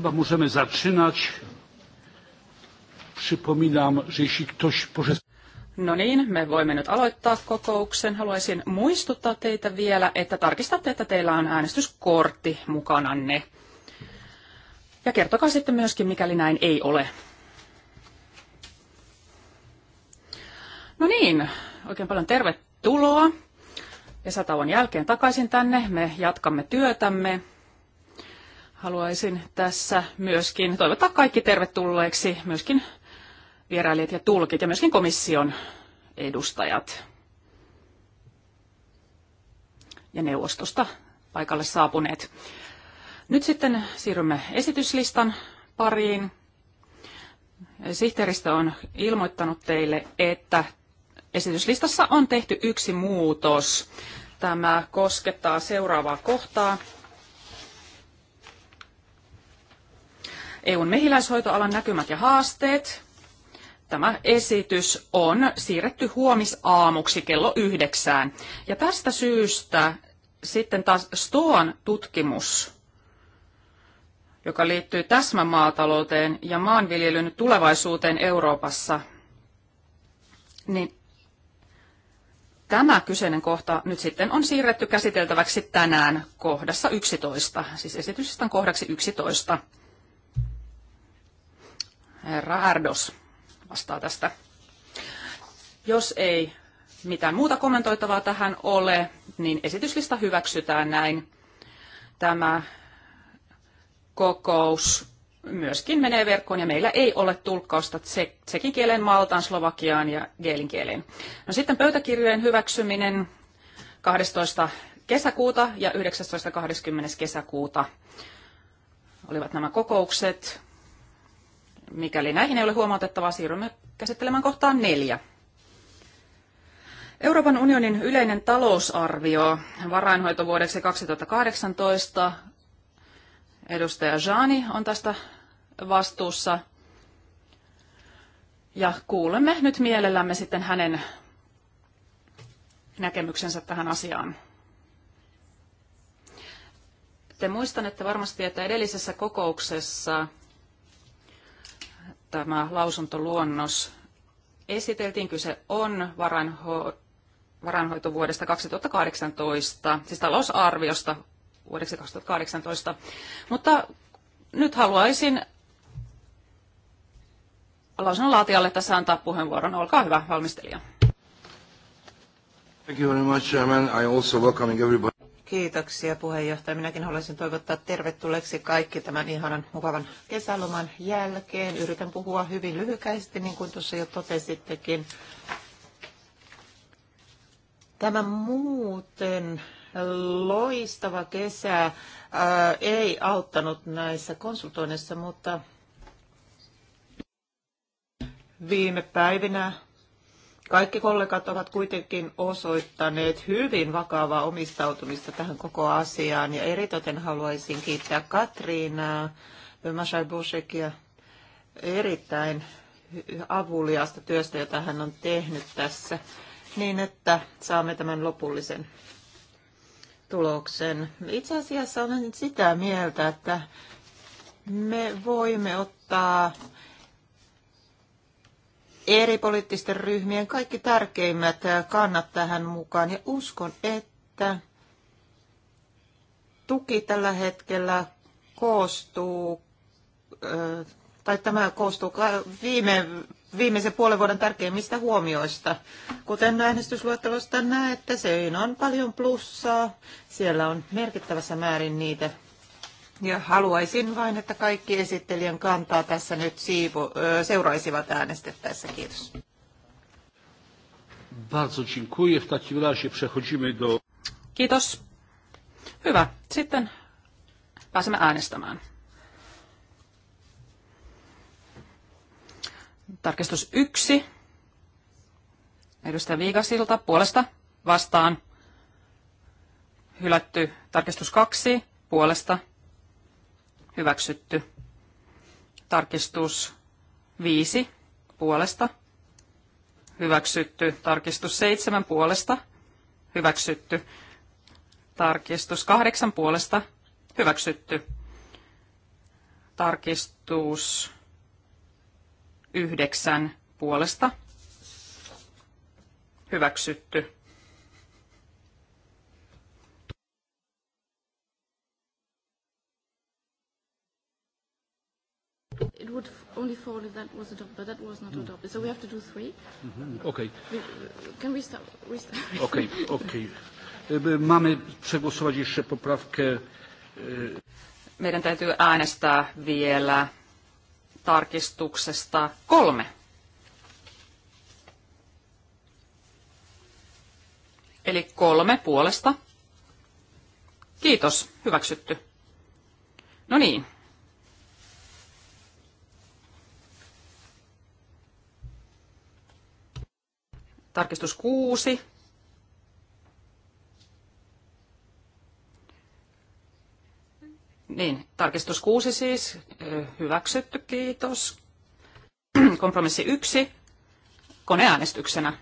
Chyba możemy zaczynać. Przypominam, że jeśli ktoś może... No niin, me voimme nyt aloittaa kokouksen. Haluaisin muistuttaa teitä vielä, että tarkistatte, että teillä on äänestyskortti mukananne. Ja kertokaa sitten myöskin, mikäli näin ei ole. No niin, oikein paljon tervetuloa. Kesätauon jälkeen takaisin tänne. Me jatkamme työtämme. Haluaisin tässä myöskin toivottaa kaikki tervetulleeksi, myöskin vierailijat ja tulkit ja myöskin komission edustajat ja neuvostosta paikalle saapuneet. Nyt sitten siirrymme esityslistan pariin. Sihteeristö on ilmoittanut teille, että esityslistassa on tehty yksi muutos. Tämä koskettaa seuraavaa kohtaa, EUn mehiläishoitoalan näkymät ja haasteet. Tämä esitys on siirretty huomisaamuksi kello yhdeksään. Ja tästä syystä sitten taas Stoan tutkimus, joka liittyy täsmämaatalouteen ja maanviljelyn tulevaisuuteen Euroopassa, niin tämä kyseinen kohta nyt sitten on siirretty käsiteltäväksi tänään kohdassa 11, siis on kohdaksi 11. Herra Ardos vastaa tästä. Jos ei mitään muuta kommentoitavaa tähän ole, niin esityslista hyväksytään näin. Tämä kokous myöskin menee verkkoon ja meillä ei ole tulkkausta tsekin kielen, maltaan, slovakiaan ja geelin kieleen. No sitten pöytäkirjojen hyväksyminen 12. kesäkuuta ja 19.20. kesäkuuta olivat nämä kokoukset. Mikäli näihin ei ole huomautettavaa, siirrymme käsittelemään kohtaan neljä. Euroopan unionin yleinen talousarvio varainhoitovuodeksi 2018. Edustaja Jaani on tästä vastuussa. Ja kuulemme nyt mielellämme sitten hänen näkemyksensä tähän asiaan. Te muistanette varmasti, että edellisessä kokouksessa tämä lausuntoluonnos esiteltiin. Kyse on varanho- varanhoitovuodesta 2018, siis talousarviosta vuodeksi 2018. Mutta nyt haluaisin lausunnonlaatijalle tässä antaa puheenvuoron. Olkaa hyvä, valmistelija. Thank you very much, Chairman. I also welcoming everybody. Kiitoksia puheenjohtaja. Minäkin haluaisin toivottaa tervetulleeksi kaikki tämän ihanan mukavan kesäloman jälkeen. Yritän puhua hyvin lyhykäisesti, niin kuin tuossa jo totesittekin. Tämä muuten loistava kesä ää, äh, ei auttanut näissä konsultoinnissa, mutta viime päivinä kaikki kollegat ovat kuitenkin osoittaneet hyvin vakavaa omistautumista tähän koko asiaan ja eritoten haluaisin kiittää Katriinaa, Mashai Bushekia erittäin avuliasta työstä, jota hän on tehnyt tässä, niin että saamme tämän lopullisen tuloksen. Itse asiassa olen sitä mieltä, että me voimme ottaa eri poliittisten ryhmien kaikki tärkeimmät kannat tähän mukaan. Ja uskon, että tuki tällä hetkellä koostuu, tai tämä koostuu viime, viimeisen puolen vuoden tärkeimmistä huomioista. Kuten äänestysluettelosta näette, se on paljon plussaa. Siellä on merkittävässä määrin niitä ja haluaisin vain, että kaikki esittelijän kantaa tässä nyt siivo, seuraisivat äänestettäessä. Kiitos. Bardzo dziękuję. W takim razie przechodzimy do... Kiitos. Hyvä. Sitten pääsemme äänestämään. Tarkistus yksi. Edustaja Viikasilta puolesta vastaan. Hylätty tarkistus kaksi puolesta hyväksytty. Tarkistus 5 puolesta, hyväksytty. Tarkistus 7 puolesta, hyväksytty. Tarkistus 8 puolesta, hyväksytty. Tarkistus 9 puolesta, hyväksytty would only fall if that was adopted, but that was not mm. adopted. So we have to do three. Mm-hmm. Okay. We, can we start? We start. Okay, okay. Mamy przegłosować jeszcze poprawkę. E, Meidän täytyy äänestää vielä tarkistuksesta kolme. Eli kolme puolesta. Kiitos, hyväksytty. No niin, Tarkistus 6. Niin, tarkistus 6 siis, hyväksytty, kiitos. Kompromissi 1, koneäänestyksenä.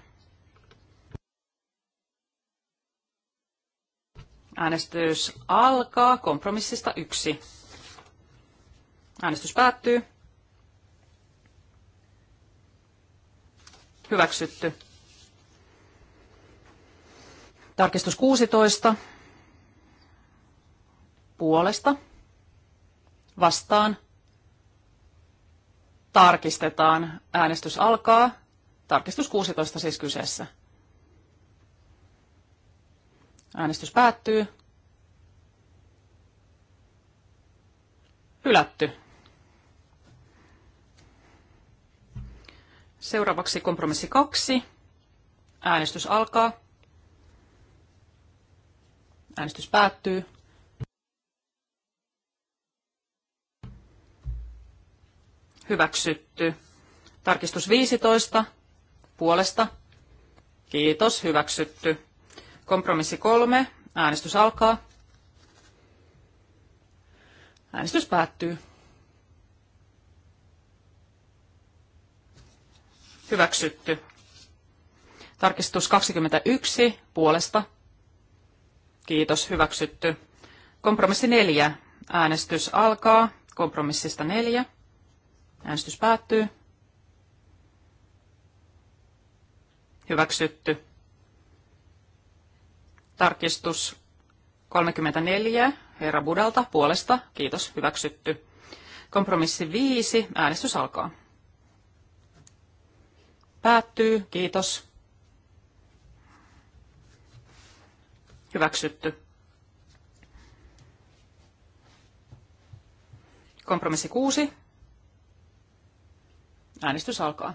Äänestys alkaa kompromissista 1. Äänestys päättyy. Hyväksytty. Tarkistus 16 puolesta vastaan tarkistetaan. Äänestys alkaa. Tarkistus 16 siis kyseessä. Äänestys päättyy. Hylätty. Seuraavaksi kompromissi 2. Äänestys alkaa. Äänestys päättyy. Hyväksytty. Tarkistus 15. Puolesta. Kiitos. Hyväksytty. Kompromissi 3. Äänestys alkaa. Äänestys päättyy. Hyväksytty. Tarkistus 21. Puolesta. Kiitos, hyväksytty. Kompromissi neljä. Äänestys alkaa. Kompromissista neljä. Äänestys päättyy. Hyväksytty. Tarkistus 34. Herra Budalta puolesta. Kiitos. Hyväksytty. Kompromissi 5. Äänestys alkaa. Päättyy. Kiitos. Hyväksytty. Kompromissi 6. Äänestys alkaa.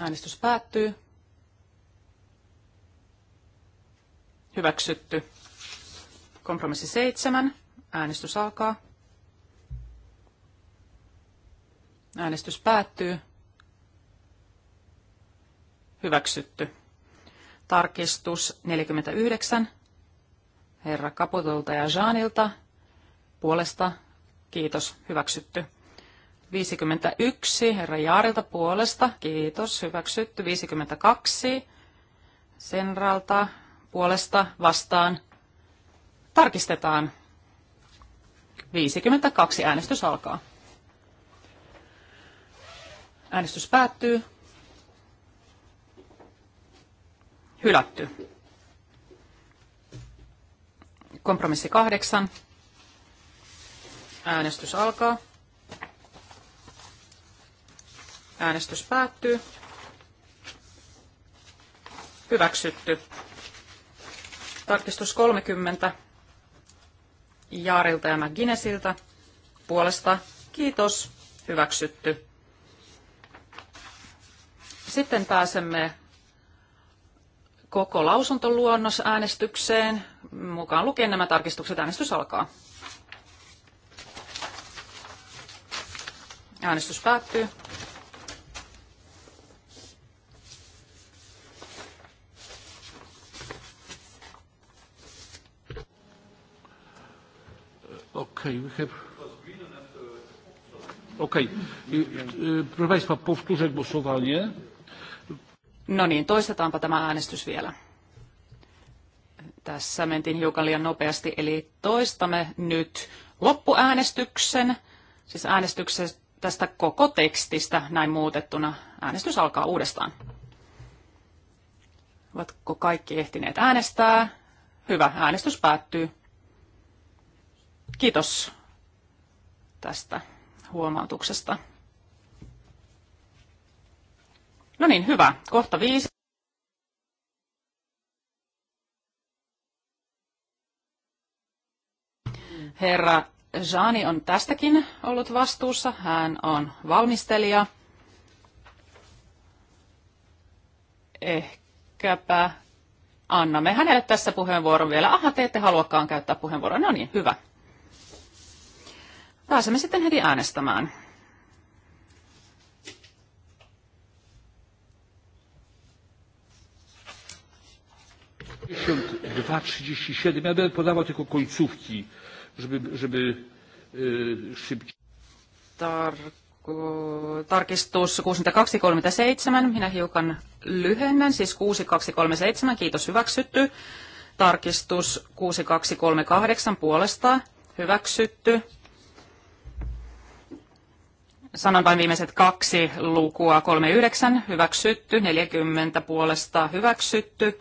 Äänestys päättyy. Hyväksytty. Kompromissi 7. Äänestys alkaa. Äänestys päättyy. Hyväksytty. Tarkistus 49 herra Kaputolta ja Jaanilta puolesta. Kiitos, hyväksytty. 51 herra Jaarilta puolesta. Kiitos, hyväksytty. 52 Senralta puolesta vastaan. Tarkistetaan. 52 äänestys alkaa. Äänestys päättyy. hylätty. Kompromissi kahdeksan. Äänestys alkaa. Äänestys päättyy. Hyväksytty. Tarkistus 30 Jaarilta ja McGinnesiltä. Puolesta kiitos. Hyväksytty. Sitten pääsemme koko lausuntoluonnos äänestykseen. Mukaan lukien nämä tarkistukset äänestys alkaa. Äänestys päättyy. Okei, okay, have... okay. proszę Państwa, powtórzę głosowanie. No niin, toistetaanpa tämä äänestys vielä. Tässä mentiin hiukan liian nopeasti, eli toistamme nyt loppuäänestyksen, siis äänestyksen tästä koko tekstistä näin muutettuna. Äänestys alkaa uudestaan. Ovatko kaikki ehtineet äänestää? Hyvä, äänestys päättyy. Kiitos tästä huomautuksesta. No niin, hyvä. Kohta viisi. Herra Jaani on tästäkin ollut vastuussa. Hän on valmistelija. Ehkäpä annamme hänelle tässä puheenvuoron vielä. Aha, te ette haluakaan käyttää puheenvuoroa. No niin, hyvä. Pääsemme sitten heti äänestämään. 52.37. Ja będę podawał tylko końcówki, żeby, żeby e, szybciej. Tarkistus 6237. Minä hiukan lyhennän, siis 6237. Kiitos, hyväksytty. Tarkistus 6238 puolesta. Hyväksytty. Sanon vain viimeiset kaksi lukua. 39 hyväksytty, 40 puolesta hyväksytty,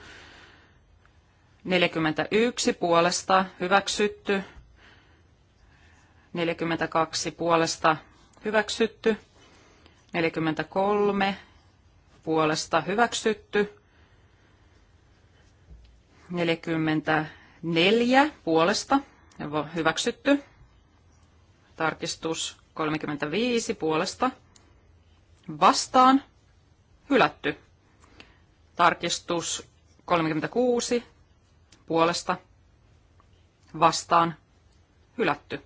41 puolesta hyväksytty. 42 puolesta hyväksytty. 43 puolesta hyväksytty. 44 puolesta hyväksytty. Tarkistus 35 puolesta vastaan hylätty. Tarkistus 36 puolesta vastaan hylätty.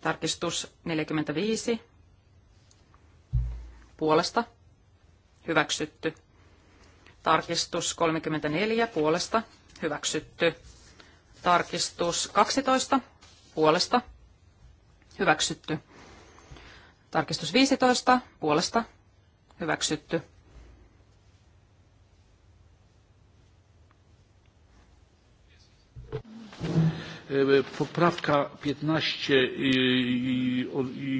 Tarkistus 45 puolesta hyväksytty. Tarkistus 34 puolesta hyväksytty. Tarkistus 12 puolesta hyväksytty. Tarkistus 15 puolesta hyväksytty. E, poprawka 15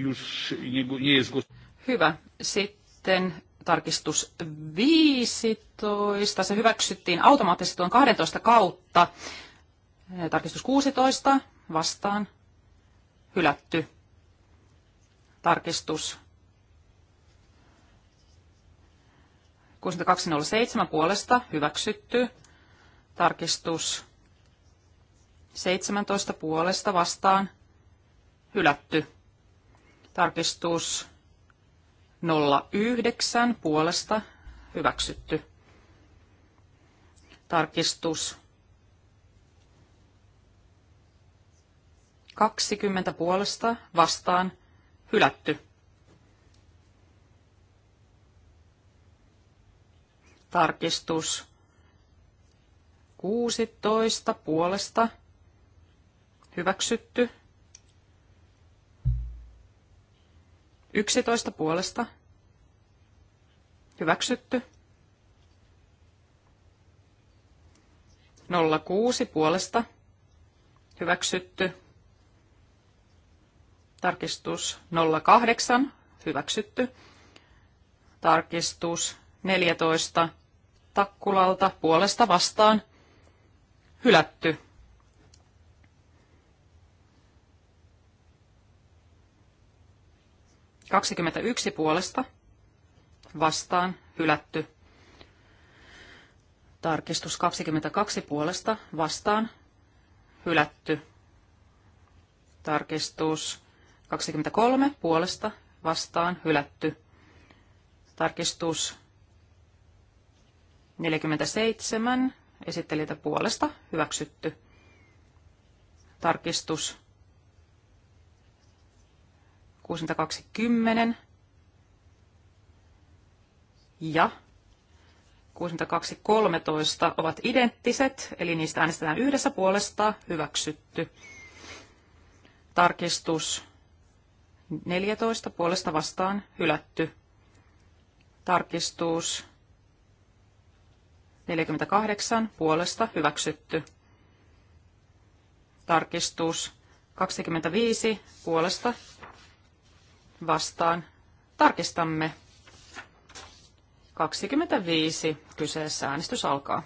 już nie jest Hyvä. Sitten tarkistus 15. Se hyväksyttiin automaattisesti tuon 12 kautta. E, tarkistus 16 vastaan hylätty. Tarkistus 6207 puolesta hyväksytty. Tarkistus 17 puolesta vastaan hylätty. Tarkistus 09 puolesta hyväksytty. Tarkistus 20 puolesta vastaan hylätty. Tarkistus 16 puolesta hylätty Hyväksytty. 11 puolesta. Hyväksytty. 06 puolesta. Hyväksytty. Tarkistus 08. Hyväksytty. Tarkistus 14. Takkulalta puolesta vastaan. Hylätty. 21 puolesta vastaan hylätty. Tarkistus 22 puolesta vastaan hylätty. Tarkistus 23 puolesta vastaan hylätty. Tarkistus 47 esittelijätä puolesta hyväksytty. Tarkistus 6210 ja 6213 ovat identtiset, eli niistä äänestetään yhdessä puolesta hyväksytty. Tarkistus 14 puolesta vastaan hylätty. Tarkistus 48 puolesta hyväksytty. Tarkistus 25 puolesta vastaan tarkistamme. 25 kyseessä äänestys alkaa.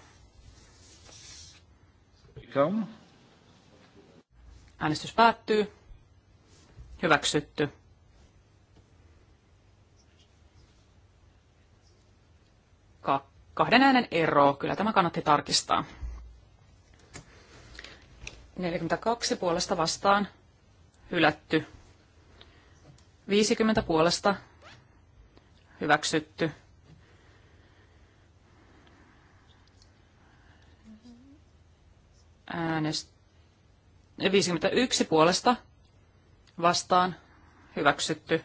Äänestys päättyy. Hyväksytty. Ka- kahden äänen ero. Kyllä tämä kannatti tarkistaa. 42 puolesta vastaan. Hylätty. 50 puolesta hyväksytty. Äänest... 51 puolesta vastaan hyväksytty.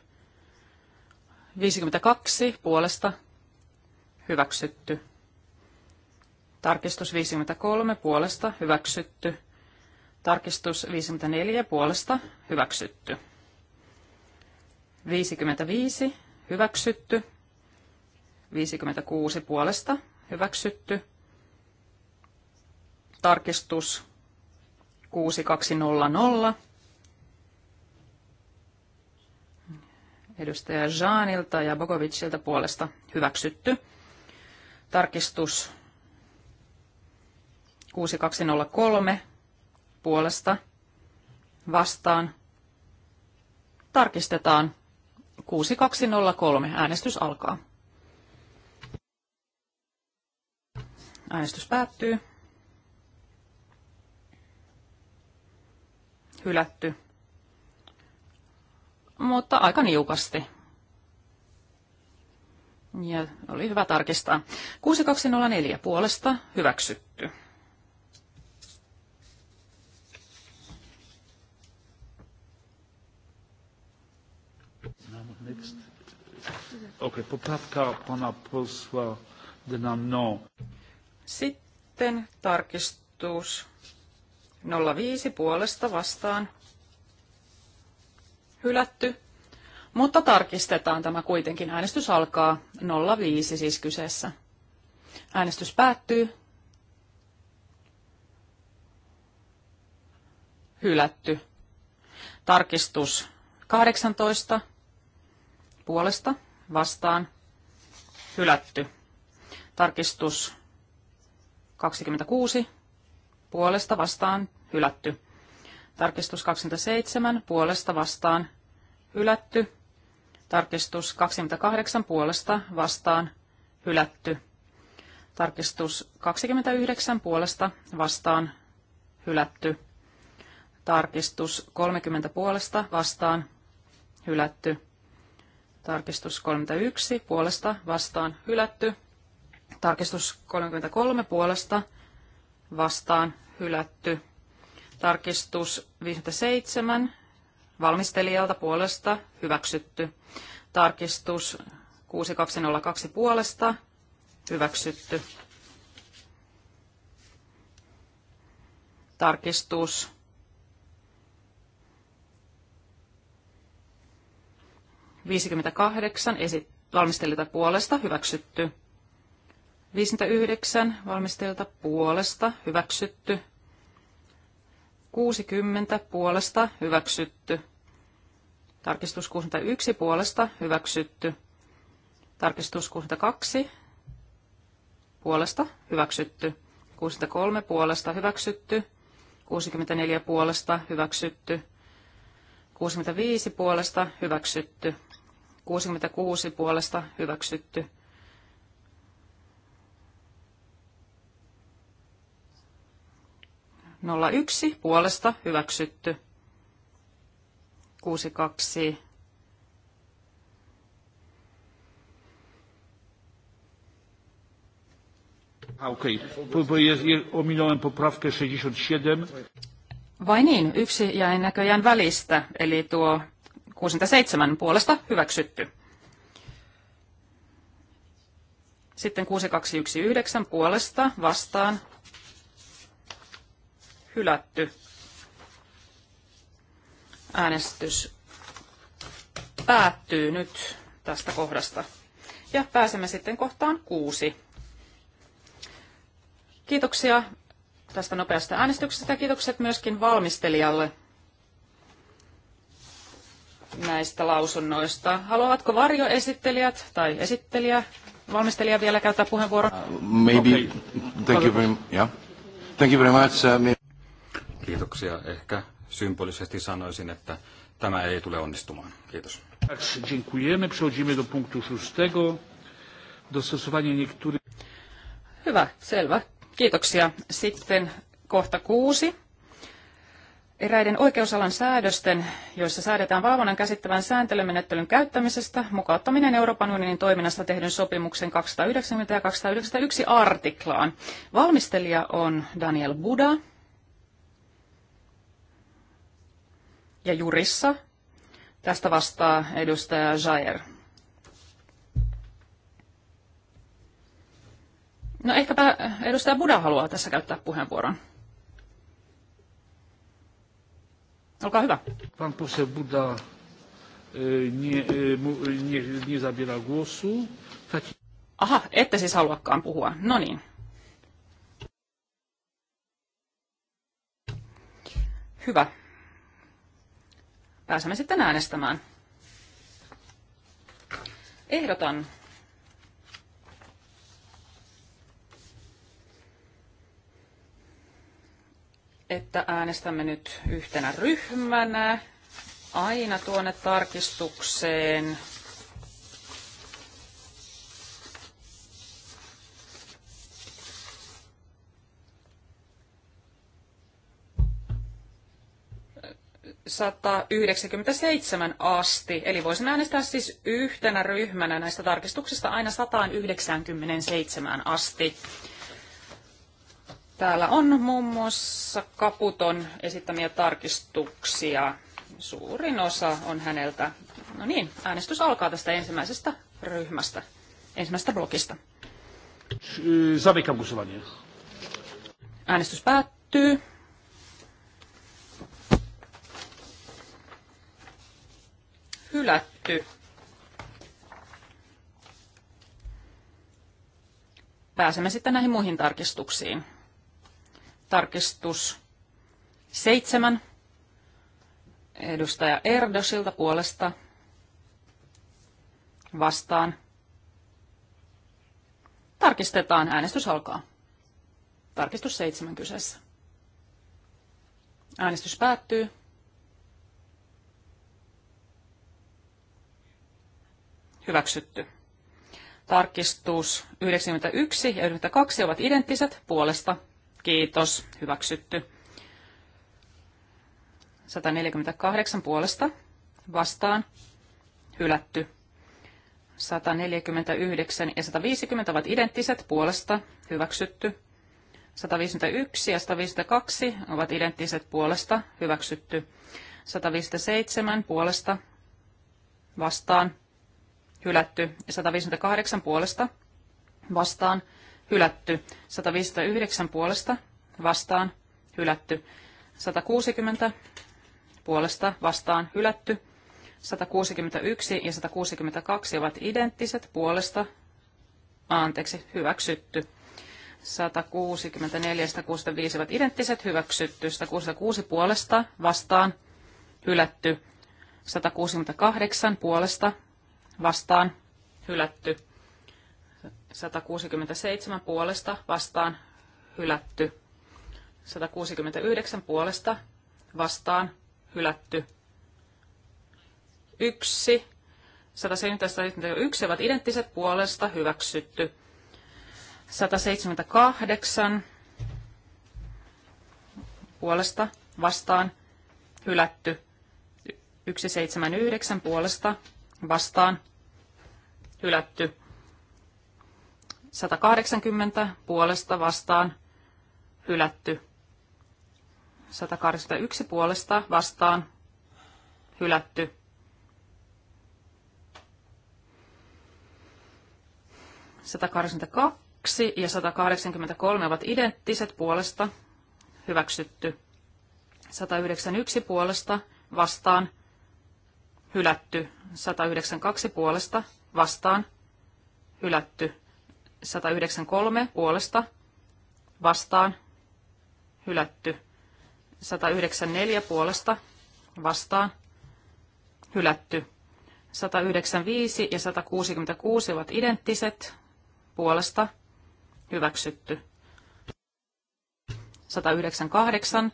52 puolesta hyväksytty. Tarkistus 53 puolesta hyväksytty. Tarkistus 54 puolesta hyväksytty. 55 hyväksytty. 56 puolesta hyväksytty. Tarkistus 6200. Edustaja Jaanilta ja Bogovicilta puolesta hyväksytty. Tarkistus 6203 puolesta vastaan. Tarkistetaan 6203. Äänestys alkaa. Äänestys päättyy. Hylätty. Mutta aika niukasti. Ja oli hyvä tarkistaa. 6204 puolesta hyväksytty. okay, poprawka pana posła Denano. Sitten tarkistus 05 puolesta vastaan. Hylätty. Mutta tarkistetaan tämä kuitenkin. Äänestys alkaa 05 siis kyseessä. Äänestys päättyy. Hylätty. Tarkistus 18 puolesta vastaan hylätty. Tarkistus 26 puolesta vastaan hylätty. Tarkistus 27 puolesta vastaan hylätty. Tarkistus 28 puolesta vastaan hylätty. Tarkistus 29 puolesta vastaan hylätty. Tarkistus 30 puolesta vastaan hylätty. Tarkistus 31 puolesta vastaan hylätty. Tarkistus 33 puolesta vastaan hylätty. Tarkistus 57 valmistelijalta puolesta hyväksytty. Tarkistus 6202 puolesta hyväksytty. Tarkistus 58 esit- puolesta hyväksytty. 59 valmistelijoita puolesta hyväksytty. 60 puolesta hyväksytty. Tarkistus 61 puolesta hyväksytty. Tarkistus 62 puolesta hyväksytty. 63 puolesta hyväksytty. 64 puolesta hyväksytty. 65 puolesta hyväksytty. 66 puolesta hyväksytty. Nolla yksi puolesta hyväksytty. Kuusi kaksi Okei, okay. ominnoin poprawkę 67. Vai niin, yksi jäi näköjään välistä, eli tuo 67 puolesta hyväksytty. Sitten 6219 puolesta vastaan hylätty. Äänestys päättyy nyt tästä kohdasta. Ja pääsemme sitten kohtaan kuusi. Kiitoksia tästä nopeasta äänestyksestä ja kiitokset myöskin valmistelijalle näistä lausunnoista. Haluavatko varjoesittelijät tai esittelijä, valmistelija vielä käyttää puheenvuoron? Uh, maybe. Okay. Thank, you very, yeah. Thank you very much. Uh, Kiitoksia. Ehkä symbolisesti sanoisin, että tämä ei tule onnistumaan. Kiitos. Dziękujemy. do Dostosowanie niektórych... Hyvä, selvä. Kiitoksia. Sitten kohta kuusi eräiden oikeusalan säädösten, joissa säädetään valvonnan käsittävän sääntelymenettelyn käyttämisestä, mukauttaminen Euroopan unionin toiminnasta tehdyn sopimuksen 290 ja 291 artiklaan. Valmistelija on Daniel Buda. Ja jurissa tästä vastaa edustaja Jair. No ehkäpä edustaja Buda haluaa tässä käyttää puheenvuoron. Olkaa hyvä. Pan poseł Buda e, nie, e, e, nie, nie zabiera głosu. Aha, ette siis haluakaan puhua. No niin. Hyvä. Pääsemme sitten äänestämään. Ehdotan, että äänestämme nyt yhtenä ryhmänä aina tuonne tarkistukseen. ...197 asti. Eli voisin äänestää siis yhtenä ryhmänä näistä tarkistuksista aina 197 asti. Täällä on muun muassa Kaputon esittämiä tarkistuksia. Suurin osa on häneltä. No niin, äänestys alkaa tästä ensimmäisestä ryhmästä, ensimmäisestä blokista. Äänestys päättyy. Hylätty. Pääsemme sitten näihin muihin tarkistuksiin. Tarkistus seitsemän. Edustaja Erdosilta puolesta vastaan. Tarkistetaan. Äänestys alkaa. Tarkistus seitsemän kyseessä. Äänestys päättyy. Hyväksytty. Tarkistus 91 ja 92 ovat identtiset puolesta Kiitos. Hyväksytty. 148 puolesta vastaan. Hylätty. 149 ja 150 ovat identtiset puolesta. Hyväksytty. 151 ja 152 ovat identtiset puolesta. Hyväksytty. 157 puolesta vastaan. Hylätty. Ja 158 puolesta vastaan hylätty. 159 puolesta vastaan hylätty. 160 puolesta vastaan hylätty. 161 ja 162 ovat identtiset puolesta, anteeksi, hyväksytty. 164 ja 165 ovat identtiset, hyväksytty. 166 puolesta vastaan hylätty. 168 puolesta vastaan hylätty. 167 puolesta vastaan hylätty. 169 puolesta vastaan hylätty. 1, 171 ovat identtiset puolesta hyväksytty. 178 puolesta vastaan hylätty. 179 puolesta vastaan hylätty. 180 puolesta vastaan hylätty. 181 puolesta vastaan hylätty. Satakahdeksankymmentäkaksi ja 183 ovat identtiset puolesta hyväksytty. 191 puolesta vastaan hylätty. 192 puolesta vastaan hylätty. 193 puolesta vastaan hylätty. 194 puolesta vastaan hylätty. 195 ja 166 ovat identtiset puolesta hyväksytty. 198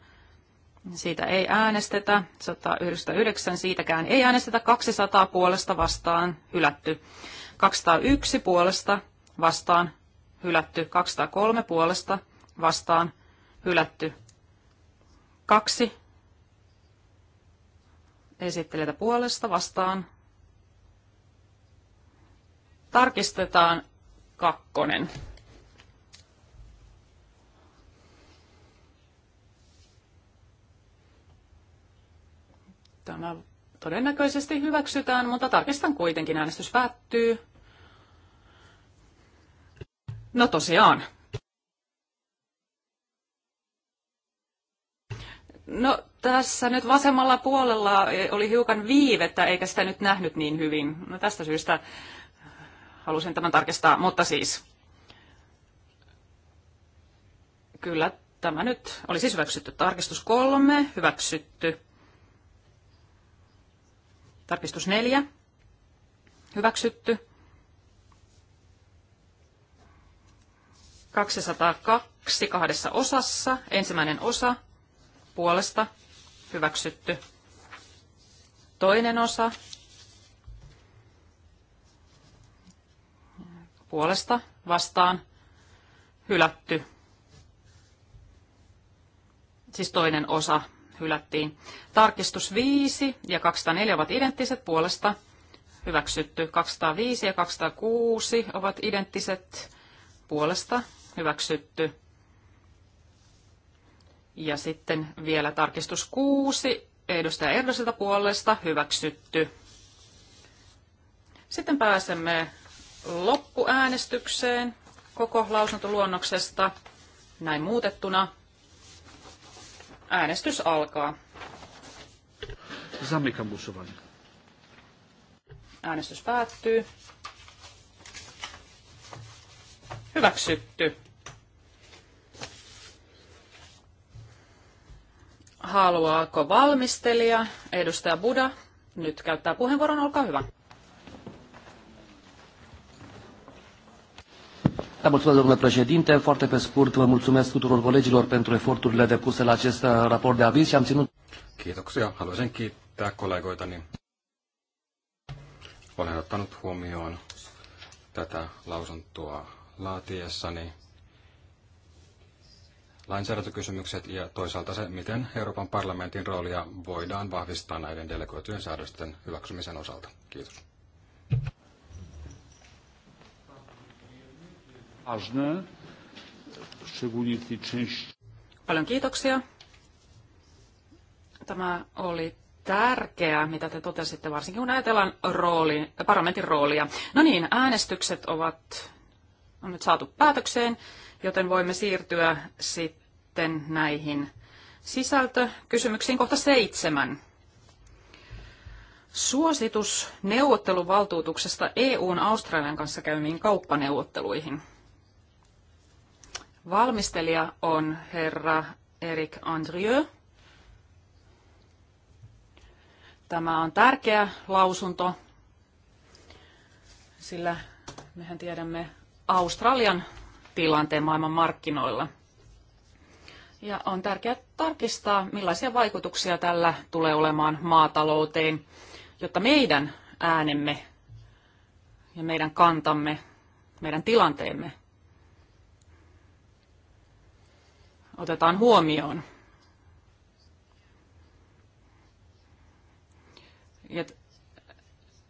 siitä ei äänestetä. 199 siitäkään ei äänestetä. 200 puolesta vastaan hylätty. 201 puolesta vastaan, hylätty. 203 puolesta, vastaan, hylätty. Kaksi esittelijätä puolesta, vastaan. Tarkistetaan kakkonen. Tämä todennäköisesti hyväksytään, mutta tarkistan kuitenkin. Äänestys päättyy. No tosiaan. No tässä nyt vasemmalla puolella oli hiukan viivettä, eikä sitä nyt nähnyt niin hyvin. No tästä syystä halusin tämän tarkistaa, mutta siis kyllä tämä nyt oli siis hyväksytty. Tarkistus kolme, hyväksytty. Tarkistus neljä, hyväksytty. 202 kahdessa osassa. Ensimmäinen osa puolesta hyväksytty. Toinen osa puolesta vastaan hylätty. Siis toinen osa hylättiin. Tarkistus 5 ja 204 ovat identtiset puolesta hyväksytty. 205 ja 206 ovat identtiset puolesta hyväksytty. Ja sitten vielä tarkistus 6 edustaja Erdoselta puolesta hyväksytty. Sitten pääsemme loppuäänestykseen koko lausuntoluonnoksesta näin muutettuna. Äänestys alkaa. Zamykam Äänestys päättyy. Hyväksytty. Haluaako valmistelija, edustaja Buda, nyt käyttää puheenvuoron, olkaa hyvä. Da, mulțumesc, domnule președinte. Foarte pe scurt, vă mulțumesc tuturor colegilor pentru eforturile depuse la acest uh, raport de aviz și am ținut... Kiitoksia. Haluaisin kiittää kollegoitani. Olen ottanut huomioon tätä lausuntoa laatiessani lainsäädäntökysymykset ja toisaalta se, miten Euroopan parlamentin roolia voidaan vahvistaa näiden delegoitujen säädösten hyväksymisen osalta. Kiitos. Paljon kiitoksia. Tämä oli tärkeää, mitä te totesitte, varsinkin kun ajatellaan rooli, parlamentin roolia. No niin, äänestykset ovat on nyt saatu päätökseen, joten voimme siirtyä sitten näihin sisältökysymyksiin kohta seitsemän. Suositus neuvotteluvaltuutuksesta EUn Australian kanssa käymiin kauppaneuvotteluihin. Valmistelija on herra Eric Andrieu. Tämä on tärkeä lausunto, sillä mehän tiedämme Australian tilanteen maailman markkinoilla. Ja on tärkeää tarkistaa, millaisia vaikutuksia tällä tulee olemaan maatalouteen, jotta meidän äänemme ja meidän kantamme, meidän tilanteemme otetaan huomioon. Ja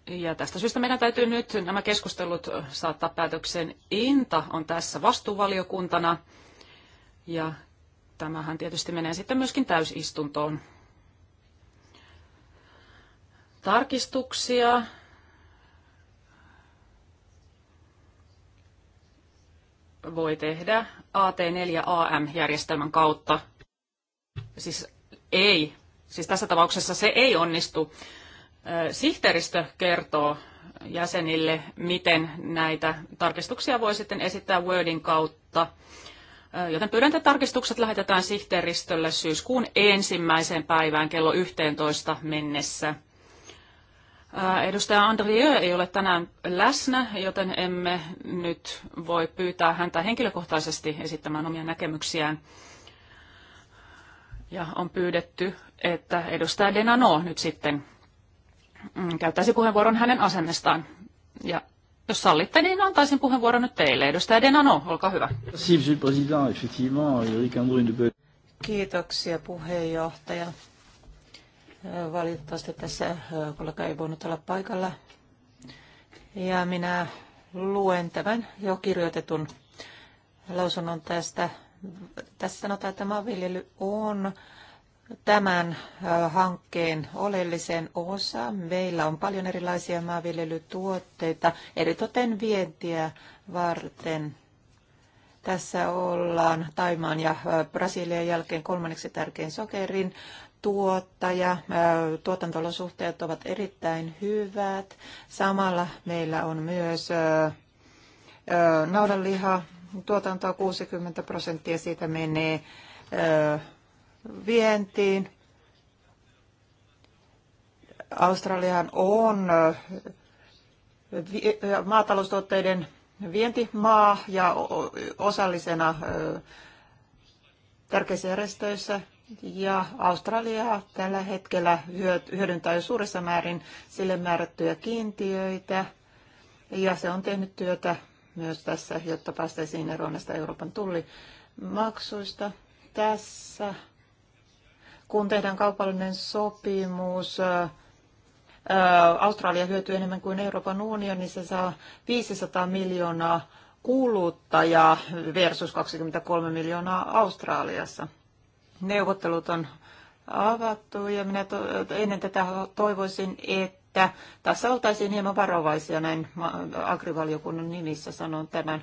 ja tästä syystä meidän täytyy nyt nämä keskustelut saattaa päätökseen. Inta on tässä vastuuvaliokuntana ja tämähän tietysti menee sitten myöskin täysistuntoon. Tarkistuksia. voi tehdä AT4AM-järjestelmän kautta. Siis ei. Siis tässä tapauksessa se ei onnistu sihteeristö kertoo jäsenille, miten näitä tarkistuksia voi sitten esittää Wordin kautta. Joten pyydän, että tarkistukset lähetetään sihteeristölle syyskuun ensimmäiseen päivään kello 11 mennessä. Edustaja Andrieu ei ole tänään läsnä, joten emme nyt voi pyytää häntä henkilökohtaisesti esittämään omia näkemyksiään. Ja on pyydetty, että edustaja Denano nyt sitten Mm, käyttäisi puheenvuoron hänen asemestaan. Ja jos sallitte, niin antaisin puheenvuoron nyt teille. Edustaja Denano, olkaa hyvä. Kiitoksia puheenjohtaja. Valitettavasti tässä äh, kollega ei voinut olla paikalla. Ja minä luen tämän jo kirjoitetun lausunnon tästä. Tässä sanotaan, että maanviljely on tämän hankkeen oleellisen osa. Meillä on paljon erilaisia maanviljelytuotteita, eritoten vientiä varten. Tässä ollaan Taimaan ja Brasilian jälkeen kolmanneksi tärkein sokerin tuottaja. Tuotantolosuhteet ovat erittäin hyvät. Samalla meillä on myös naudanliha tuotantoa 60 prosenttia siitä menee vientiin. Australiahan on äh, äh, maataloustuotteiden vientimaa ja osallisena äh, tärkeissä järjestöissä. Ja Australia tällä hetkellä hyödyntää jo suuressa määrin sille määrättyjä kiintiöitä. Ja se on tehnyt työtä myös tässä, jotta päästäisiin eroon näistä Euroopan tullimaksuista. Tässä kun tehdään kaupallinen sopimus, Australia hyötyy enemmän kuin Euroopan unioni, se saa 500 miljoonaa kuluttajaa versus 23 miljoonaa Australiassa. Neuvottelut on avattu ja minä to- ennen tätä toivoisin, että tässä oltaisiin hieman varovaisia näin agrivaliokunnan nimissä sanon tämän.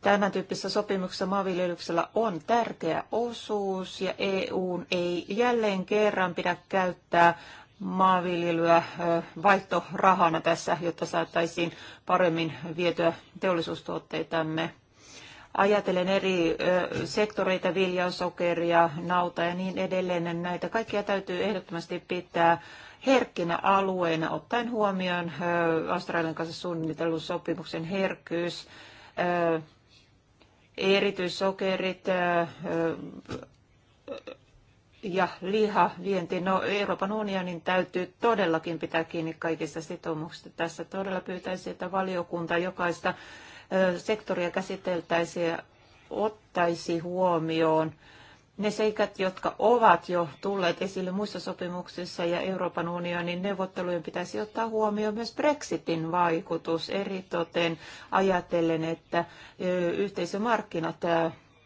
Tämän tyyppisessä sopimuksessa maanviljelyksellä on tärkeä osuus ja EUn ei jälleen kerran pidä käyttää maanviljelyä vaihtorahana tässä, jotta saataisiin paremmin vietyä teollisuustuotteitamme. Ajatellen eri sektoreita, viljaa, sokeria, nauta ja niin edelleen, näitä kaikkia täytyy ehdottomasti pitää herkkinä alueena, ottaen huomioon Australian kanssa suunnitellun sopimuksen herkkyys erityissokerit ja lihavienti. No Euroopan unionin täytyy todellakin pitää kiinni kaikista sitoumuksista. Tässä todella pyytäisi, että valiokunta jokaista sektoria käsiteltäisiin ja ottaisi huomioon ne seikat, jotka ovat jo tulleet esille muissa sopimuksissa ja Euroopan unionin neuvottelujen pitäisi ottaa huomioon myös Brexitin vaikutus eritoten ajatellen, että yhteisömarkkinat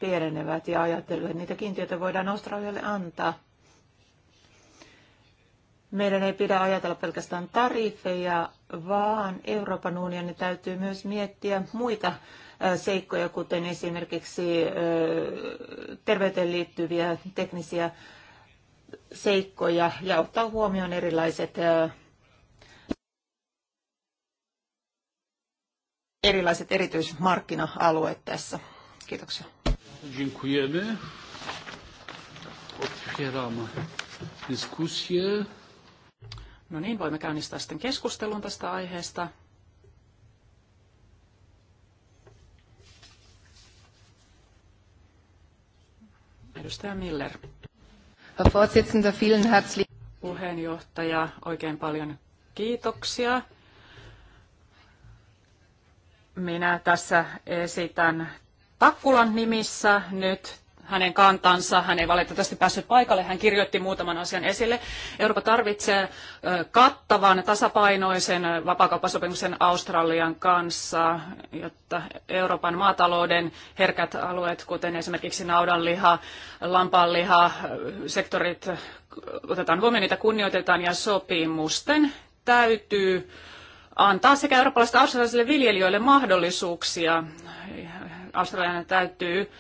pienenevät ja ajatellen, että niitä kiintiöitä voidaan Australialle antaa. Meidän ei pidä ajatella pelkästään tariffeja, vaan Euroopan unionin täytyy myös miettiä muita seikkoja, kuten esimerkiksi terveyteen liittyviä teknisiä seikkoja ja ottaa huomioon erilaiset erilaiset erityismarkkina-alueet tässä. Kiitoksia. Dziękujemy. Otwieram dyskusję. No niin, voimme käynnistää sitten keskustelun tästä aiheesta. Edustaja Miller. Puheenjohtaja, oikein paljon kiitoksia. Minä tässä esitän Takkulan nimissä nyt hänen kantansa. Hän ei valitettavasti päässyt paikalle. Hän kirjoitti muutaman asian esille. Eurooppa tarvitsee kattavan, tasapainoisen vapaakauppasopimuksen Australian kanssa, jotta Euroopan maatalouden herkät alueet, kuten esimerkiksi naudanliha, lampaanliha, sektorit otetaan huomioon, niitä kunnioitetaan ja sopimusten täytyy antaa sekä eurooppalaisille että australialaisille viljelijöille mahdollisuuksia. Australian täytyy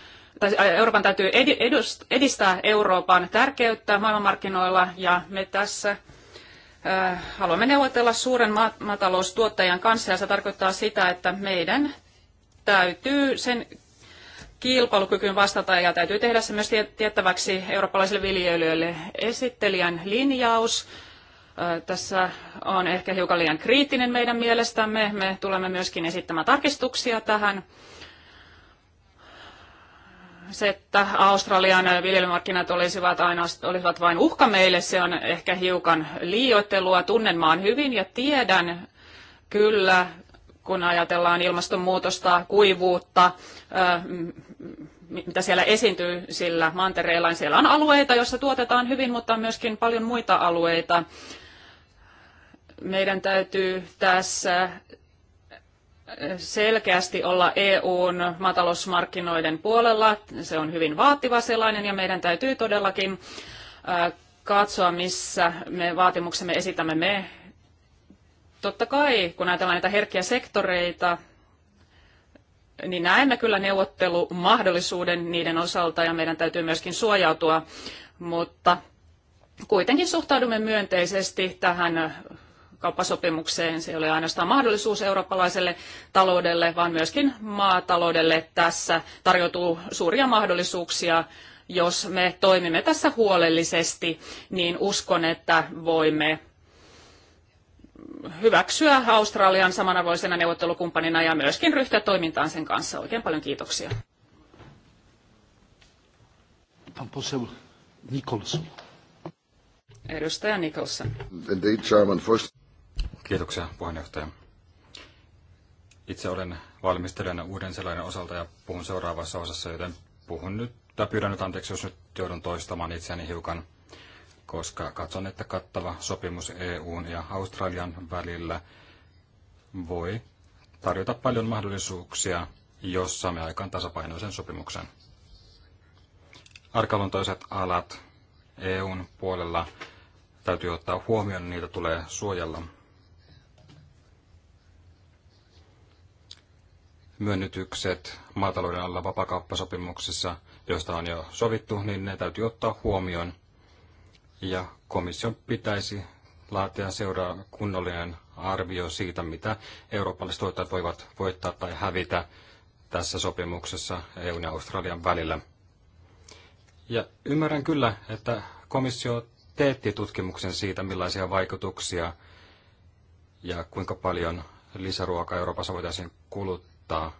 Euroopan täytyy edistää Euroopan tärkeyttä maailmanmarkkinoilla ja me tässä haluamme neuvotella suuren maataloustuottajan kanssa ja se tarkoittaa sitä, että meidän täytyy sen kilpailukykyyn vastata ja täytyy tehdä se myös tiettäväksi eurooppalaisille viljelijöille. Esittelijän linjaus tässä on ehkä hiukan liian kriittinen meidän mielestämme. Me tulemme myöskin esittämään tarkistuksia tähän se, että Australian viljelymarkkinat olisivat, aina, olisivat vain uhka meille, se on ehkä hiukan liioittelua. Tunnen maan hyvin ja tiedän kyllä, kun ajatellaan ilmastonmuutosta, kuivuutta, mitä siellä esiintyy sillä mantereella. Siellä on alueita, joissa tuotetaan hyvin, mutta on myöskin paljon muita alueita. Meidän täytyy tässä selkeästi olla EUn maatalousmarkkinoiden puolella. Se on hyvin vaativa sellainen ja meidän täytyy todellakin katsoa, missä me vaatimuksemme esitämme me. Totta kai, kun ajatellaan näitä herkkiä sektoreita, niin näemme kyllä neuvottelumahdollisuuden niiden osalta ja meidän täytyy myöskin suojautua, mutta kuitenkin suhtaudumme myönteisesti tähän kauppasopimukseen. Se ei ole ainoastaan mahdollisuus eurooppalaiselle taloudelle, vaan myöskin maataloudelle tässä tarjoutuu suuria mahdollisuuksia. Jos me toimimme tässä huolellisesti, niin uskon, että voimme hyväksyä Australian samanarvoisena neuvottelukumppanina ja myöskin ryhtyä toimintaan sen kanssa. Oikein paljon kiitoksia. Edustaja Nicholson. Indeed, Chairman. First... Kiitoksia puheenjohtaja. Itse olen valmistelijana uuden sellainen osalta ja puhun seuraavassa osassa, joten puhun nyt, tai pyydän nyt anteeksi, jos nyt joudun toistamaan itseäni hiukan, koska katson, että kattava sopimus EUn ja Australian välillä voi tarjota paljon mahdollisuuksia, jos saamme aikaan tasapainoisen sopimuksen. Arkaluontoiset alat EUn puolella täytyy ottaa huomioon, niitä tulee suojella myönnytykset maatalouden alla vapakauppasopimuksessa, joista on jo sovittu, niin ne täytyy ottaa huomioon. Ja komission pitäisi laatia seuraa kunnollinen arvio siitä, mitä eurooppalaiset tuottajat voivat voittaa tai hävitä tässä sopimuksessa EUn ja Australian välillä. Ja ymmärrän kyllä, että komissio teetti tutkimuksen siitä, millaisia vaikutuksia ja kuinka paljon lisäruokaa Euroopassa voitaisiin kuluttaa rahoittaa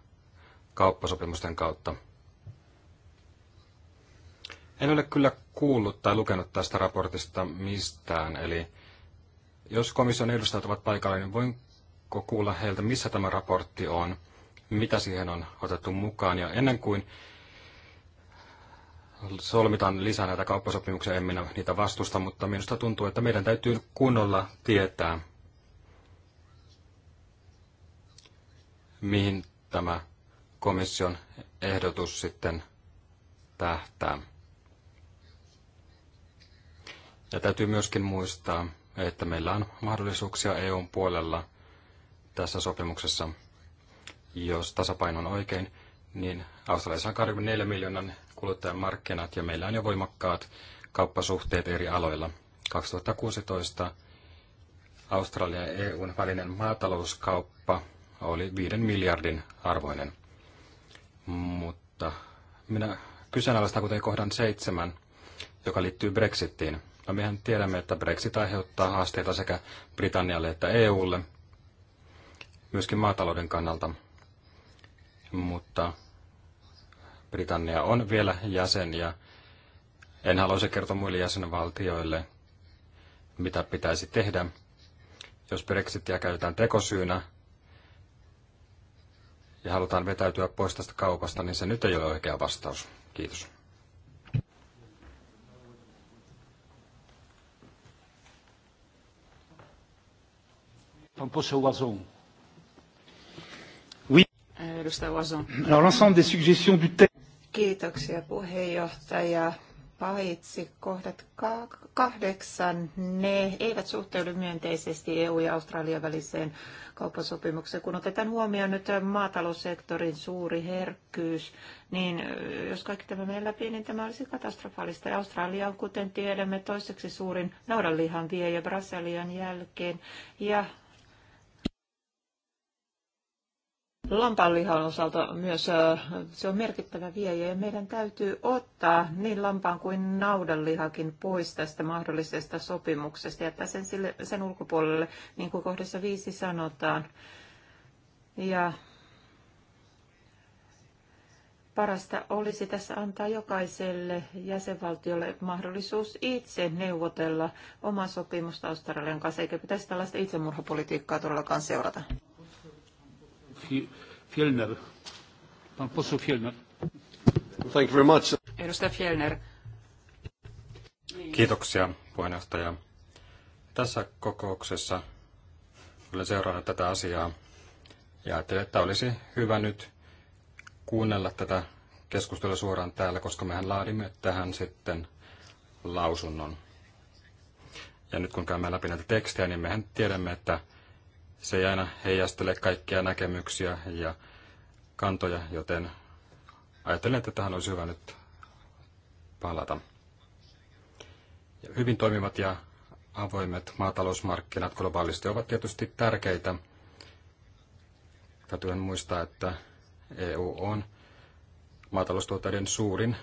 kauppasopimusten kautta. En ole kyllä kuullut tai lukenut tästä raportista mistään, eli jos komission edustajat ovat paikalla, niin voinko kuulla heiltä, missä tämä raportti on, mitä siihen on otettu mukaan, ja ennen kuin solmitaan lisää näitä kauppasopimuksia, en minä niitä vastusta, mutta minusta tuntuu, että meidän täytyy kunnolla tietää, mihin tämä komission ehdotus sitten tähtää. Ja täytyy myöskin muistaa, että meillä on mahdollisuuksia EUn puolella tässä sopimuksessa, jos tasapaino on oikein, niin Australiassa on 24 miljoonan kuluttajan markkinat ja meillä on jo voimakkaat kauppasuhteet eri aloilla. 2016 Australian ja EUn välinen maatalouskauppa oli viiden miljardin arvoinen. Mutta minä kyseenalaistan kuten kohdan seitsemän, joka liittyy Brexittiin. No mehän tiedämme, että Brexit aiheuttaa haasteita sekä Britannialle että EUlle, myöskin maatalouden kannalta. Mutta Britannia on vielä jäsen ja en haluaisi kertoa muille jäsenvaltioille, mitä pitäisi tehdä. Jos Brexitia käytetään tekosyynä ja halutaan vetäytyä pois tästä kaupasta, niin se nyt ei ole oikea vastaus. Kiitos. Edustaja Łazon. du texte. Kiitoksia puheenjohtaja paitsi kohdat kahdeksan, ne eivät suhteudu myönteisesti EU- ja Australian väliseen kauppasopimukseen. Kun otetaan huomioon nyt maataloussektorin suuri herkkyys, niin jos kaikki tämä menee läpi, niin tämä olisi katastrofaalista. Ja Australia on, kuten tiedämme, toiseksi suurin naudanlihan viejä Brasilian jälkeen. Ja Lampaanlihan osalta myös se on merkittävä viejä ja meidän täytyy ottaa niin lampaan kuin naudanlihakin pois tästä mahdollisesta sopimuksesta, jättää sen, sille, sen ulkopuolelle, niin kuin kohdassa viisi sanotaan. Ja Parasta olisi tässä antaa jokaiselle jäsenvaltiolle mahdollisuus itse neuvotella oma sopimusta Australian kanssa, eikä pitäisi tällaista itsemurhapolitiikkaa todellakaan seurata. Fjellner. Pan Thank you very much. Edustaja Fjellner. Kiitoksia puheenjohtaja. Tässä kokouksessa olen seurannut tätä asiaa ja ajattelin, että olisi hyvä nyt kuunnella tätä keskustelua suoraan täällä, koska mehän laadimme tähän sitten lausunnon. Ja nyt kun käymme läpi näitä tekstejä, niin mehän tiedämme, että se ei aina heijastele kaikkia näkemyksiä ja kantoja, joten ajattelen, että tähän olisi hyvä nyt palata. Ja hyvin toimivat ja avoimet maatalousmarkkinat globaalisti ovat tietysti tärkeitä. Täytyy muistaa, että EU on maataloustuotteiden suurin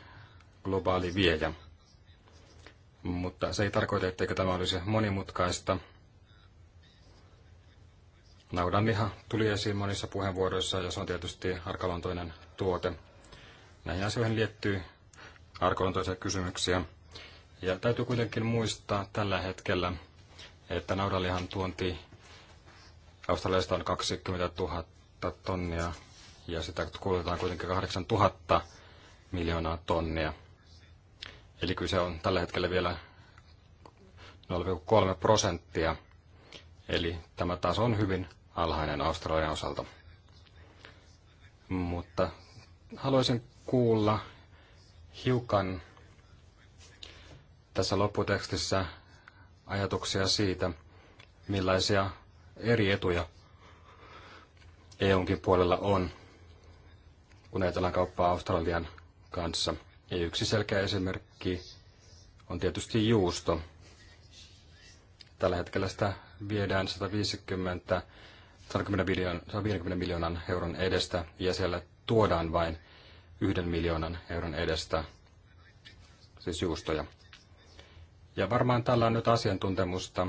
globaali viejä. Mutta se ei tarkoita, etteikö tämä olisi monimutkaista – Naudanliha tuli esiin monissa puheenvuoroissa ja se on tietysti arkaluontoinen tuote. Näihin asioihin liittyy arkaluontoisia kysymyksiä. Ja täytyy kuitenkin muistaa tällä hetkellä, että naudanlihan tuonti Australiasta on 20 000 tonnia ja sitä kulutetaan kuitenkin 8 000 miljoonaa tonnia. Eli kyse on tällä hetkellä vielä 0,3 prosenttia. Eli tämä taso on hyvin alhainen Australian osalta. Mutta haluaisin kuulla hiukan tässä lopputekstissä ajatuksia siitä, millaisia eri etuja EUnkin puolella on, kun ajatellaan kauppaa Australian kanssa. Ja yksi selkeä esimerkki on tietysti juusto. Tällä hetkellä sitä viedään 150 150 miljoonan, 150 miljoonan euron edestä ja siellä tuodaan vain yhden miljoonan euron edestä, siis juustoja. Ja varmaan tällä on nyt asiantuntemusta,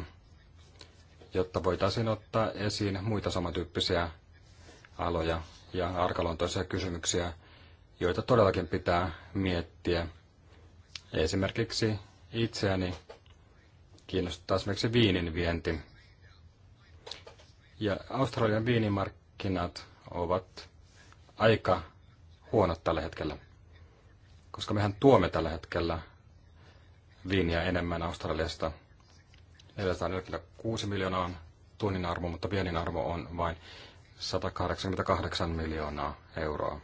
jotta voitaisiin ottaa esiin muita samantyyppisiä aloja ja arkaluontoisia kysymyksiä, joita todellakin pitää miettiä. Esimerkiksi itseäni kiinnostaa esimerkiksi viinin vienti. Ja Australian viinimarkkinat ovat aika huonot tällä hetkellä, koska mehän tuomme tällä hetkellä viiniä enemmän Australiasta. 446 miljoonaa on tunnin arvo, mutta pienin arvo on vain 188 miljoonaa euroa.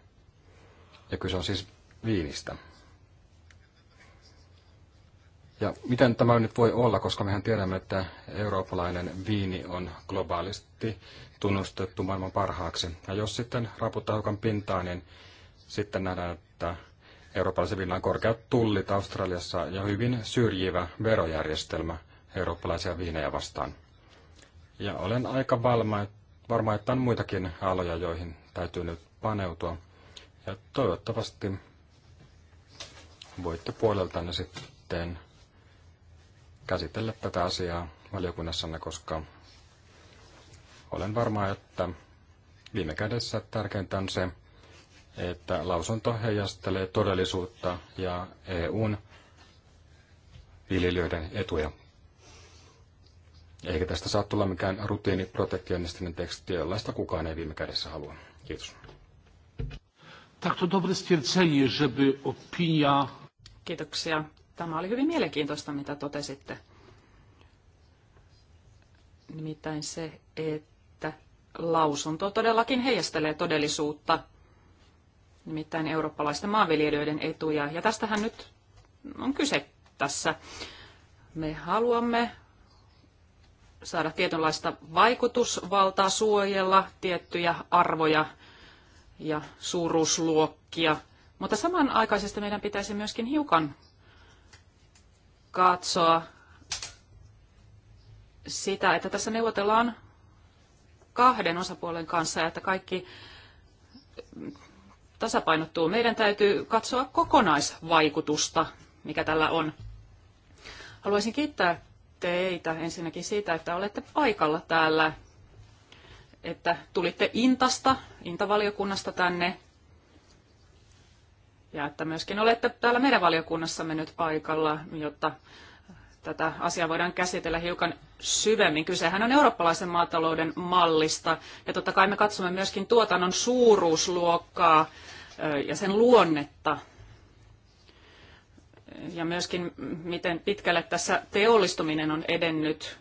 Ja kyse on siis viinistä. Ja miten tämä nyt voi olla, koska mehän tiedämme, että eurooppalainen viini on globaalisti tunnustettu maailman parhaaksi. Ja jos sitten raputtaa hiukan pintaa, niin sitten nähdään, että eurooppalaisen viinan korkeat tullit Australiassa ja hyvin syrjivä verojärjestelmä eurooppalaisia viinejä vastaan. Ja olen aika valma, varma, että on muitakin aloja, joihin täytyy nyt paneutua. Ja toivottavasti voitte puoleltanne sitten käsitellä tätä asiaa valiokunnassanne, koska olen varma, että viime kädessä tärkeintä on se, että lausunto heijastelee todellisuutta ja EUn viljelijöiden etuja. Eikä tästä saa tulla mikään rutiiniprotektionistinen teksti, jollaista kukaan ei viime kädessä halua. Kiitos. Tak to dobre stwierdzenie, żeby opinia... Kiitoksia. Tämä oli hyvin mielenkiintoista, mitä totesitte. Nimittäin se, että lausunto todellakin heijastelee todellisuutta, nimittäin eurooppalaisten maanviljelijöiden etuja. Ja tästähän nyt on kyse tässä. Me haluamme saada tietynlaista vaikutusvaltaa, suojella tiettyjä arvoja ja suuruusluokkia, mutta samanaikaisesti meidän pitäisi myöskin hiukan katsoa sitä, että tässä neuvotellaan kahden osapuolen kanssa ja että kaikki tasapainottuu. Meidän täytyy katsoa kokonaisvaikutusta, mikä tällä on. Haluaisin kiittää teitä ensinnäkin siitä, että olette paikalla täällä, että tulitte Intasta, Intavaliokunnasta tänne ja että myöskin olette täällä meidän valiokunnassamme nyt paikalla, jotta tätä asiaa voidaan käsitellä hiukan syvemmin. Kysehän on eurooppalaisen maatalouden mallista ja totta kai me katsomme myöskin tuotannon suuruusluokkaa ja sen luonnetta ja myöskin miten pitkälle tässä teollistuminen on edennyt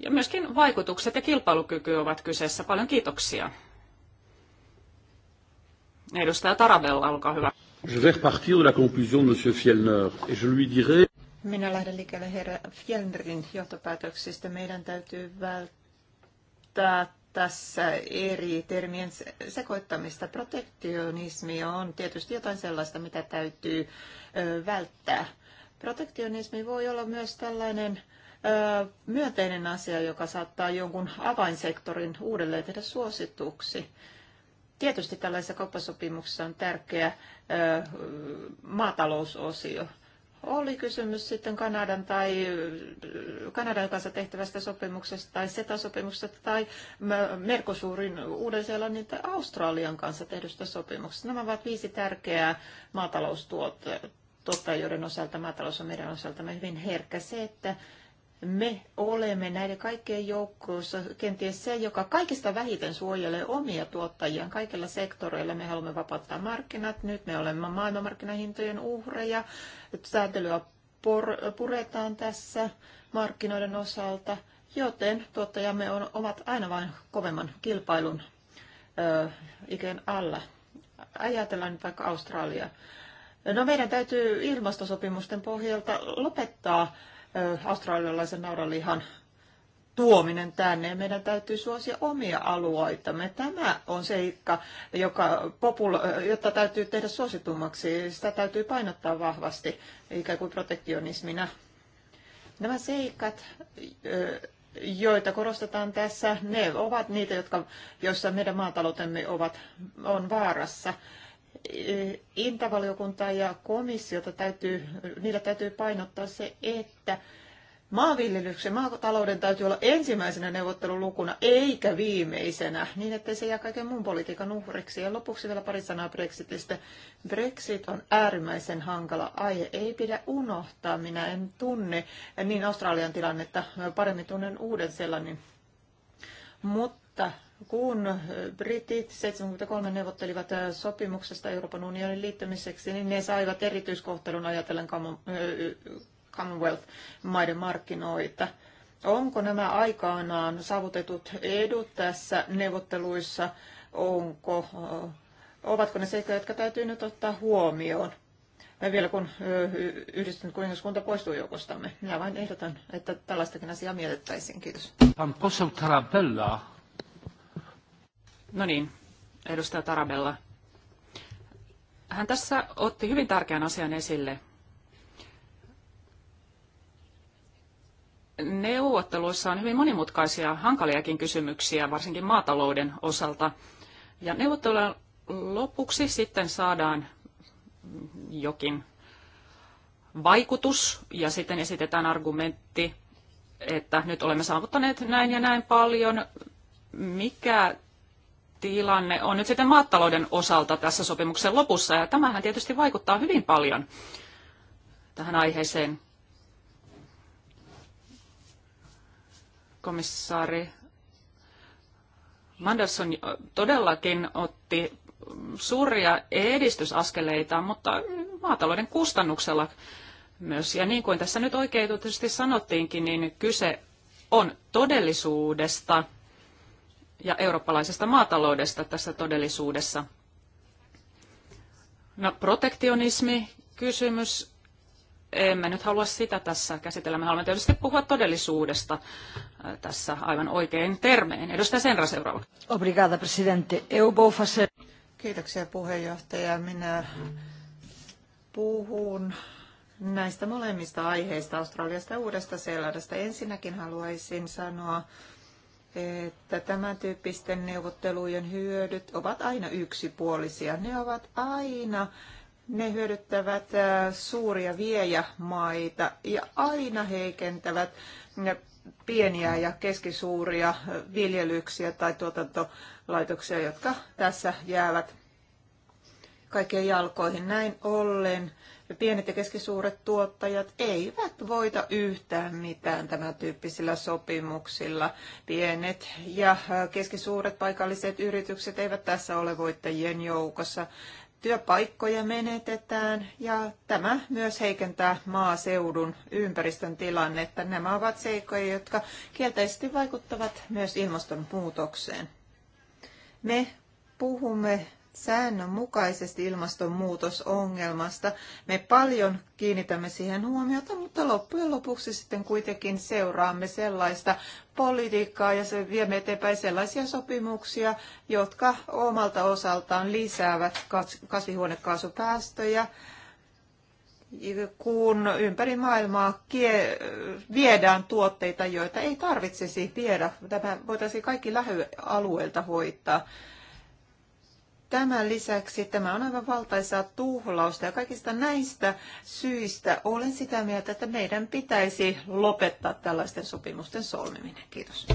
ja myöskin vaikutukset ja kilpailukyky ovat kyseessä. Paljon kiitoksia. Edustaja Tarabella, olkaa hyvä. Je vais repartir de la conclusion de M. Fjellner et je lui dirai... Minä lähden liikkeelle herra Fjellnerin johtopäätöksistä. Meidän täytyy välttää tässä eri termien sekoittamista. Protektionismi on tietysti jotain sellaista, mitä täytyy välttää. Protektionismi voi olla myös tällainen myönteinen asia, joka saattaa jonkun avainsektorin uudelleen tehdä suosituksi. Tietysti tällaisessa kauppasopimuksessa on tärkeä maatalousosio. Oli kysymys sitten Kanadan tai Kanadan kanssa tehtävästä sopimuksesta tai SETA-sopimuksesta tai Merkosuurin Uuden-Seelannin tai Australian kanssa tehdystä sopimuksesta. Nämä ovat viisi tärkeää joiden osalta. Maatalous on meidän osaltamme hyvin herkkä. Se, että me olemme näiden kaikkien joukossa kenties se, joka kaikista vähiten suojelee omia tuottajiaan kaikilla sektoreilla. Me haluamme vapauttaa markkinat nyt, me olemme maailmanmarkkinahintojen uhreja, säätelyä puretaan tässä markkinoiden osalta, joten tuottajamme on, ovat aina vain kovemman kilpailun ö, ikään alla. Ajatellaan nyt vaikka Australia. No meidän täytyy ilmastosopimusten pohjalta lopettaa australialaisen nauralihan tuominen tänne ja meidän täytyy suosia omia alueitamme. Tämä on seikka, joka popula- jota täytyy tehdä suositummaksi. Sitä täytyy painottaa vahvasti, ikään kuin protektionismina. Nämä seikat, joita korostetaan tässä, ne ovat niitä, jotka, joissa meidän maataloutemme ovat, on vaarassa. Eh, Intavaliokuntaa ja komissiota täytyy, niillä täytyy painottaa se, että maanviljelyksen, maatalouden täytyy olla ensimmäisenä neuvottelulukuna eikä viimeisenä, niin ettei se jää kaiken muun politiikan uhreksi. Ja lopuksi vielä pari sanaa Brexitistä. Brexit on äärimmäisen hankala aihe, ei pidä unohtaa. Minä en tunne niin Australian tilannetta, paremmin tunnen uuden sellainen. Mutta kun äh, britit 73 neuvottelivat äh, sopimuksesta Euroopan unionin liittymiseksi, niin ne saivat erityiskohtelun ajatellen äh, Commonwealth-maiden markkinoita. Onko nämä aikanaan saavutetut edut tässä neuvotteluissa, onko, ovatko ne seikkoja, jotka täytyy nyt ottaa huomioon? Ja vielä kun yhdistynyt kuningaskunta poistuu joukostamme. Minä vain ehdotan, että tällaistakin asiaa mietittäisiin. Kiitos. No niin, edustaja Tarabella. Hän tässä otti hyvin tärkeän asian esille. Neuvotteluissa on hyvin monimutkaisia, hankaliakin kysymyksiä, varsinkin maatalouden osalta. Ja neuvottelujen lopuksi sitten saadaan jokin vaikutus ja sitten esitetään argumentti, että nyt olemme saavuttaneet näin ja näin paljon. Mikä tilanne on nyt sitten maatalouden osalta tässä sopimuksen lopussa, ja tämähän tietysti vaikuttaa hyvin paljon tähän aiheeseen. Komissaari Manderson todellakin otti suuria edistysaskeleita, mutta maatalouden kustannuksella myös. Ja niin kuin tässä nyt oikein sanottiinkin, niin kyse on todellisuudesta – ja eurooppalaisesta maataloudesta tässä todellisuudessa. No, protektionismi, kysymys, emme nyt halua sitä tässä käsitellä. Me haluamme tietysti puhua todellisuudesta äh, tässä aivan oikein termeen. Edustaja Senra seuraava. Obrigada, presidente. Eu vou fazer... Kiitoksia puheenjohtaja. Minä puhun näistä molemmista aiheista, Australiasta ja Uudesta Seelannasta. Ensinnäkin haluaisin sanoa että tämän tyyppisten neuvottelujen hyödyt ovat aina yksipuolisia. Ne ovat aina, ne hyödyttävät suuria viejämaita ja aina heikentävät pieniä ja keskisuuria viljelyksiä tai tuotantolaitoksia, jotka tässä jäävät kaikkien jalkoihin. Näin ollen pienet ja keskisuuret tuottajat eivät voita yhtään mitään tämän tyyppisillä sopimuksilla. Pienet ja keskisuuret paikalliset yritykset eivät tässä ole voittajien joukossa. Työpaikkoja menetetään ja tämä myös heikentää maaseudun ympäristön tilannetta. Nämä ovat seikkoja, jotka kielteisesti vaikuttavat myös ilmastonmuutokseen. Me puhumme säännönmukaisesti ilmastonmuutosongelmasta. Me paljon kiinnitämme siihen huomiota, mutta loppujen lopuksi sitten kuitenkin seuraamme sellaista politiikkaa ja se viemme eteenpäin sellaisia sopimuksia, jotka omalta osaltaan lisäävät kasvihuonekaasupäästöjä, kun ympäri maailmaa viedään tuotteita, joita ei tarvitsisi viedä. Tämä voitaisiin kaikki lähialueelta hoitaa. Tämän lisäksi tämä on aivan valtaisaa tuhlausta ja kaikista näistä syistä olen sitä mieltä, että meidän pitäisi lopettaa tällaisten sopimusten solmiminen. Kiitos.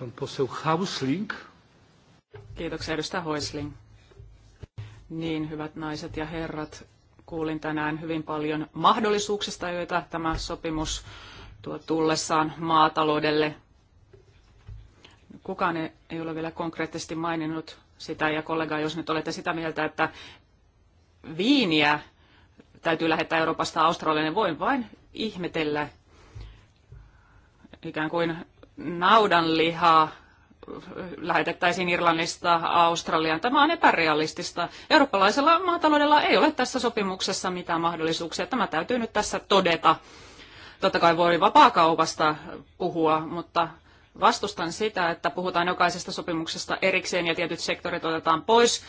Pan poseł Hausling. Kiitoksia edustaja Hoisling. Niin, hyvät naiset ja herrat, kuulin tänään hyvin paljon mahdollisuuksista, joita tämä sopimus tuo tullessaan maataloudelle Kukaan ei ole vielä konkreettisesti maininnut sitä, ja kollega, jos nyt olette sitä mieltä, että viiniä täytyy lähettää Euroopasta Australialle, niin voin vain ihmetellä ikään kuin naudanlihaa lähetettäisiin Irlannista Australiaan. Tämä on epärealistista. Eurooppalaisella maataloudella ei ole tässä sopimuksessa mitään mahdollisuuksia. Tämä täytyy nyt tässä todeta. Totta kai voi vapaakaupasta puhua, mutta Vastustan sitä, että puhutaan jokaisesta sopimuksesta erikseen ja tietyt sektorit otetaan pois.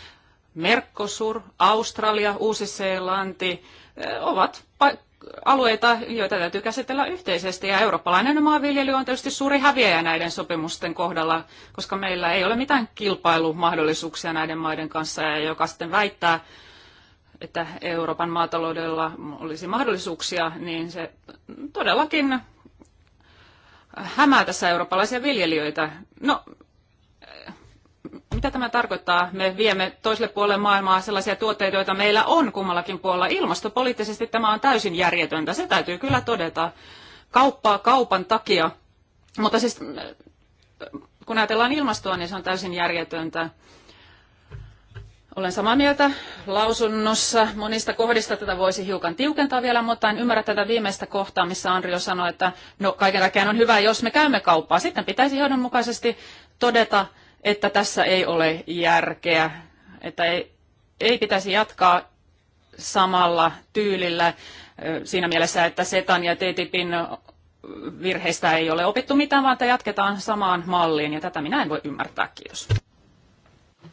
Mercosur, Australia, Uusi-Seelanti eh, ovat alueita, joita täytyy käsitellä yhteisesti. Ja eurooppalainen maanviljely on tietysti suuri häviäjä näiden sopimusten kohdalla, koska meillä ei ole mitään kilpailumahdollisuuksia näiden maiden kanssa, ja joka sitten väittää, että Euroopan maataloudella olisi mahdollisuuksia, niin se todellakin hämää tässä eurooppalaisia viljelijöitä. No, mitä tämä tarkoittaa? Me viemme toiselle puolelle maailmaa sellaisia tuotteita, joita meillä on kummallakin puolella. Ilmastopoliittisesti tämä on täysin järjetöntä. Se täytyy kyllä todeta. Kauppaa kaupan takia. Mutta siis kun ajatellaan ilmastoa, niin se on täysin järjetöntä. Olen samaa mieltä lausunnossa. Monista kohdista tätä voisi hiukan tiukentaa vielä, mutta en ymmärrä tätä viimeistä kohtaa, missä Andrio sanoi, että no kaiken kaikkiaan on hyvä, jos me käymme kauppaa. Sitten pitäisi johdonmukaisesti todeta, että tässä ei ole järkeä, että ei, ei pitäisi jatkaa samalla tyylillä siinä mielessä, että SETAN ja TTIPin virheistä ei ole opittu mitään, vaan että jatketaan samaan malliin, ja tätä minä en voi ymmärtää. Kiitos.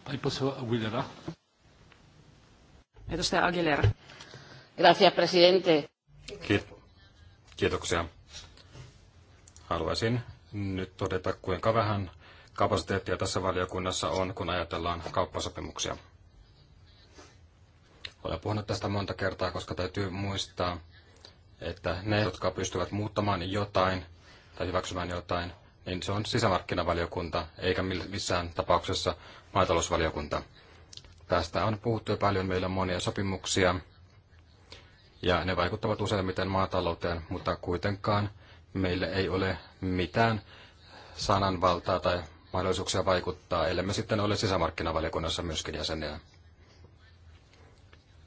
Pani poseł Aguilera. Edustaja Aguilera. Gracias, presidente. Kiitoksia. Haluaisin nyt todeta, kuinka vähän kapasiteettia tässä valiokunnassa on, kun ajatellaan kauppasopimuksia. Olen puhunut tästä monta kertaa, koska täytyy muistaa, että ne, jotka pystyvät muuttamaan jotain tai hyväksymään jotain, niin se on sisämarkkinavaliokunta, eikä missään tapauksessa maatalousvaliokunta. Tästä on puhuttu jo paljon, meillä on monia sopimuksia, ja ne vaikuttavat useimmiten maatalouteen, mutta kuitenkaan meillä ei ole mitään sananvaltaa tai mahdollisuuksia vaikuttaa, ellei me sitten ole sisämarkkinavaliokunnassa myöskin jäseniä.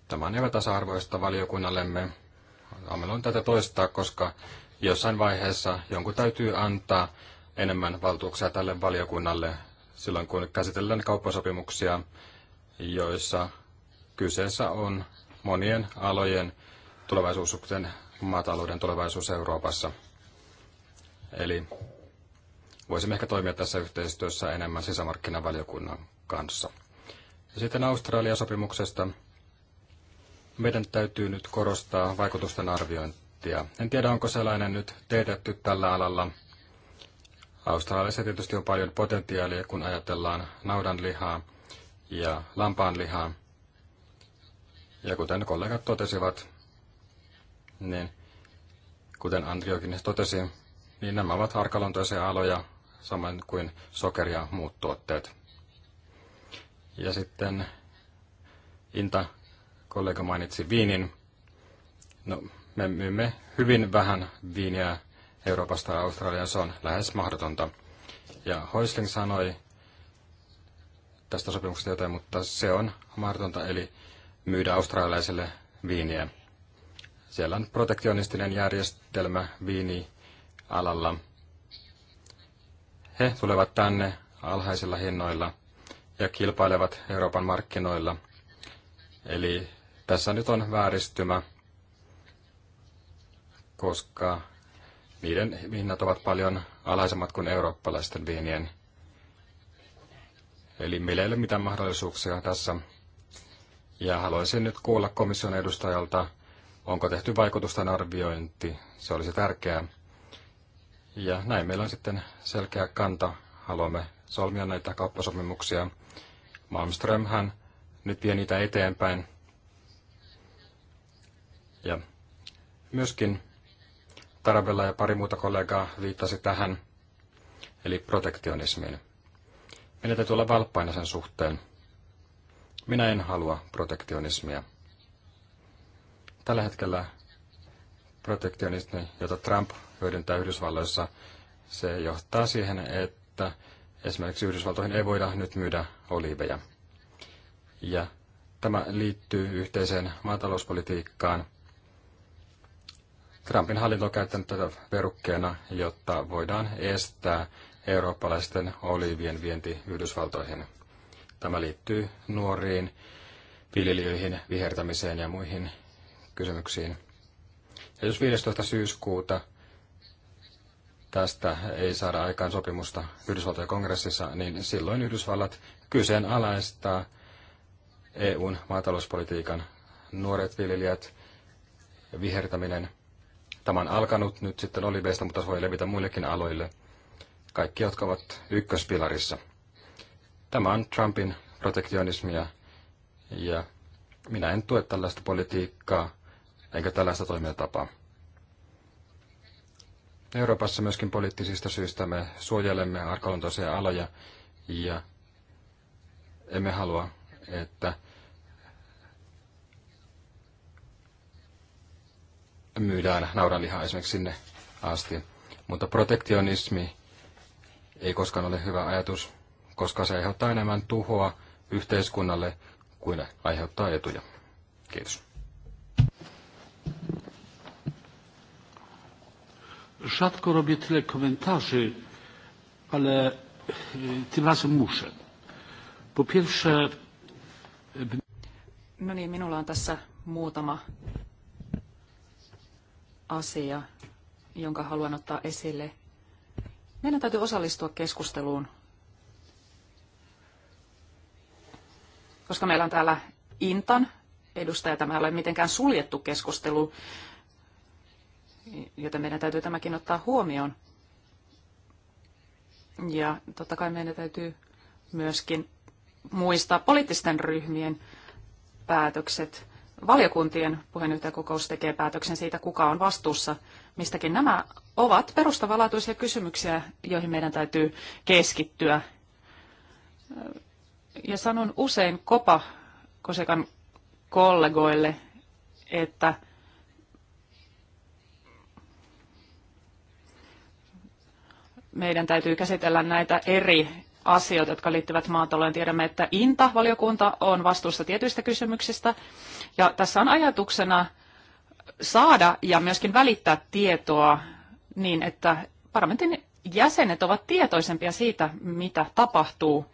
Tämä on epätasa-arvoista valiokunnallemme. Ameloin tätä toistaa, koska jossain vaiheessa jonkun täytyy antaa enemmän valtuuksia tälle valiokunnalle silloin, kun käsitellään kauppasopimuksia, joissa kyseessä on monien alojen tulevaisuussuhteen maatalouden tulevaisuus Euroopassa. Eli voisimme ehkä toimia tässä yhteistyössä enemmän sisämarkkinavaliokunnan kanssa. Ja sitten Australia-sopimuksesta. Meidän täytyy nyt korostaa vaikutusten arviointia. En tiedä, onko sellainen nyt teetetty tällä alalla – Australiassa tietysti on paljon potentiaalia, kun ajatellaan naudanlihaa ja lampaanlihaa. Ja kuten kollegat totesivat, niin kuten Andriokin totesi, niin nämä ovat arkaluontoisia aloja, samoin kuin sokeri ja muut tuotteet. Ja sitten Inta kollega mainitsi viinin. No, me myymme hyvin vähän viiniä Euroopasta Australiaan, se on lähes mahdotonta. Ja Hoisling sanoi tästä sopimuksesta jotain, mutta se on mahdotonta, eli myydä australialaiselle viiniä. Siellä on protektionistinen järjestelmä viinialalla. He tulevat tänne alhaisilla hinnoilla ja kilpailevat Euroopan markkinoilla. Eli tässä nyt on vääristymä, koska niiden hinnat ovat paljon alaisemmat kuin eurooppalaisten viinien. Eli meillä ei ole mitään mahdollisuuksia tässä. Ja haluaisin nyt kuulla komission edustajalta, onko tehty vaikutusten arviointi. Se olisi tärkeää. Ja näin meillä on sitten selkeä kanta. Haluamme solmia näitä kauppasopimuksia. Malmström hän nyt vie niitä eteenpäin. Ja myöskin Tarabella ja pari muuta kollegaa viittasi tähän, eli protektionismiin. Meidän täytyy olla valppaina sen suhteen. Minä en halua protektionismia. Tällä hetkellä protektionismi, jota Trump hyödyntää Yhdysvalloissa, se johtaa siihen, että esimerkiksi Yhdysvaltoihin ei voida nyt myydä oliiveja. Ja tämä liittyy yhteiseen maatalouspolitiikkaan, Trumpin hallinto on käyttänyt tätä verukkeena, jotta voidaan estää eurooppalaisten olivien vienti Yhdysvaltoihin. Tämä liittyy nuoriin viljelijöihin, vihertämiseen ja muihin kysymyksiin. Ja jos 15. syyskuuta tästä ei saada aikaan sopimusta Yhdysvaltojen kongressissa, niin silloin Yhdysvallat kyseenalaistaa EUn maatalouspolitiikan nuoret viljelijät, vihertäminen – Tämä on alkanut nyt sitten oliveista, mutta se voi levitä muillekin aloille. Kaikki, jotka ovat ykköspilarissa. Tämä on Trumpin protektionismia ja minä en tue tällaista politiikkaa eikä tällaista toimintatapaa. Euroopassa myöskin poliittisista syistä me suojelemme arkaluontoisia aloja ja emme halua, että myydään naudanlihaa esimerkiksi sinne asti. Mutta protektionismi ei koskaan ole hyvä ajatus, koska se aiheuttaa enemmän tuhoa yhteiskunnalle kuin aiheuttaa etuja. Kiitos. Rzadko robię tyle komentarzy, ale tym razem muszę. Po pierwsze... No niin, minulla on tässä muutama asia, jonka haluan ottaa esille. Meidän täytyy osallistua keskusteluun, koska meillä on täällä Intan edustaja. Tämä ei ole mitenkään suljettu keskustelu, joten meidän täytyy tämäkin ottaa huomioon. Ja totta kai meidän täytyy myöskin muistaa poliittisten ryhmien päätökset valiokuntien puheenjohtajakokous tekee päätöksen siitä, kuka on vastuussa mistäkin. Nämä ovat perustavanlaatuisia kysymyksiä, joihin meidän täytyy keskittyä. Ja sanon usein kopa Kosekan kollegoille, että meidän täytyy käsitellä näitä eri asioita, jotka liittyvät maatalouteen. Tiedämme, että INTA-valiokunta on vastuussa tietyistä kysymyksistä. Ja tässä on ajatuksena saada ja myöskin välittää tietoa niin, että parlamentin jäsenet ovat tietoisempia siitä, mitä tapahtuu,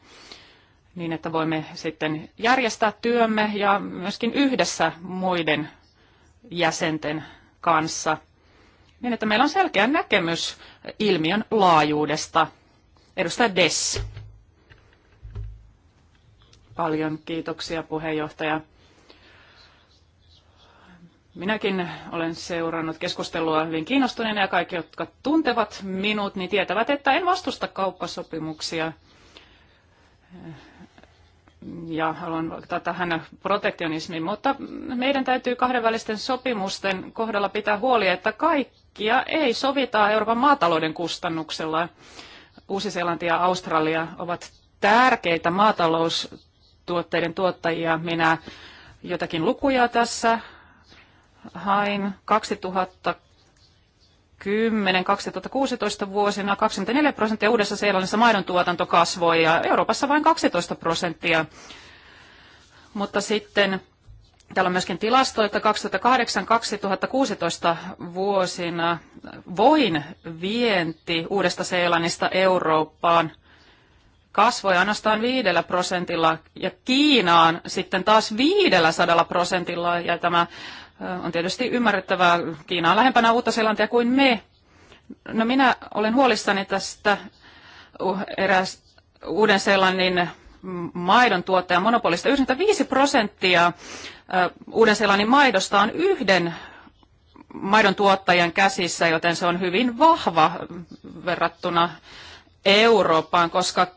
niin että voimme sitten järjestää työmme ja myöskin yhdessä muiden jäsenten kanssa, niin että meillä on selkeä näkemys ilmiön laajuudesta. Edustaja Dess. Paljon kiitoksia puheenjohtaja. Minäkin olen seurannut keskustelua hyvin kiinnostuneena ja kaikki, jotka tuntevat minut, niin tietävät, että en vastusta kauppasopimuksia. Ja haluan tähän protektionismiin, mutta meidän täytyy kahdenvälisten sopimusten kohdalla pitää huoli, että kaikkia ei sovita Euroopan maatalouden kustannuksella. Uusi-Seelanti ja Australia ovat tärkeitä maatalous tuotteiden tuottajia. Minä jotakin lukuja tässä hain 2010-2016 vuosina 24 prosenttia Uudessa Seelannissa maidon tuotanto kasvoi ja Euroopassa vain 12 prosenttia. Mutta sitten Täällä on myöskin tilasto, että 2008-2016 vuosina voin vienti Uudesta Seelannista Eurooppaan kasvoi ainoastaan viidellä prosentilla ja Kiinaan sitten taas viidellä sadalla prosentilla ja tämä on tietysti ymmärrettävää. Kiina on lähempänä Uutta-Seelantia kuin me. No minä olen huolissani tästä eräs Uuden-Seelannin maidon tuottajan monopolista. 95 prosenttia Uuden-Seelannin maidosta on yhden maidon tuottajan käsissä, joten se on hyvin vahva verrattuna Eurooppaan, koska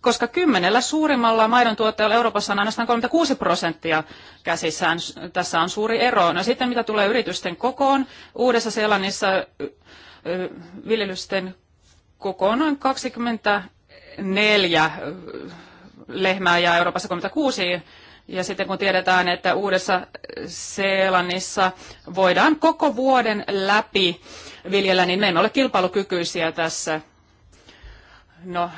koska kymmenellä suurimmalla maidontuottajalla Euroopassa on ainoastaan 36 prosenttia käsissään. Tässä on suuri ero. No sitten mitä tulee yritysten kokoon, Uudessa Seelannissa viljelysten koko on noin 24 lehmää ja Euroopassa 36. Ja sitten kun tiedetään, että Uudessa Seelannissa voidaan koko vuoden läpi viljellä, niin me emme ole kilpailukykyisiä tässä. No,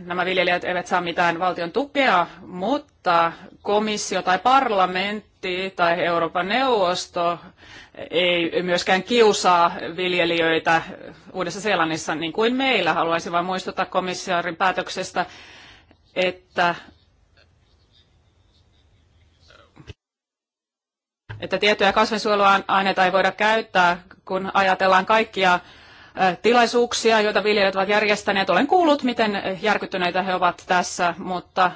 nämä viljelijät eivät saa mitään valtion tukea, mutta komissio tai parlamentti tai Euroopan neuvosto ei myöskään kiusaa viljelijöitä Uudessa Seelannissa niin kuin meillä. Haluaisin vain muistuttaa komissaarin päätöksestä, että että tiettyjä kasvinsuojeluaineita ei voida käyttää, kun ajatellaan kaikkia tilaisuuksia, joita viljelijät ovat järjestäneet. Olen kuullut, miten järkyttyneitä he ovat tässä, mutta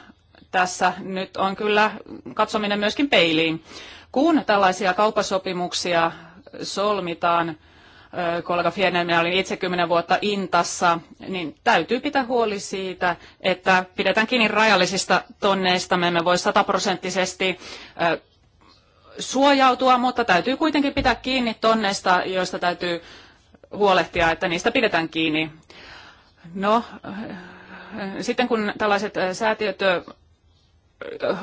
tässä nyt on kyllä katsominen myöskin peiliin. Kun tällaisia kauppasopimuksia solmitaan, kollega Fjellner, minä olin itse kymmenen vuotta Intassa, niin täytyy pitää huoli siitä, että pidetään kiinni rajallisista tonneista. Me emme voi sataprosenttisesti suojautua, mutta täytyy kuitenkin pitää kiinni tonneista, joista täytyy huolehtia, että niistä pidetään kiinni. No, sitten kun tällaiset äh, säätiöt äh,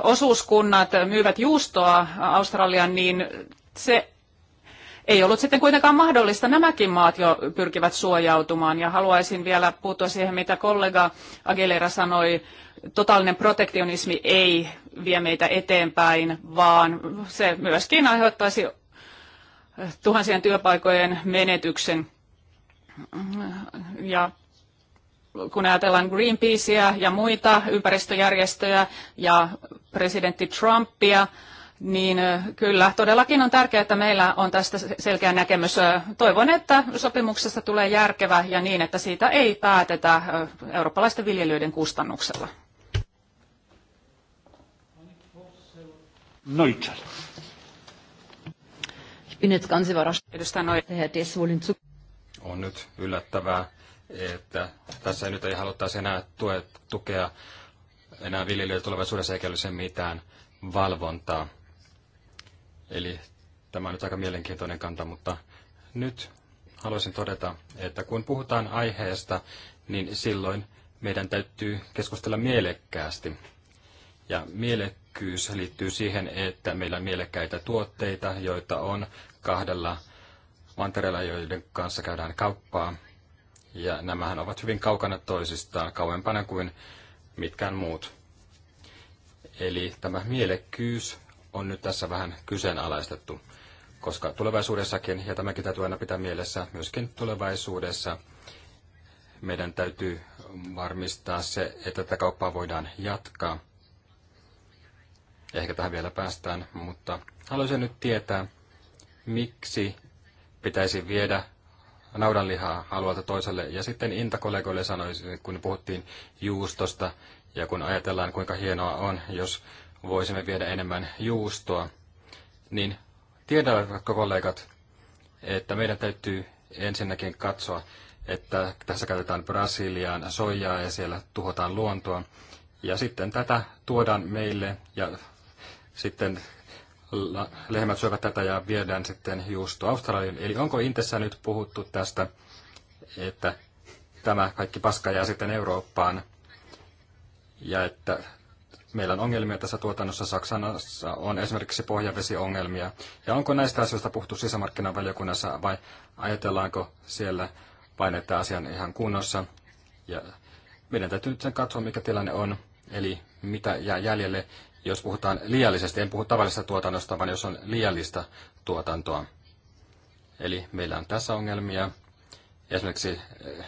osuuskunnat myyvät juustoa Australian, niin se ei ollut sitten kuitenkaan mahdollista. Nämäkin maat jo pyrkivät suojautumaan ja haluaisin vielä puuttua siihen, mitä kollega Aguilera sanoi. Totaalinen protektionismi ei vie meitä eteenpäin, vaan se myöskin aiheuttaisi tuhansien työpaikojen menetyksen. Ja kun ajatellaan Greenpeacea ja muita ympäristöjärjestöjä ja presidentti Trumpia, niin kyllä todellakin on tärkeää, että meillä on tästä selkeä näkemys. Toivon, että sopimuksesta tulee järkevä ja niin, että siitä ei päätetä eurooppalaisten viljelyiden kustannuksella. Neutral. Ich bin jetzt ganz überrascht, on nyt yllättävää, että tässä nyt ei haluttaisi enää tue, tukea enää viljelijöitä tulevaisuudessa eikä ole mitään valvontaa. Eli tämä on nyt aika mielenkiintoinen kanta, mutta nyt haluaisin todeta, että kun puhutaan aiheesta, niin silloin meidän täytyy keskustella mielekkäästi. Ja mielekkyys liittyy siihen, että meillä on mielekkäitä tuotteita, joita on kahdella mantereilla, joiden kanssa käydään kauppaa. Ja nämähän ovat hyvin kaukana toisistaan, kauempana kuin mitkään muut. Eli tämä mielekkyys on nyt tässä vähän kyseenalaistettu, koska tulevaisuudessakin, ja tämäkin täytyy aina pitää mielessä, myöskin tulevaisuudessa meidän täytyy varmistaa se, että tätä kauppaa voidaan jatkaa. Ehkä tähän vielä päästään, mutta haluaisin nyt tietää, miksi pitäisi viedä naudanlihaa alueelta toiselle. Ja sitten kollegoille sanoi kun puhuttiin juustosta ja kun ajatellaan, kuinka hienoa on, jos voisimme viedä enemmän juustoa, niin tiedätkö kollegat, että meidän täytyy ensinnäkin katsoa, että tässä käytetään Brasiliaan soijaa ja siellä tuhotaan luontoa. Ja sitten tätä tuodaan meille ja sitten lehmät syövät tätä ja viedään sitten juusto Australiaan. Eli onko Intessä nyt puhuttu tästä, että tämä kaikki paska jää sitten Eurooppaan ja että meillä on ongelmia tässä tuotannossa. Saksassa on esimerkiksi pohjavesiongelmia. Ja onko näistä asioista puhuttu sisämarkkinavaliokunnassa vai ajatellaanko siellä vain, että asia on ihan kunnossa? Ja meidän täytyy nyt sen katsoa, mikä tilanne on, eli mitä jää jäljelle jos puhutaan liiallisesti, en puhu tavallisesta tuotannosta, vaan jos on liiallista tuotantoa. Eli meillä on tässä ongelmia. Esimerkiksi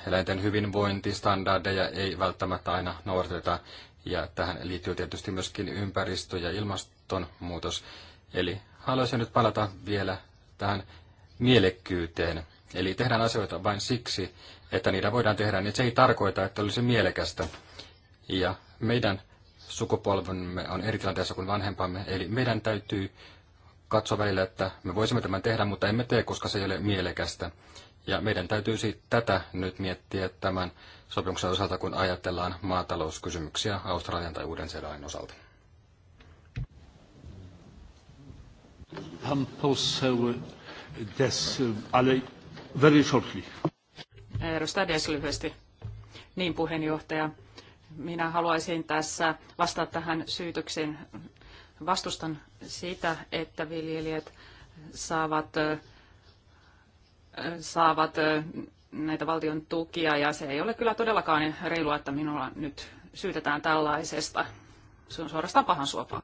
eläinten hyvinvointistandardeja ei välttämättä aina noudateta, ja tähän liittyy tietysti myöskin ympäristö- ja ilmastonmuutos. Eli haluaisin nyt palata vielä tähän mielekkyyteen. Eli tehdään asioita vain siksi, että niitä voidaan tehdä, niin se ei tarkoita, että olisi mielekästä. Ja meidän sukupolvemme on eri tilanteessa kuin vanhempamme, eli meidän täytyy katsoa välillä, että me voisimme tämän tehdä, mutta emme tee, koska se ei ole mielekästä. Ja meidän täytyy siis tätä nyt miettiä tämän sopimuksen osalta, kun ajatellaan maatalouskysymyksiä Australian tai Uuden-Seelannin osalta. Pan Des, very shortly. Edustaja Des lyhyesti. Niin puheenjohtaja, minä haluaisin tässä vastata tähän syytöksen Vastustan sitä, että viljelijät saavat, saavat näitä valtion tukia ja se ei ole kyllä todellakaan reilua, että minulla nyt syytetään tällaisesta. Se on suorastaan pahan suopaa.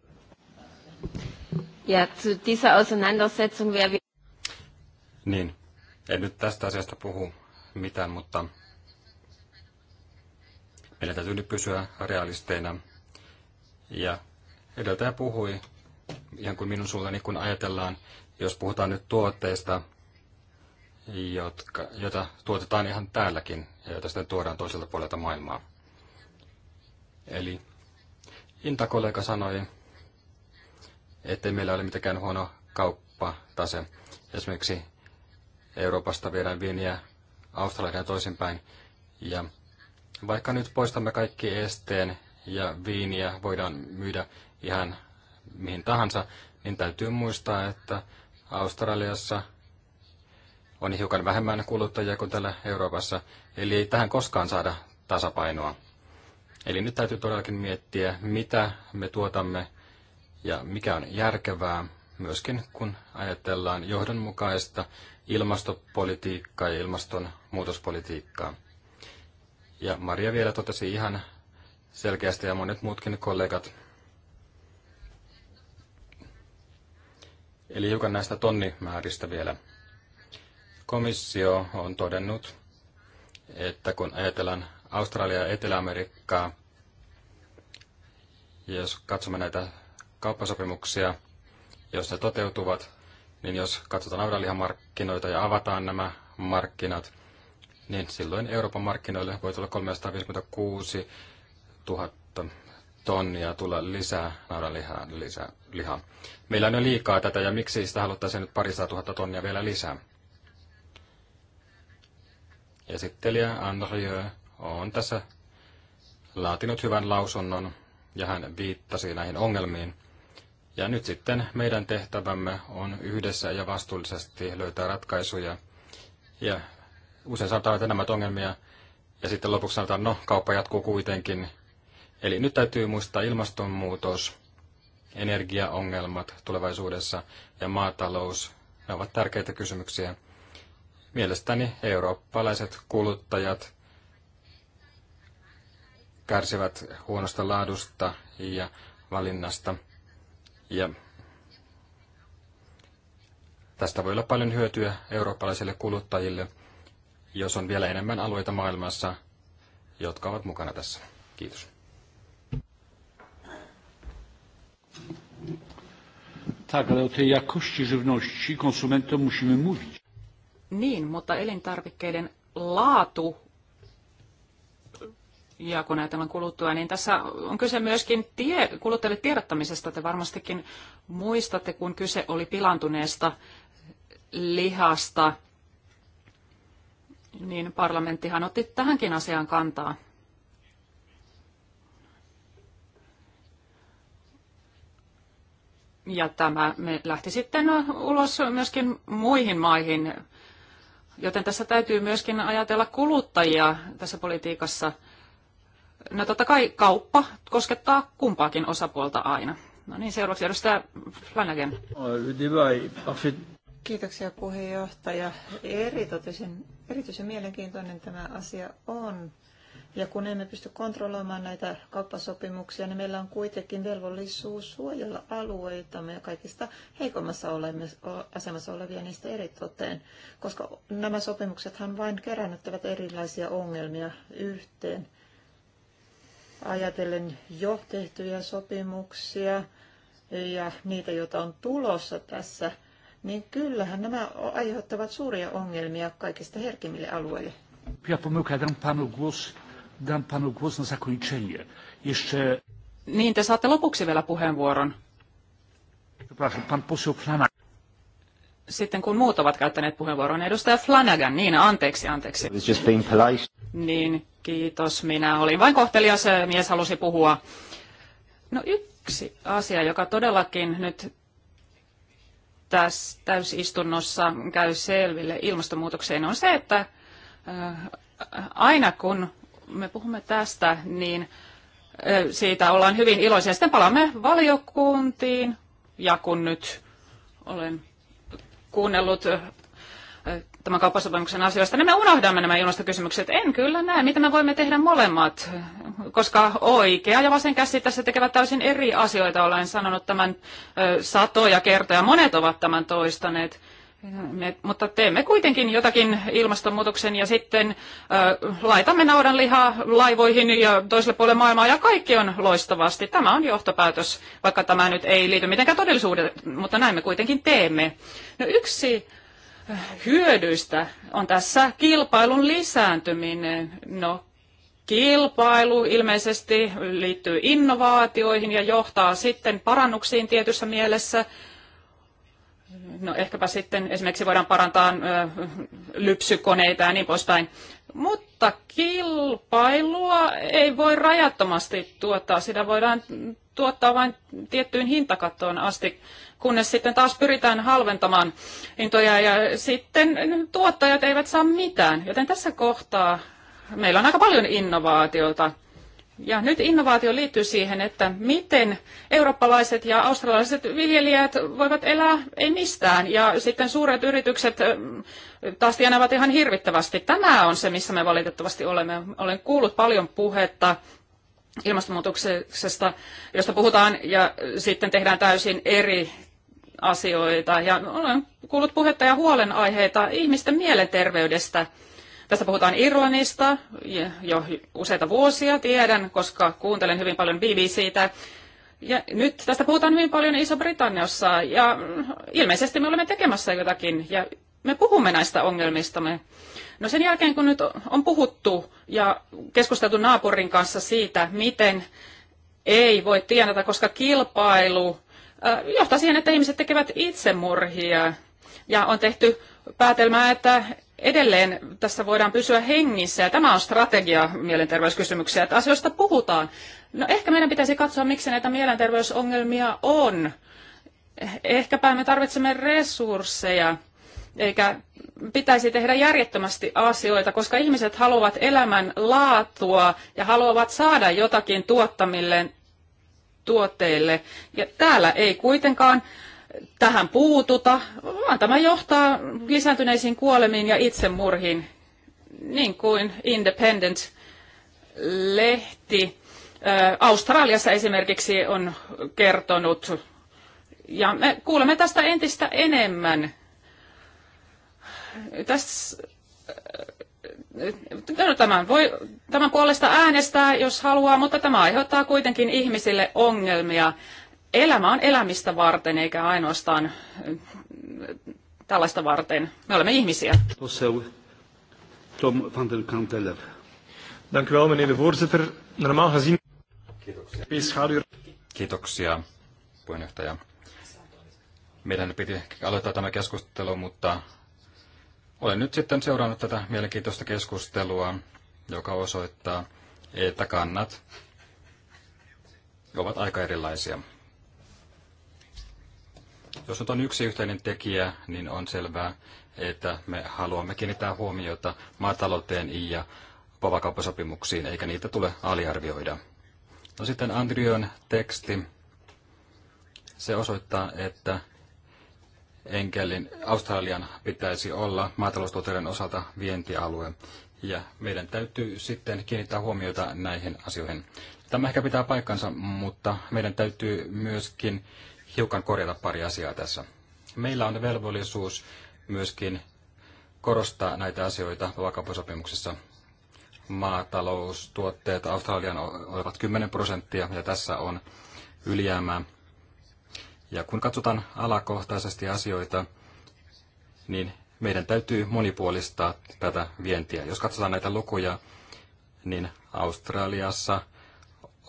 Ja Niin, en nyt tästä asiasta puhu mitään, mutta meidän täytyy nyt pysyä realisteina. Ja edeltäjä puhui ihan kuin minun niin kun ajatellaan, jos puhutaan nyt tuotteista, jotka, joita tuotetaan ihan täälläkin ja joita sitten tuodaan toiselta puolelta maailmaa. Eli Intakollega sanoi, ettei meillä ole mitenkään huono kauppatase. Esimerkiksi Euroopasta viedään viiniä Australiaan toisinpäin. Ja vaikka nyt poistamme kaikki esteen ja viiniä voidaan myydä ihan mihin tahansa, niin täytyy muistaa, että Australiassa on hiukan vähemmän kuluttajia kuin täällä Euroopassa, eli ei tähän koskaan saada tasapainoa. Eli nyt täytyy todellakin miettiä, mitä me tuotamme ja mikä on järkevää, myöskin kun ajatellaan johdonmukaista ilmastopolitiikkaa ja ilmastonmuutospolitiikkaa. Ja Maria vielä totesi ihan selkeästi ja monet muutkin kollegat. Eli hiukan näistä tonnimääristä vielä. Komissio on todennut, että kun ajatellaan Australia ja Etelä-Amerikkaa, jos katsomme näitä kauppasopimuksia, jos ne toteutuvat, niin jos katsotaan naudanlihamarkkinoita ja avataan nämä markkinat, niin silloin Euroopan markkinoille voi tulla 356 000 tonnia tulla lisää naudanlihaa. Lisää, lihaa. Meillä on jo liikaa tätä, ja miksi sitä haluttaisiin nyt parisataa tuhatta tonnia vielä lisää? Esittelijä Andrieu on tässä laatinut hyvän lausunnon, ja hän viittasi näihin ongelmiin. Ja nyt sitten meidän tehtävämme on yhdessä ja vastuullisesti löytää ratkaisuja, ja usein sanotaan, että nämä ongelmia, ja sitten lopuksi sanotaan, no, kauppa jatkuu kuitenkin. Eli nyt täytyy muistaa ilmastonmuutos, energiaongelmat tulevaisuudessa ja maatalous. Ne ovat tärkeitä kysymyksiä. Mielestäni eurooppalaiset kuluttajat kärsivät huonosta laadusta ja valinnasta. Ja tästä voi olla paljon hyötyä eurooppalaisille kuluttajille – jos on vielä enemmän alueita maailmassa, jotka ovat mukana tässä. Kiitos. Tak, ale o tej jakości żywności konsumentom musimy mówić. Niin, mutta elintarvikkeiden laatu ja kun ajatellaan kuluttua, niin tässä on kyse myöskin tie, kuluttajille tiedottamisesta. Te varmastikin muistatte, kun kyse oli pilantuneesta lihasta niin parlamenttihan otti tähänkin asiaan kantaa. Ja tämä me lähti sitten ulos myöskin muihin maihin, joten tässä täytyy myöskin ajatella kuluttajia tässä politiikassa. No totta kai kauppa koskettaa kumpaakin osapuolta aina. No niin, seuraavaksi edustaja Flanagan. Oh, Kiitoksia puheenjohtaja. Erityisen, erityisen mielenkiintoinen tämä asia on. Ja kun emme pysty kontrolloimaan näitä kauppasopimuksia, niin meillä on kuitenkin velvollisuus suojella alueitamme ja kaikista heikommassa asemassa olevia niistä eritoteen, koska nämä sopimuksethan vain kerännyttävät erilaisia ongelmia yhteen. Ajatellen jo tehtyjä sopimuksia ja niitä, joita on tulossa tässä – niin kyllähän nämä aiheuttavat suuria ongelmia kaikista herkimmille alueille. Ja pomyłka, panu głos, dam panu głos na zakończenie. Jeszcze... Niin, te saatte lopuksi vielä puheenvuoron. Sitten kun muut ovat käyttäneet puheenvuoron, edustaja Flanagan, niin anteeksi, anteeksi. Niin, kiitos. Minä olin vain kohtelias, mies halusi puhua. No yksi asia, joka todellakin nyt tässä täysistunnossa käy selville ilmastonmuutokseen, on se, että äh, aina kun me puhumme tästä, niin äh, siitä ollaan hyvin iloisia. Sitten palaamme valiokuntiin, ja kun nyt olen kuunnellut äh, tämän kauppasopimuksen asioista, niin me unohdamme nämä ilmastokysymykset. En kyllä näe, mitä me voimme tehdä molemmat, koska oikea ja vasen käsi tässä tekevät täysin eri asioita. Olen sanonut tämän satoja kertoja, monet ovat tämän toistaneet. Me, mutta teemme kuitenkin jotakin ilmastonmuutoksen ja sitten ö, laitamme naudanlihaa laivoihin ja toiselle puolelle maailmaa ja kaikki on loistavasti. Tämä on johtopäätös, vaikka tämä nyt ei liity mitenkään todellisuuteen, mutta näin me kuitenkin teemme. No yksi hyödyistä on tässä kilpailun lisääntyminen. No, kilpailu ilmeisesti liittyy innovaatioihin ja johtaa sitten parannuksiin tietyssä mielessä. No ehkäpä sitten esimerkiksi voidaan parantaa lypsykoneita ja niin poispäin. Mutta kilpailua ei voi rajattomasti tuottaa. Sitä voidaan tuottaa vain tiettyyn hintakattoon asti, kunnes sitten taas pyritään halventamaan hintoja ja sitten tuottajat eivät saa mitään. Joten tässä kohtaa meillä on aika paljon innovaatiota. Ja nyt innovaatio liittyy siihen, että miten eurooppalaiset ja australialaiset viljelijät voivat elää ei mistään. Ja sitten suuret yritykset taas tienaavat ihan hirvittävästi. Tämä on se, missä me valitettavasti olemme. Olen kuullut paljon puhetta ilmastonmuutoksesta, josta puhutaan, ja sitten tehdään täysin eri asioita. Ja olen kuullut puhetta ja huolenaiheita ihmisten mielenterveydestä. Tästä puhutaan Irlannista jo useita vuosia, tiedän, koska kuuntelen hyvin paljon BBCtä. Ja nyt tästä puhutaan hyvin paljon Iso-Britanniassa ja ilmeisesti me olemme tekemässä jotakin ja me puhumme näistä ongelmistamme. No sen jälkeen, kun nyt on puhuttu ja keskusteltu naapurin kanssa siitä, miten ei voi tienata, koska kilpailu äh, johtaa siihen, että ihmiset tekevät itsemurhia. Ja on tehty päätelmää, että edelleen tässä voidaan pysyä hengissä. Ja tämä on strategia mielenterveyskysymyksiä, että asioista puhutaan. No ehkä meidän pitäisi katsoa, miksi näitä mielenterveysongelmia on. Ehkäpä me tarvitsemme resursseja eikä pitäisi tehdä järjettömästi asioita, koska ihmiset haluavat elämän laatua ja haluavat saada jotakin tuottamilleen tuotteille. Ja täällä ei kuitenkaan tähän puututa, vaan tämä johtaa lisääntyneisiin kuolemiin ja itsemurhiin, niin kuin Independent-lehti Australiassa esimerkiksi on kertonut. Ja me kuulemme tästä entistä enemmän tässä äh, no, tämän, voi, tämän puolesta äänestää, jos haluaa, mutta tämä aiheuttaa kuitenkin ihmisille ongelmia. Elämä on elämistä varten, eikä ainoastaan äh, tällaista varten. Me olemme ihmisiä. Tom van den Kantelev. Dank u wel, meneer de voorzitter. Normaal gezien... Kiitoksia. Kiitoksia, puheenjohtaja. Meidän piti aloittaa tämä keskustelu, mutta olen nyt sitten seurannut tätä mielenkiintoista keskustelua, joka osoittaa, että kannat ovat aika erilaisia. Jos nyt on yksi yhteinen tekijä, niin on selvää, että me haluamme kiinnittää huomiota maatalouteen ja vapakauppasopimuksiin, eikä niitä tule aliarvioida. No sitten Andrion teksti, se osoittaa, että enkelin Australian pitäisi olla maataloustuotteiden osalta vientialue. Ja meidän täytyy sitten kiinnittää huomiota näihin asioihin. Tämä ehkä pitää paikkansa, mutta meidän täytyy myöskin hiukan korjata pari asiaa tässä. Meillä on velvollisuus myöskin korostaa näitä asioita vakapusopimuksessa. Maataloustuotteet Australian ovat 10 prosenttia ja tässä on ylijäämää. Ja kun katsotaan alakohtaisesti asioita, niin meidän täytyy monipuolistaa tätä vientiä. Jos katsotaan näitä lukuja, niin Australiassa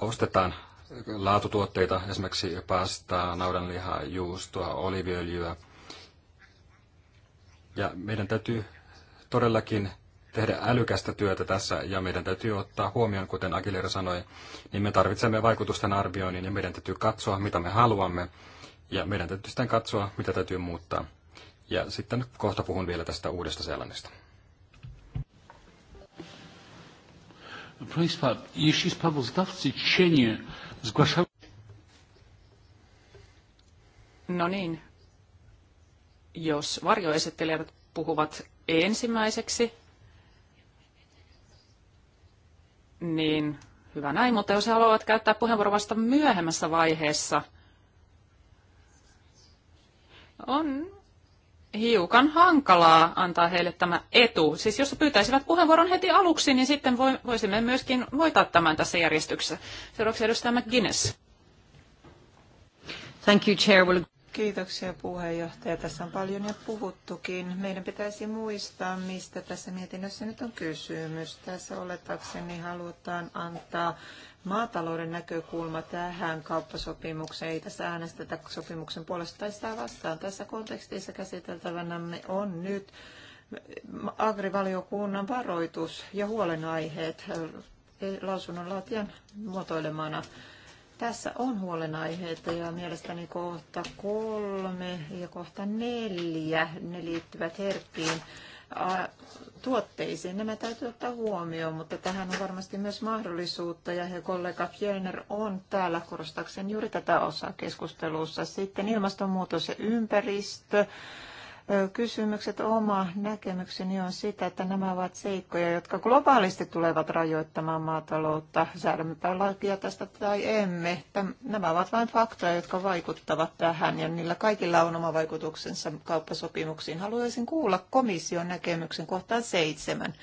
ostetaan laatutuotteita, esimerkiksi pastaa, naudanlihaa, juustoa, oliviöljyä. Ja meidän täytyy todellakin tehdä älykästä työtä tässä ja meidän täytyy ottaa huomioon, kuten Aguilera sanoi, niin me tarvitsemme vaikutusten arvioinnin ja meidän täytyy katsoa, mitä me haluamme ja meidän täytyy sitten katsoa, mitä täytyy muuttaa. Ja sitten kohta puhun vielä tästä uudesta Seelannista. No niin. Jos varjoesittelijät puhuvat ensimmäiseksi, niin hyvä näin, mutta jos he haluavat käyttää puheenvuoron vasta myöhemmässä vaiheessa – on hiukan hankalaa antaa heille tämä etu. Siis jos pyytäisivät puheenvuoron heti aluksi, niin sitten voisimme myöskin voittaa tämän tässä järjestyksessä. Seuraavaksi edustaja McGuinness. Thank you, Chair. Kiitoksia puheenjohtaja. Tässä on paljon jo puhuttukin. Meidän pitäisi muistaa, mistä tässä mietinnössä nyt on kysymys. Tässä oletakseni halutaan antaa maatalouden näkökulma tähän kauppasopimukseen. Ei tässä äänestetä sopimuksen puolesta tai sitä vastaan. Tässä kontekstissa käsiteltävänämme on nyt agrivaliokunnan varoitus ja huolenaiheet lausunnonlaatijan muotoilemana. Tässä on huolenaiheita ja mielestäni kohta kolme ja kohta neljä, ne liittyvät herkkiin tuotteisiin. Nämä täytyy ottaa huomioon, mutta tähän on varmasti myös mahdollisuutta ja kollega Fjellner on täällä korostakseen juuri tätä osaa keskustelussa. Sitten ilmastonmuutos ja ympäristö kysymykset. Oma näkemykseni on sitä, että nämä ovat seikkoja, jotka globaalisti tulevat rajoittamaan maataloutta. Säädämmepä lakia tästä tai emme. Nämä ovat vain faktoja, jotka vaikuttavat tähän ja niillä kaikilla on oma vaikutuksensa kauppasopimuksiin. Haluaisin kuulla komission näkemyksen kohtaan seitsemän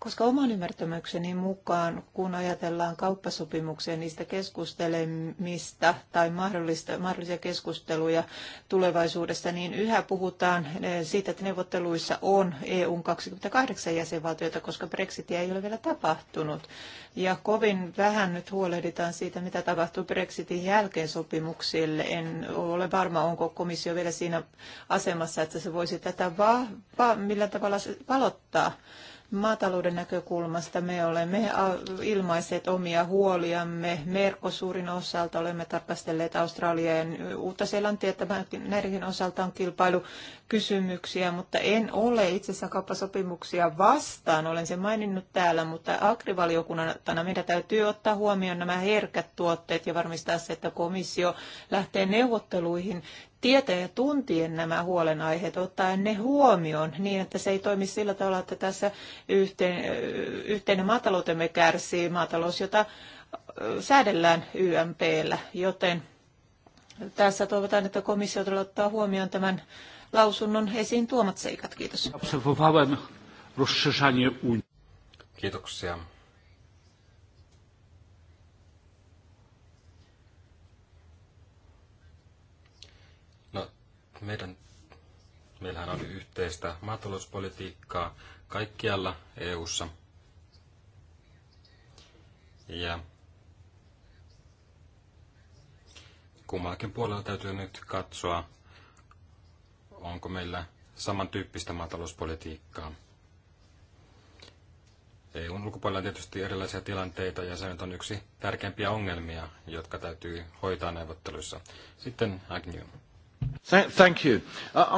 koska oman ymmärtämykseni mukaan, kun ajatellaan kauppasopimuksia, niistä keskustelemista tai mahdollista, mahdollisia keskusteluja tulevaisuudessa, niin yhä puhutaan eh, siitä, että neuvotteluissa on EUn 28 jäsenvaltiota, koska Brexitia ei ole vielä tapahtunut. Ja kovin vähän nyt huolehditaan siitä, mitä tapahtuu Brexitin jälkeen sopimuksille. En ole varma, onko komissio vielä siinä asemassa, että se voisi tätä va- va- millä tavalla se valottaa Maatalouden näkökulmasta me olemme ilmaiset omia huoliamme. Merkosuurin osalta olemme tarkastelleet Australian ja Uutta-Seelantia. Näidenkin osalta on kilpailukysymyksiä, mutta en ole itse asiassa kauppasopimuksia vastaan. Olen sen maininnut täällä, mutta agrivaliokunnana meidän täytyy ottaa huomioon nämä herkät tuotteet ja varmistaa se, että komissio lähtee neuvotteluihin tietää ja tuntien nämä huolenaiheet, ottaen ne huomioon niin, että se ei toimi sillä tavalla, että tässä yhteen, yhteinen maataloutemme kärsii maatalous, jota säädellään YMPllä, joten tässä toivotaan, että komissio ottaa huomioon tämän lausunnon esiin tuomat seikat. Kiitos. Kiitoksia. Meidän, meillähän on yhteistä maatalouspolitiikkaa kaikkialla EU:ssa. Ja kummallakin puolella täytyy nyt katsoa, onko meillä samantyyppistä maatalouspolitiikkaa. EUn ulkopuolella on tietysti erilaisia tilanteita ja se nyt on yksi tärkeimpiä ongelmia, jotka täytyy hoitaa neuvotteluissa. Sitten Agnew. Thank you.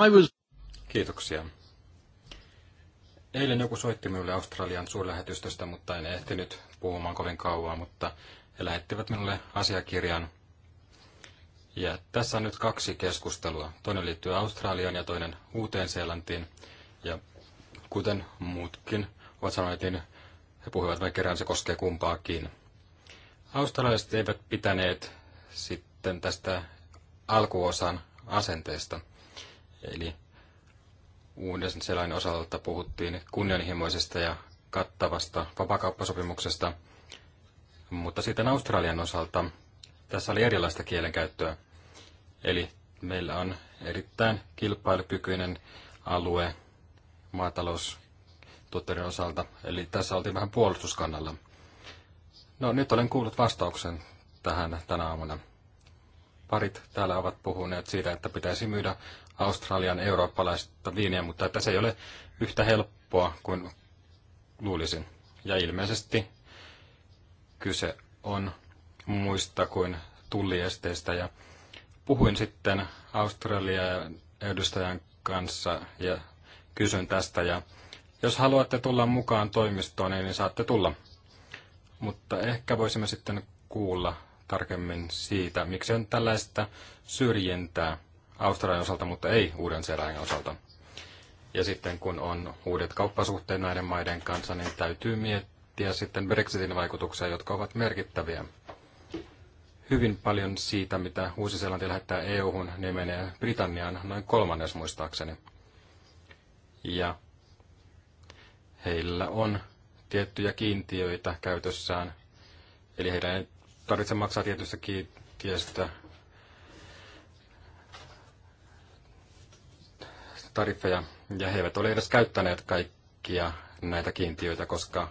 I was... Kiitoksia. Eilen joku soitti minulle Australian suurlähetystöstä, mutta en ehtinyt puhumaan kovin kauan, mutta he lähettivät minulle asiakirjan. Ja tässä on nyt kaksi keskustelua. Toinen liittyy Australiaan ja toinen Uuteen-Seelantiin. Ja kuten muutkin ovat sanoneet, niin he puhuivat vain kerran, se koskee kumpaakin. Australialaiset eivät pitäneet sitten tästä alkuosan asenteesta. Eli uuden selain osalta puhuttiin kunnianhimoisesta ja kattavasta vapakauppasopimuksesta, mutta sitten Australian osalta tässä oli erilaista kielenkäyttöä. Eli meillä on erittäin kilpailukykyinen alue maataloustuotteiden osalta, eli tässä oltiin vähän puolustuskannalla. No nyt olen kuullut vastauksen tähän tänä aamuna parit täällä ovat puhuneet siitä, että pitäisi myydä Australian eurooppalaista viiniä, mutta että se ei ole yhtä helppoa kuin luulisin. Ja ilmeisesti kyse on muista kuin tulliesteistä. Ja puhuin sitten Australian edustajan kanssa ja kysyn tästä. Ja jos haluatte tulla mukaan toimistoon, niin saatte tulla. Mutta ehkä voisimme sitten kuulla tarkemmin siitä, miksi on tällaista syrjintää Australian osalta, mutta ei Uuden-Seelannin osalta. Ja sitten kun on uudet kauppasuhteet näiden maiden kanssa, niin täytyy miettiä sitten Brexitin vaikutuksia, jotka ovat merkittäviä. Hyvin paljon siitä, mitä Uusi-Seelanti lähettää EU-hun, niin menee Britanniaan noin kolmannes muistaakseni. Ja heillä on tiettyjä kiintiöitä käytössään, eli heidän tarvitse maksaa tietystä kiintiöstä tariffeja, ja he eivät ole edes käyttäneet kaikkia näitä kiintiöitä, koska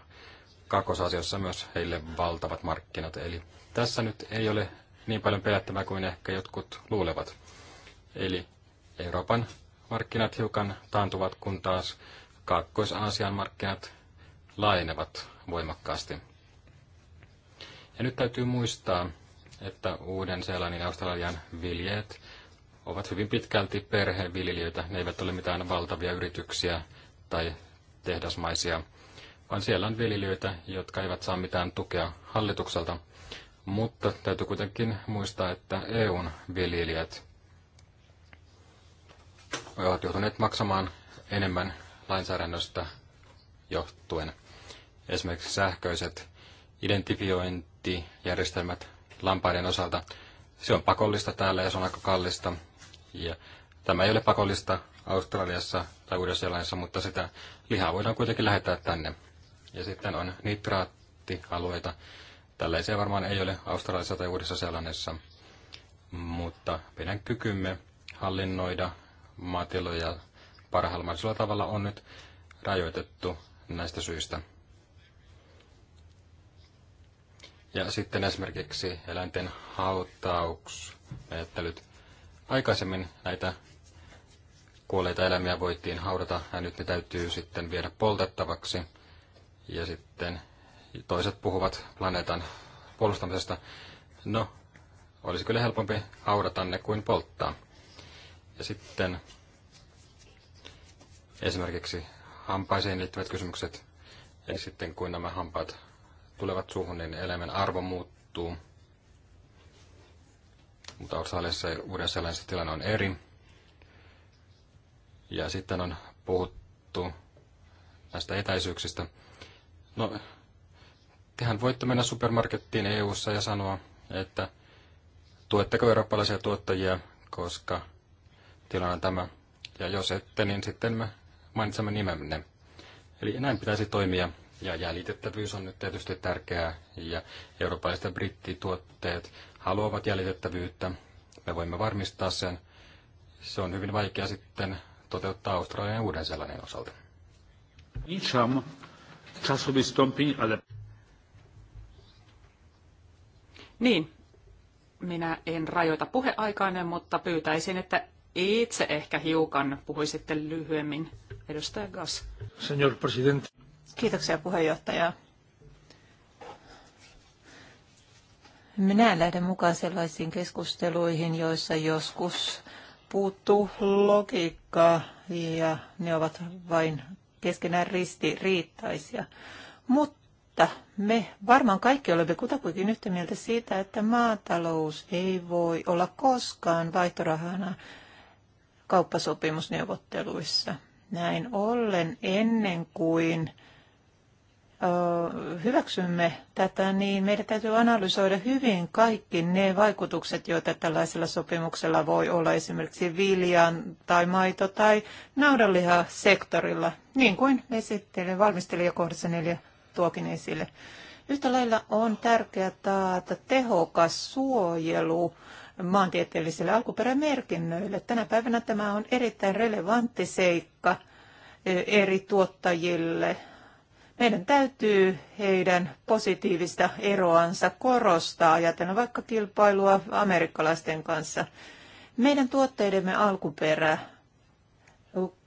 kakkosasioissa myös heille valtavat markkinat. Eli tässä nyt ei ole niin paljon pelättävää kuin ehkä jotkut luulevat. Eli Euroopan markkinat hiukan taantuvat, kun taas Kaakkois-Aasian markkinat laajenevat voimakkaasti. Ja nyt täytyy muistaa, että Uuden-Seelannin ja Australian viljeet ovat hyvin pitkälti perheviljelijöitä. Ne eivät ole mitään valtavia yrityksiä tai tehdasmaisia, vaan siellä on viljelijöitä, jotka eivät saa mitään tukea hallitukselta. Mutta täytyy kuitenkin muistaa, että EUn viljelijät ovat joutuneet maksamaan enemmän lainsäädännöstä johtuen. Esimerkiksi sähköiset identifiointi vinjettijärjestelmät lampaiden osalta. Se on pakollista täällä ja se on aika kallista. Ja tämä ei ole pakollista Australiassa tai Uudessa-Seelannissa, mutta sitä lihaa voidaan kuitenkin lähettää tänne. Ja sitten on nitraattialueita. Tällaisia varmaan ei ole Australiassa tai Uudessa-Seelannissa, mutta meidän kykymme hallinnoida maatiloja parhaalla mahdollisella tavalla on nyt rajoitettu näistä syistä. Ja sitten esimerkiksi eläinten hautausmenettelyt. Aikaisemmin näitä kuolleita eläimiä voitiin haudata ja nyt ne täytyy sitten viedä poltettavaksi. Ja sitten toiset puhuvat planeetan puolustamisesta. No, olisi kyllä helpompi haudata ne kuin polttaa. Ja sitten esimerkiksi hampaisiin liittyvät kysymykset, eli sitten kuin nämä hampaat tulevat suuhun, niin eläimen arvo muuttuu. Mutta Australiassa ja Uudessa tilanne on eri. Ja sitten on puhuttu näistä etäisyyksistä. No, tehän voitte mennä supermarkettiin EU-ssa ja sanoa, että tuetteko eurooppalaisia tuottajia, koska tilanne on tämä. Ja jos ette, niin sitten me mainitsemme nimenne. Eli näin pitäisi toimia. Ja jäljitettävyys on nyt tietysti tärkeää, ja eurooppalaiset ja brittituotteet haluavat jäljitettävyyttä. Me voimme varmistaa sen. Se on hyvin vaikea sitten toteuttaa Australian ja uuden sellainen osalta. Niin, minä en rajoita puheaikainen, mutta pyytäisin, että itse ehkä hiukan puhuisitte lyhyemmin. Edustaja Gas. Senor president. Kiitoksia puheenjohtaja. Minä lähden mukaan sellaisiin keskusteluihin, joissa joskus puuttuu logiikkaa ja ne ovat vain keskenään ristiriittaisia. Mutta me varmaan kaikki olemme kutakuinkin yhtä mieltä siitä, että maatalous ei voi olla koskaan vaihtorahana kauppasopimusneuvotteluissa. Näin ollen ennen kuin hyväksymme tätä, niin meidän täytyy analysoida hyvin kaikki ne vaikutukset, joita tällaisella sopimuksella voi olla esimerkiksi viljan tai maito- tai naudanlihasektorilla, niin kuin esittelen valmistelijakohdassa neljä tuokin esille. Yhtä lailla on tärkeää taata tehokas suojelu maantieteellisille alkuperämerkinnöille. Tänä päivänä tämä on erittäin relevantti seikka eri tuottajille – meidän täytyy heidän positiivista eroansa korostaa, ajatellen vaikka kilpailua amerikkalaisten kanssa. Meidän tuotteidemme alkuperä,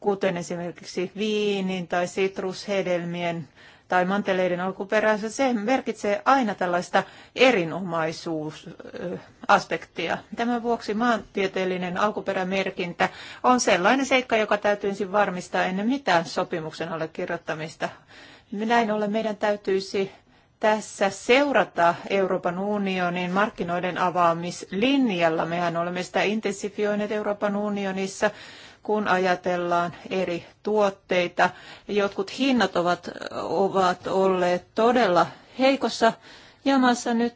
kuten esimerkiksi viinin tai sitrushedelmien tai manteleiden alkuperässä, se merkitsee aina tällaista erinomaisuusaspektia. Tämän vuoksi maantieteellinen alkuperämerkintä on sellainen seikka, joka täytyisi varmistaa ennen mitään sopimuksen allekirjoittamista. Näin ollen meidän täytyisi tässä seurata Euroopan unionin markkinoiden avaamislinjalla. Mehän olemme sitä intensifioineet Euroopan unionissa, kun ajatellaan eri tuotteita. Jotkut hinnat ovat, ovat olleet todella heikossa jamassa nyt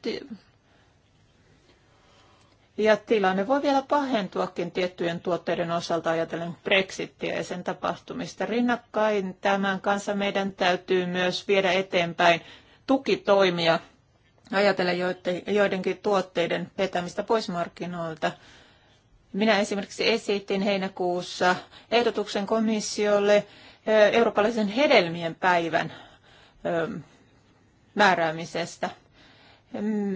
ja tilanne voi vielä pahentuakin tiettyjen tuotteiden osalta ajatellen Brexittiä ja sen tapahtumista. Rinnakkain tämän kanssa meidän täytyy myös viedä eteenpäin tukitoimia ajatellen joidenkin tuotteiden vetämistä pois markkinoilta. Minä esimerkiksi esitin heinäkuussa ehdotuksen komissiolle eurooppalaisen hedelmien päivän määräämisestä –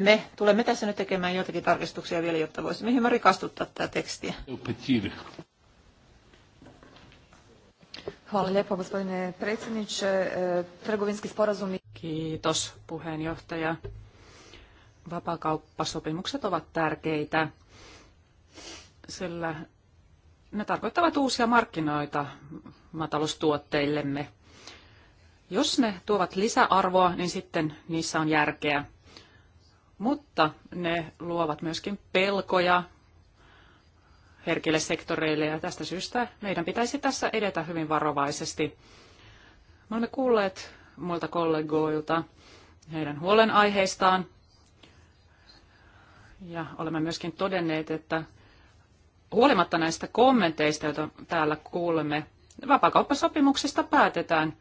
me tulemme tässä nyt tekemään joitakin tarkistuksia vielä, jotta voisimme hieman rikastuttaa tätä tekstiä. E, Kiitos puheenjohtaja. Vapakauppasopimukset ovat tärkeitä, sillä ne tarkoittavat uusia markkinoita maataloustuotteillemme. Jos ne tuovat lisäarvoa, niin sitten niissä on järkeä mutta ne luovat myöskin pelkoja herkille sektoreille ja tästä syystä meidän pitäisi tässä edetä hyvin varovaisesti. Me olemme kuulleet muilta kollegoilta heidän huolenaiheistaan ja olemme myöskin todenneet, että huolimatta näistä kommenteista, joita täällä kuulemme, vapaakauppasopimuksista päätetään –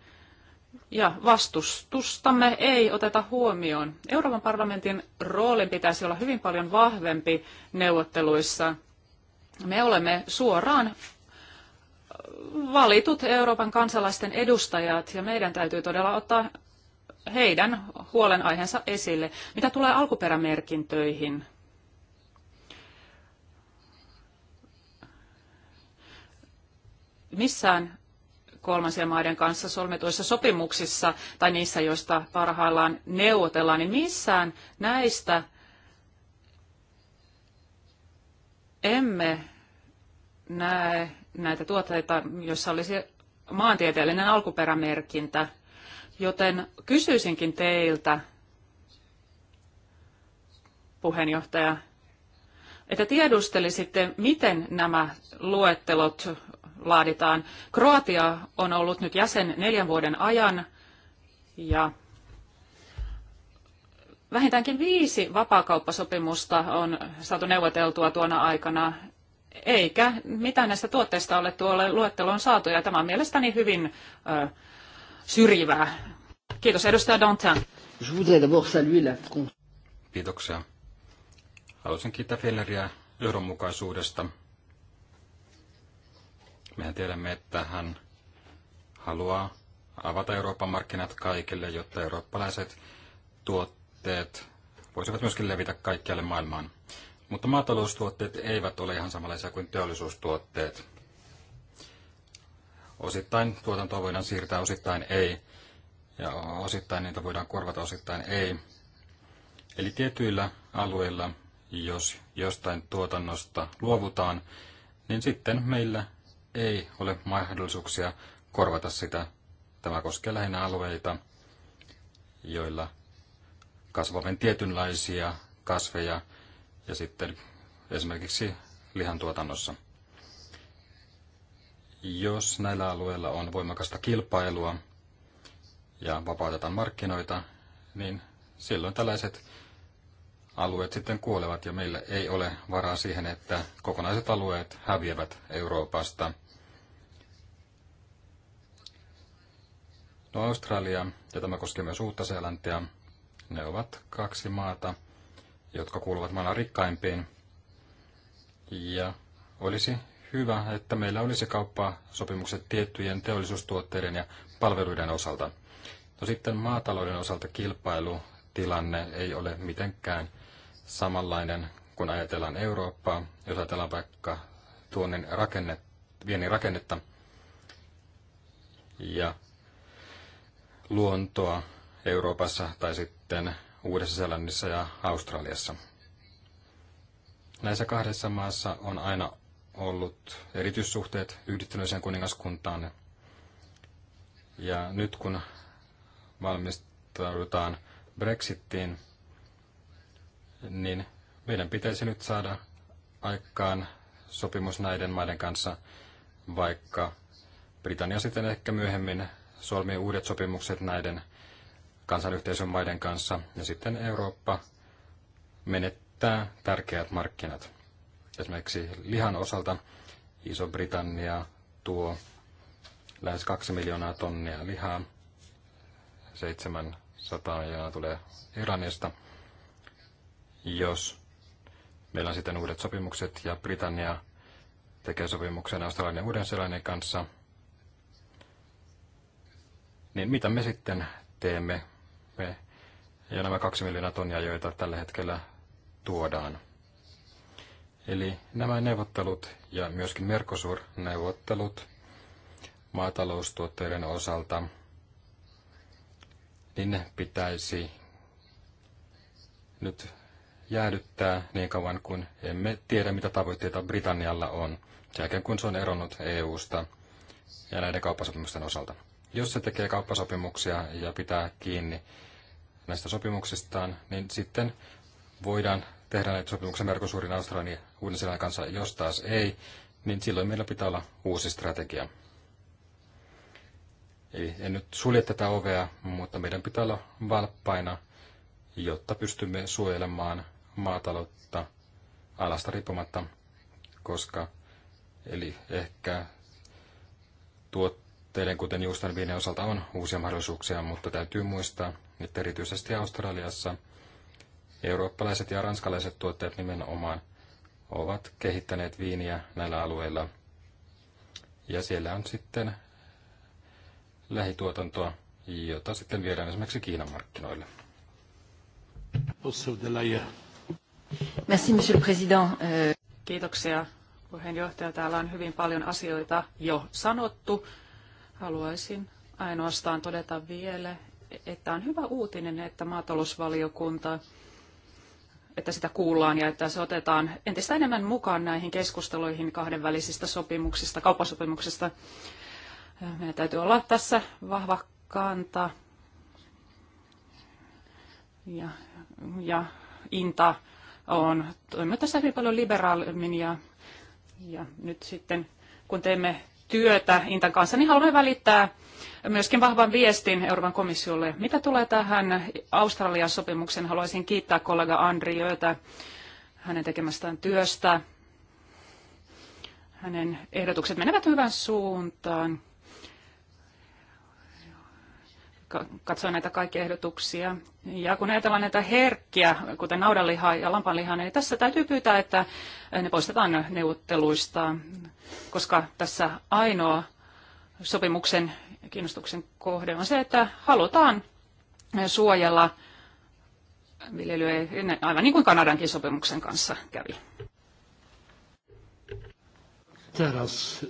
ja vastustustamme ei oteta huomioon. Euroopan parlamentin roolin pitäisi olla hyvin paljon vahvempi neuvotteluissa. Me olemme suoraan valitut Euroopan kansalaisten edustajat ja meidän täytyy todella ottaa heidän huolenaiheensa esille. Mitä tulee alkuperämerkintöihin? Missään kolmansien maiden kanssa solmituissa sopimuksissa tai niissä, joista parhaillaan neuvotellaan, niin missään näistä emme näe näitä tuotteita, joissa olisi maantieteellinen alkuperämerkintä. Joten kysyisinkin teiltä, puheenjohtaja, että tiedustelisitte, miten nämä luettelot laaditaan. Kroatia on ollut nyt jäsen neljän vuoden ajan ja vähintäänkin viisi vapaakauppasopimusta on saatu neuvoteltua tuona aikana, eikä mitään näistä tuotteista ole tuolle luetteloon saatu, ja tämä on mielestäni hyvin ö, syrjivää. Kiitos edustaja Dantin. Kiitoksia. Haluaisin kiittää Fenneriä johdonmukaisuudesta Mehän tiedämme, että hän haluaa avata Euroopan markkinat kaikille, jotta eurooppalaiset tuotteet voisivat myöskin levitä kaikkialle maailmaan. Mutta maataloustuotteet eivät ole ihan samanlaisia kuin teollisuustuotteet. Osittain tuotantoa voidaan siirtää, osittain ei. Ja osittain niitä voidaan korvata, osittain ei. Eli tietyillä alueilla, jos jostain tuotannosta luovutaan, niin sitten meillä ei ole mahdollisuuksia korvata sitä. Tämä koskee lähinnä alueita, joilla kasvavien tietynlaisia kasveja ja sitten esimerkiksi lihantuotannossa. Jos näillä alueilla on voimakasta kilpailua ja vapautetaan markkinoita, niin silloin tällaiset alueet sitten kuolevat ja meillä ei ole varaa siihen, että kokonaiset alueet häviävät Euroopasta No Australia, ja tämä koskee myös Uutta-Seelantia, ne ovat kaksi maata, jotka kuuluvat maailman rikkaimpiin. Ja olisi hyvä, että meillä olisi kauppasopimukset tiettyjen teollisuustuotteiden ja palveluiden osalta. No sitten maatalouden osalta kilpailutilanne ei ole mitenkään samanlainen, kun ajatellaan Eurooppaa. Jos ajatellaan vaikka tuonnin rakennet, viennin rakennetta ja luontoa Euroopassa tai sitten Uudessa-Seelannissa ja Australiassa. Näissä kahdessa maassa on aina ollut erityissuhteet yhdistyneeseen kuningaskuntaan. Ja nyt kun valmistaudutaan Brexittiin, niin meidän pitäisi nyt saada aikaan sopimus näiden maiden kanssa, vaikka Britannia sitten ehkä myöhemmin solmii uudet sopimukset näiden kansanyhteisön maiden kanssa, ja sitten Eurooppa menettää tärkeät markkinat. Esimerkiksi lihan osalta Iso-Britannia tuo lähes 2 miljoonaa tonnia lihaa, 700 miljoonaa tulee Iranista. Jos meillä on sitten uudet sopimukset ja Britannia tekee sopimuksen Australian ja Uuden-Seelannin kanssa – niin mitä me sitten teemme me ja nämä kaksi miljoonaa tonnia, joita tällä hetkellä tuodaan. Eli nämä neuvottelut ja myöskin Mercosur-neuvottelut maataloustuotteiden osalta, niin ne pitäisi nyt jäädyttää niin kauan kuin emme tiedä, mitä tavoitteita Britannialla on, sen jälkeen kun se on eronnut EU-sta ja näiden kauppasopimusten osalta. Jos se tekee kauppasopimuksia ja pitää kiinni näistä sopimuksistaan, niin sitten voidaan tehdä näitä sopimuksia Mercosurin, Australian ja uuden kanssa. Jos taas ei, niin silloin meillä pitää olla uusi strategia. Eli en nyt sulje tätä ovea, mutta meidän pitää olla valppaina, jotta pystymme suojelemaan maataloutta alasta riippumatta, koska eli ehkä tuot, tuotteiden, kuten juustan viinien osalta, on uusia mahdollisuuksia, mutta täytyy muistaa, että erityisesti Australiassa eurooppalaiset ja ranskalaiset tuotteet nimenomaan ovat kehittäneet viiniä näillä alueilla. Ja siellä on sitten lähituotantoa, jota sitten viedään esimerkiksi Kiinan markkinoille. Merci, monsieur le président. Kiitoksia, puheenjohtaja. Täällä on hyvin paljon asioita jo sanottu, Haluaisin ainoastaan todeta vielä, että on hyvä uutinen, että maatalousvaliokunta, että sitä kuullaan ja että se otetaan entistä enemmän mukaan näihin keskusteluihin kahdenvälisistä sopimuksista, kauppasopimuksista. Meidän täytyy olla tässä vahva kanta ja, ja Inta on toiminut tässä hyvin paljon liberaalimmin ja, ja nyt sitten kun teemme työtä Intan kanssa, niin haluamme välittää myöskin vahvan viestin Euroopan komissiolle. Mitä tulee tähän Australian sopimukseen, haluaisin kiittää kollega Andriötä hänen tekemästään työstä. Hänen ehdotukset menevät hyvään suuntaan katsoin näitä kaikkia ehdotuksia. Ja kun ajatellaan näitä herkkiä, kuten naudanlihaa ja lampanlihaa, niin tässä täytyy pyytää, että ne poistetaan neuvotteluista, koska tässä ainoa sopimuksen kiinnostuksen kohde on se, että halutaan suojella viljelyä, aivan niin kuin Kanadankin sopimuksen kanssa kävi. Teraz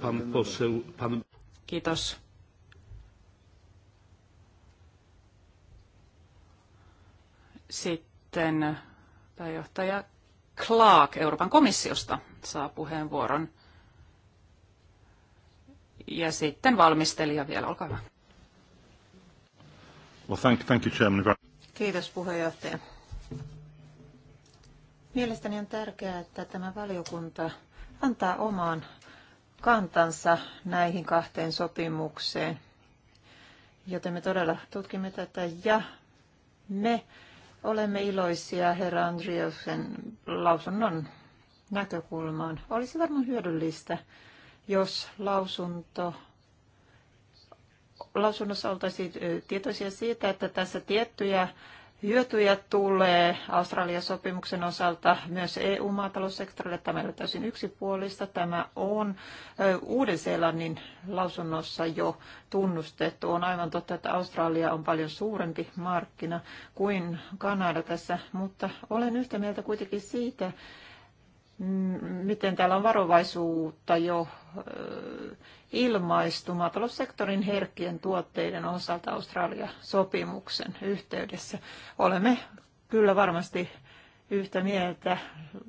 pan poseł, pan... Kiitos. Sitten pääjohtaja Clark Euroopan komissiosta saa puheenvuoron. Ja sitten valmistelija vielä, olkaa hyvä. Well, thank, thank you, Chairman. Kiitos puheenjohtaja. Mielestäni on tärkeää, että tämä valiokunta antaa oman kantansa näihin kahteen sopimukseen, joten me todella tutkimme tätä ja me Olemme iloisia herra Andriosen lausunnon näkökulmaan. Olisi varmaan hyödyllistä, jos lausunto lausunnossa oltaisiin tietoisia siitä, että tässä tiettyjä Hyötyjä tulee Australian sopimuksen osalta myös EU-maataloussektorille. Tämä ei ole täysin yksipuolista. Tämä on Uuden-Seelannin lausunnossa jo tunnustettu. On aivan totta, että Australia on paljon suurempi markkina kuin Kanada tässä, mutta olen yhtä mieltä kuitenkin siitä, miten täällä on varovaisuutta jo ilmaistu maataloussektorin herkkien tuotteiden osalta Australia-sopimuksen yhteydessä. Olemme kyllä varmasti yhtä mieltä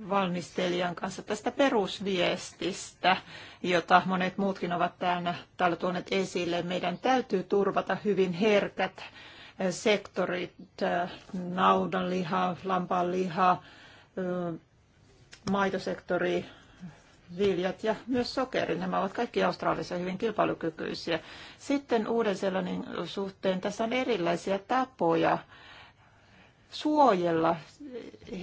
valmistelijan kanssa tästä perusviestistä, jota monet muutkin ovat täällä, täällä tuoneet esille. Meidän täytyy turvata hyvin herkät sektorit, naudanliha, lampanliha, maitosektori, viljat ja myös sokeri. Nämä ovat kaikki Australiassa hyvin kilpailukykyisiä. Sitten uuden sellainen suhteen tässä on erilaisia tapoja suojella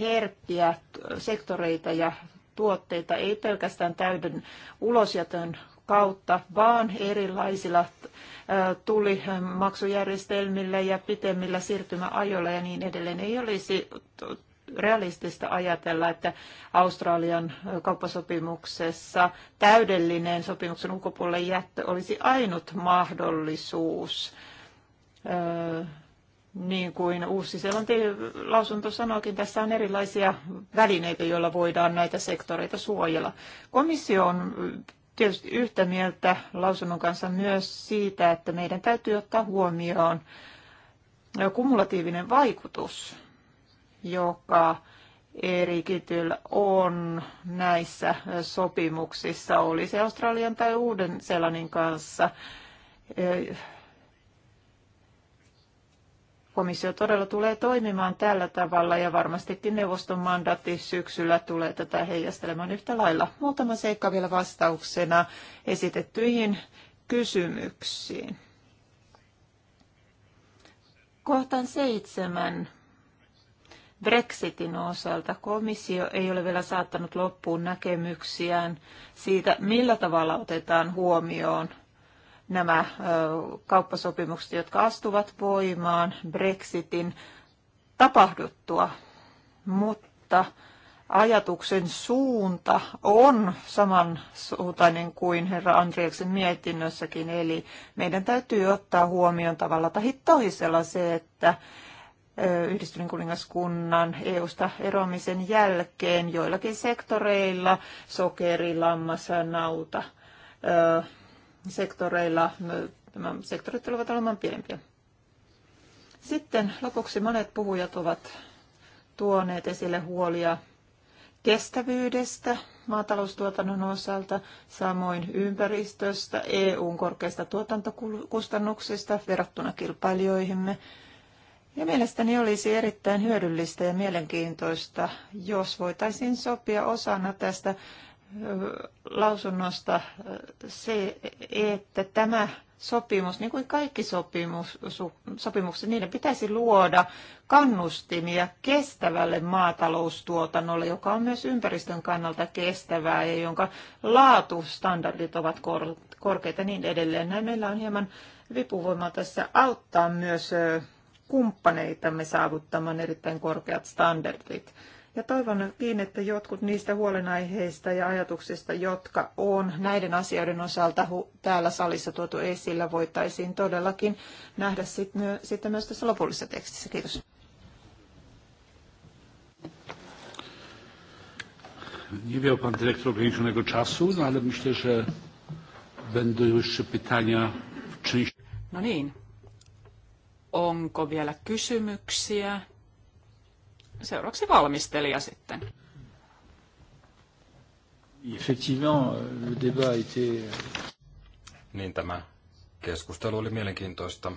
herkkiä sektoreita ja tuotteita, ei pelkästään täyden ulosjätön kautta, vaan erilaisilla äh, tulimaksujärjestelmillä ja pitemmillä siirtymäajoilla ja niin edelleen. Ei olisi realistista ajatella, että Australian kauppasopimuksessa täydellinen sopimuksen ulkopuolelle jättö olisi ainut mahdollisuus, niin kuin uusi selonti lausunto sanoikin, tässä on erilaisia välineitä, joilla voidaan näitä sektoreita suojella. Komissio on tietysti yhtä mieltä lausunnon kanssa myös siitä, että meidän täytyy ottaa huomioon kumulatiivinen vaikutus joka Erikitillä on näissä sopimuksissa, oli se Australian tai Uuden-Seelannin kanssa. Komissio todella tulee toimimaan tällä tavalla ja varmastikin neuvoston mandaatti syksyllä tulee tätä heijastelemaan yhtä lailla. Muutama seikka vielä vastauksena esitettyihin kysymyksiin. Kohtaan seitsemän Brexitin osalta komissio ei ole vielä saattanut loppuun näkemyksiään siitä, millä tavalla otetaan huomioon nämä kauppasopimukset, jotka astuvat voimaan Brexitin tapahduttua. Mutta ajatuksen suunta on samansuuntainen kuin herra Andrieksen mietinnössäkin, eli meidän täytyy ottaa huomioon tavalla tai toisella se, että yhdistyneen kuningaskunnan EU-sta eroamisen jälkeen joillakin sektoreilla, sokeri, lammas, nauta, sektoreilla, nämä sektorit tulevat olemaan pienempiä. Sitten lopuksi monet puhujat ovat tuoneet esille huolia kestävyydestä maataloustuotannon osalta, samoin ympäristöstä, EUn korkeista tuotantokustannuksista verrattuna kilpailijoihimme – ja mielestäni olisi erittäin hyödyllistä ja mielenkiintoista, jos voitaisiin sopia osana tästä lausunnosta se, että tämä sopimus, niin kuin kaikki sopimus, sopimukset, niiden pitäisi luoda kannustimia kestävälle maataloustuotannolle, joka on myös ympäristön kannalta kestävää ja jonka laatustandardit ovat korkeita niin edelleen. Näin meillä on hieman vipuvoimaa tässä auttaa myös kumppaneitamme saavuttamaan erittäin korkeat standardit. Ja toivonkin, niin, että jotkut niistä huolenaiheista ja ajatuksista, jotka on näiden asioiden osalta täällä salissa tuotu esillä, voitaisiin todellakin nähdä sitten myös tässä lopullisessa tekstissä. Kiitos. Nie miał pan dyrektor ograniczonego czasu, no ale myślę, że będą jeszcze pytania w części... No niin, Onko vielä kysymyksiä? Seuraavaksi valmistelija sitten. Effectivement, le débat Niin tämä keskustelu oli mielenkiintoista.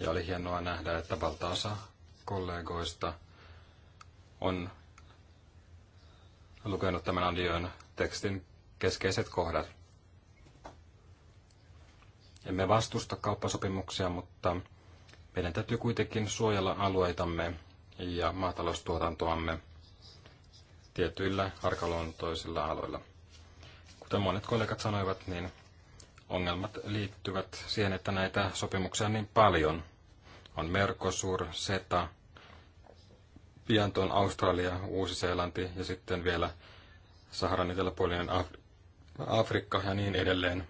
Ja oli hienoa nähdä, että valtaosa kollegoista on lukenut tämän Andion tekstin keskeiset kohdat. Emme vastusta kauppasopimuksia, mutta meidän täytyy kuitenkin suojella alueitamme ja maataloustuotantoamme tietyillä arkaluontoisilla aloilla. Kuten monet kollegat sanoivat, niin ongelmat liittyvät siihen, että näitä sopimuksia on niin paljon. On Mercosur, SETA, pian tuon Australia, Uusi-Seelanti ja sitten vielä Saharan eteläpuolinen Afrikka ja niin edelleen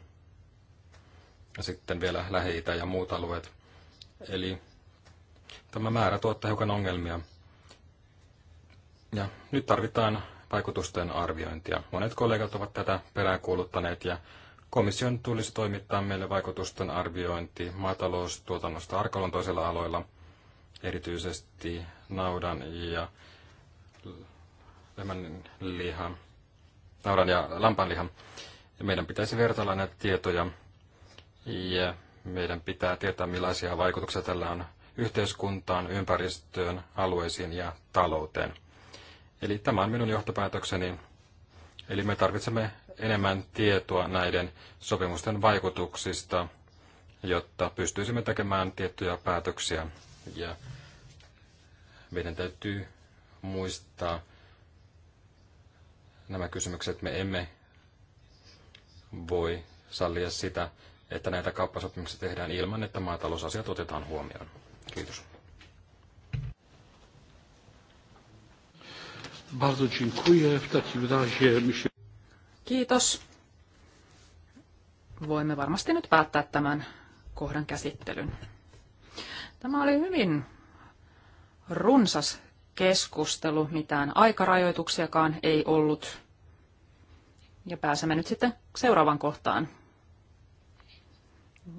ja sitten vielä lähi ja muut alueet. Eli tämä määrä tuottaa hiukan ongelmia. Ja nyt tarvitaan vaikutusten arviointia. Monet kollegat ovat tätä peräänkuuluttaneet ja komission tulisi toimittaa meille vaikutusten arviointi maataloustuotannosta toisella aloilla, erityisesti naudan ja lihan, naudan ja lampanlihan. meidän pitäisi vertailla näitä tietoja ja meidän pitää tietää, millaisia vaikutuksia tällä on yhteiskuntaan, ympäristöön, alueisiin ja talouteen. Eli tämä on minun johtopäätökseni. Eli me tarvitsemme enemmän tietoa näiden sopimusten vaikutuksista, jotta pystyisimme tekemään tiettyjä päätöksiä. Ja meidän täytyy muistaa nämä kysymykset. Me emme voi sallia sitä, että näitä kauppasopimuksia tehdään ilman, että maatalousasiat otetaan huomioon. Kiitos. Kiitos. Voimme varmasti nyt päättää tämän kohdan käsittelyn. Tämä oli hyvin runsas keskustelu, mitään aikarajoituksiakaan ei ollut. Ja pääsemme nyt sitten seuraavaan kohtaan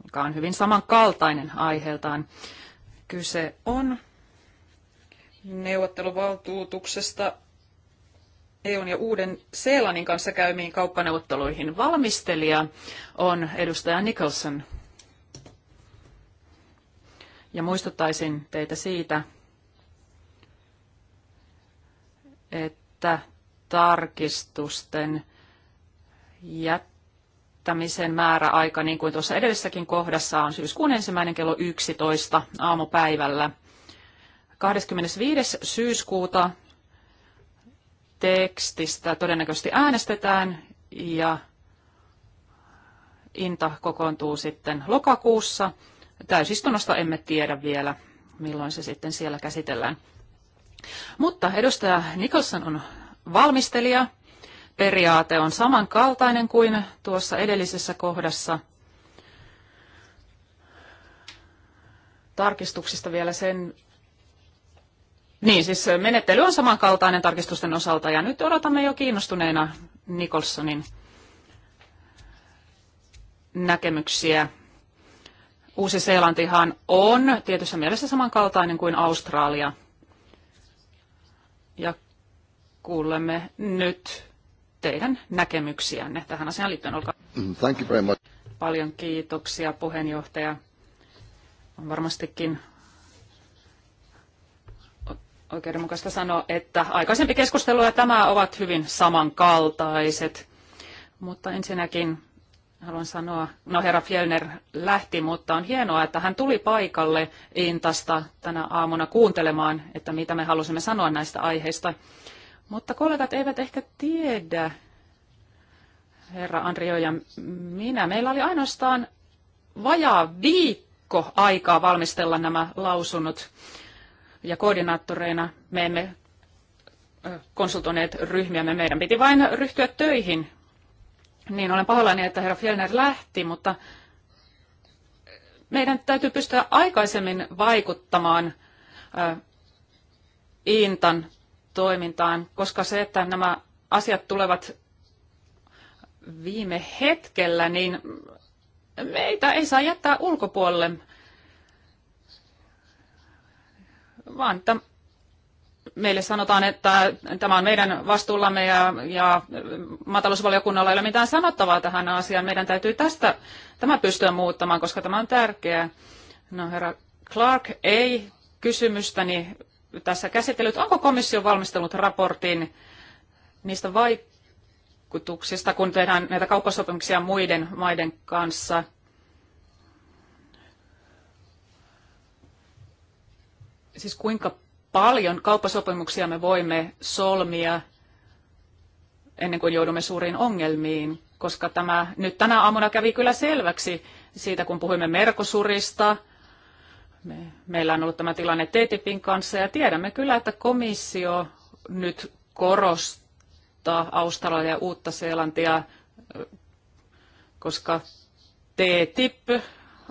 joka on hyvin samankaltainen aiheeltaan. Kyse on neuvotteluvaltuutuksesta EUn ja uuden Seelannin kanssa käymiin kauppaneuvotteluihin. Valmistelija on edustaja Nicholson. Ja muistuttaisin teitä siitä, että tarkistusten jättäminen jättämisen määräaika, niin kuin tuossa edellisessäkin kohdassa, on syyskuun ensimmäinen kello 11 aamupäivällä. 25. syyskuuta tekstistä todennäköisesti äänestetään ja Inta kokoontuu sitten lokakuussa. Täysistunnosta emme tiedä vielä, milloin se sitten siellä käsitellään. Mutta edustaja Nicholson on valmistelija periaate on samankaltainen kuin tuossa edellisessä kohdassa. Tarkistuksista vielä sen niin, siis menettely on samankaltainen tarkistusten osalta ja nyt odotamme jo kiinnostuneena Nicholsonin näkemyksiä. Uusi-Seelantihan on tietyssä mielessä samankaltainen kuin Australia. Ja kuulemme nyt teidän näkemyksiänne tähän asiaan liittyen. Olkaa. Mm, thank you very much. Paljon kiitoksia puheenjohtaja. On varmastikin oikeudenmukaista sanoa, että aikaisempi keskustelu ja tämä ovat hyvin samankaltaiset. Mutta ensinnäkin haluan sanoa, no herra Fjellner lähti, mutta on hienoa, että hän tuli paikalle Intasta tänä aamuna kuuntelemaan, että mitä me halusimme sanoa näistä aiheista. Mutta kollegat eivät ehkä tiedä, herra Andrio ja minä, meillä oli ainoastaan vajaa viikko aikaa valmistella nämä lausunnot. Ja koordinaattoreina me emme konsultoineet ryhmiämme. Meidän piti vain ryhtyä töihin. Niin olen pahoillani, että herra Fjellner lähti, mutta meidän täytyy pystyä aikaisemmin vaikuttamaan Intan toimintaan, koska se, että nämä asiat tulevat viime hetkellä, niin meitä ei saa jättää ulkopuolelle, vaan että meille sanotaan, että tämä on meidän vastuullamme ja, ja maatalousvaliokunnalla ei ole mitään sanottavaa tähän asiaan. Meidän täytyy tästä tämä pystyä muuttamaan, koska tämä on tärkeää. No herra Clark ei kysymystäni tässä käsitellyt. Onko komissio valmistellut raportin niistä vaikutuksista, kun tehdään näitä kauppasopimuksia muiden maiden kanssa? Siis kuinka paljon kauppasopimuksia me voimme solmia ennen kuin joudumme suuriin ongelmiin, koska tämä nyt tänä aamuna kävi kyllä selväksi siitä, kun puhuimme Merkosurista – me, meillä on ollut tämä tilanne TTIPin kanssa ja tiedämme kyllä, että komissio nyt korostaa Australia ja Uutta Seelantia, koska TTIP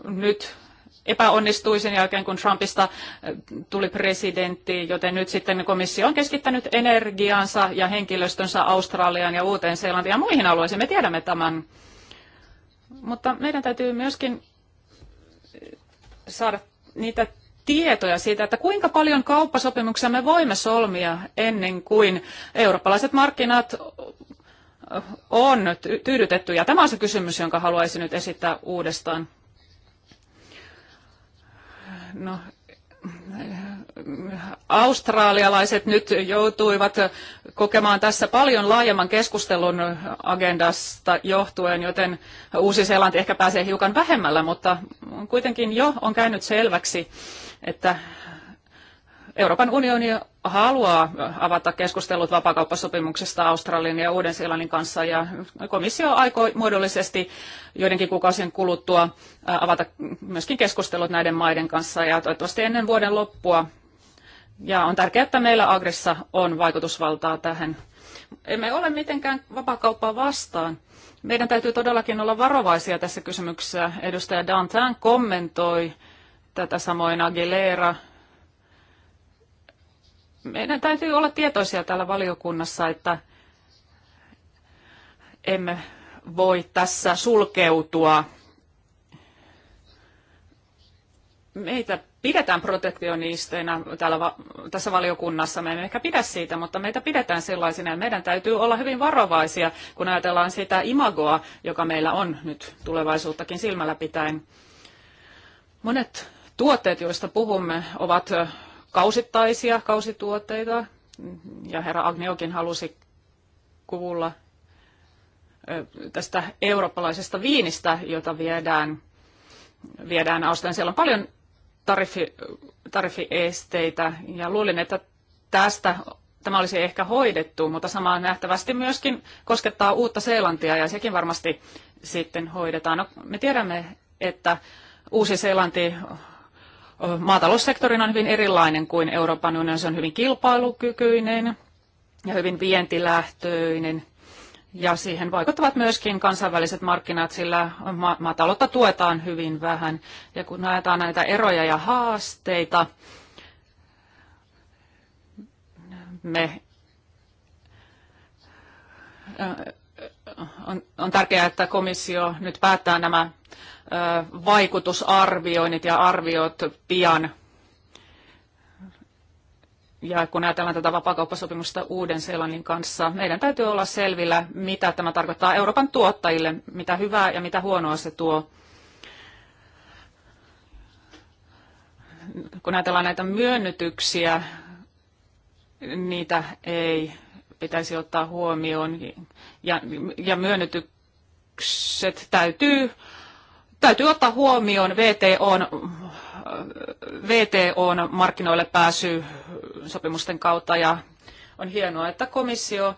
nyt epäonnistui sen jälkeen, kun Trumpista tuli presidentti, joten nyt sitten komissio on keskittänyt energiansa ja henkilöstönsä Australiaan ja Uuteen-Seelantiin ja muihin alueisiin. Me tiedämme tämän. Mutta meidän täytyy myöskin saada niitä tietoja siitä, että kuinka paljon kauppasopimuksia me voimme solmia ennen kuin eurooppalaiset markkinat on tyydytetty. Ja tämä on se kysymys, jonka haluaisin nyt esittää uudestaan. No, australialaiset nyt joutuivat kokemaan tässä paljon laajemman keskustelun agendasta johtuen, joten Uusi-Seelanti ehkä pääsee hiukan vähemmällä, mutta kuitenkin jo on käynyt selväksi, että Euroopan unioni haluaa avata keskustelut vapakauppasopimuksesta Australian ja Uuden-Seelannin kanssa ja komissio aikoo muodollisesti joidenkin kuukausien kuluttua avata myöskin keskustelut näiden maiden kanssa ja toivottavasti ennen vuoden loppua. Ja on tärkeää, että meillä Agrissa on vaikutusvaltaa tähän. Emme ole mitenkään vapakauppaa vastaan. Meidän täytyy todellakin olla varovaisia tässä kysymyksessä. Edustaja Dantan kommentoi tätä samoin Aguilera meidän täytyy olla tietoisia täällä valiokunnassa, että emme voi tässä sulkeutua. Meitä pidetään protektionisteina täällä, tässä valiokunnassa. Me emme ehkä pidä siitä, mutta meitä pidetään sellaisina. Ja meidän täytyy olla hyvin varovaisia, kun ajatellaan sitä imagoa, joka meillä on nyt tulevaisuuttakin silmällä pitäen. Monet tuotteet, joista puhumme, ovat kausittaisia kausituotteita, ja herra Agniokin halusi kuulla tästä eurooppalaisesta viinistä, jota viedään, viedään Austrian. Siellä on paljon tariffi, tariffiesteitä ja luulin, että tästä tämä olisi ehkä hoidettu, mutta samaan nähtävästi myöskin koskettaa uutta Seelantia ja sekin varmasti sitten hoidetaan. No, me tiedämme, että Uusi-Seelanti maataloussektorina on hyvin erilainen kuin Euroopan unioni. Se on hyvin kilpailukykyinen ja hyvin vientilähtöinen. Ja siihen vaikuttavat myöskin kansainväliset markkinat, sillä maataloutta tuetaan hyvin vähän. Ja kun ajetaan näitä eroja ja haasteita, me on, on tärkeää, että komissio nyt päättää nämä vaikutusarvioinnit ja arviot pian. Ja kun ajatellaan tätä vapakauppasopimusta Uuden-Seelannin kanssa, meidän täytyy olla selvillä, mitä tämä tarkoittaa Euroopan tuottajille, mitä hyvää ja mitä huonoa se tuo. Kun ajatellaan näitä myönnytyksiä, niitä ei pitäisi ottaa huomioon. Ja, ja myönnytykset täytyy täytyy ottaa huomioon VTOn, VTOn markkinoille pääsy sopimusten kautta ja on hienoa, että komissio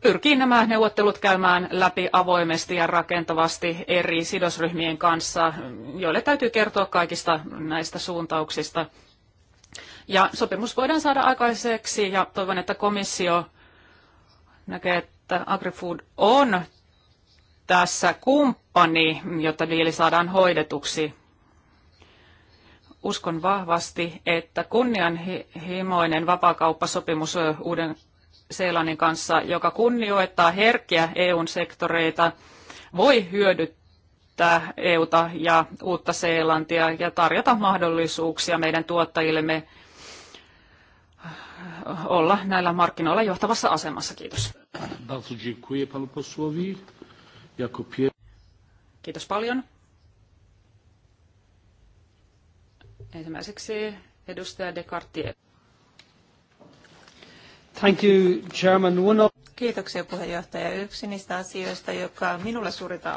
pyrkii nämä neuvottelut käymään läpi avoimesti ja rakentavasti eri sidosryhmien kanssa, joille täytyy kertoa kaikista näistä suuntauksista. Ja sopimus voidaan saada aikaiseksi ja toivon, että komissio näkee, että AgriFood on tässä kumppani, jotta diili saadaan hoidetuksi. Uskon vahvasti, että kunnianhimoinen vapakauppasopimus uuden Seelannin kanssa, joka kunnioittaa herkkiä eu sektoreita, voi hyödyttää EUta ja uutta Seelantia ja tarjota mahdollisuuksia meidän tuottajillemme olla näillä markkinoilla johtavassa asemassa. Kiitos. Kiitos paljon. Ensimmäiseksi edustaja Descartier. Thank you, Chairman. One Kiitoksia puheenjohtaja. Yksi niistä asioista, joka minulle suurinta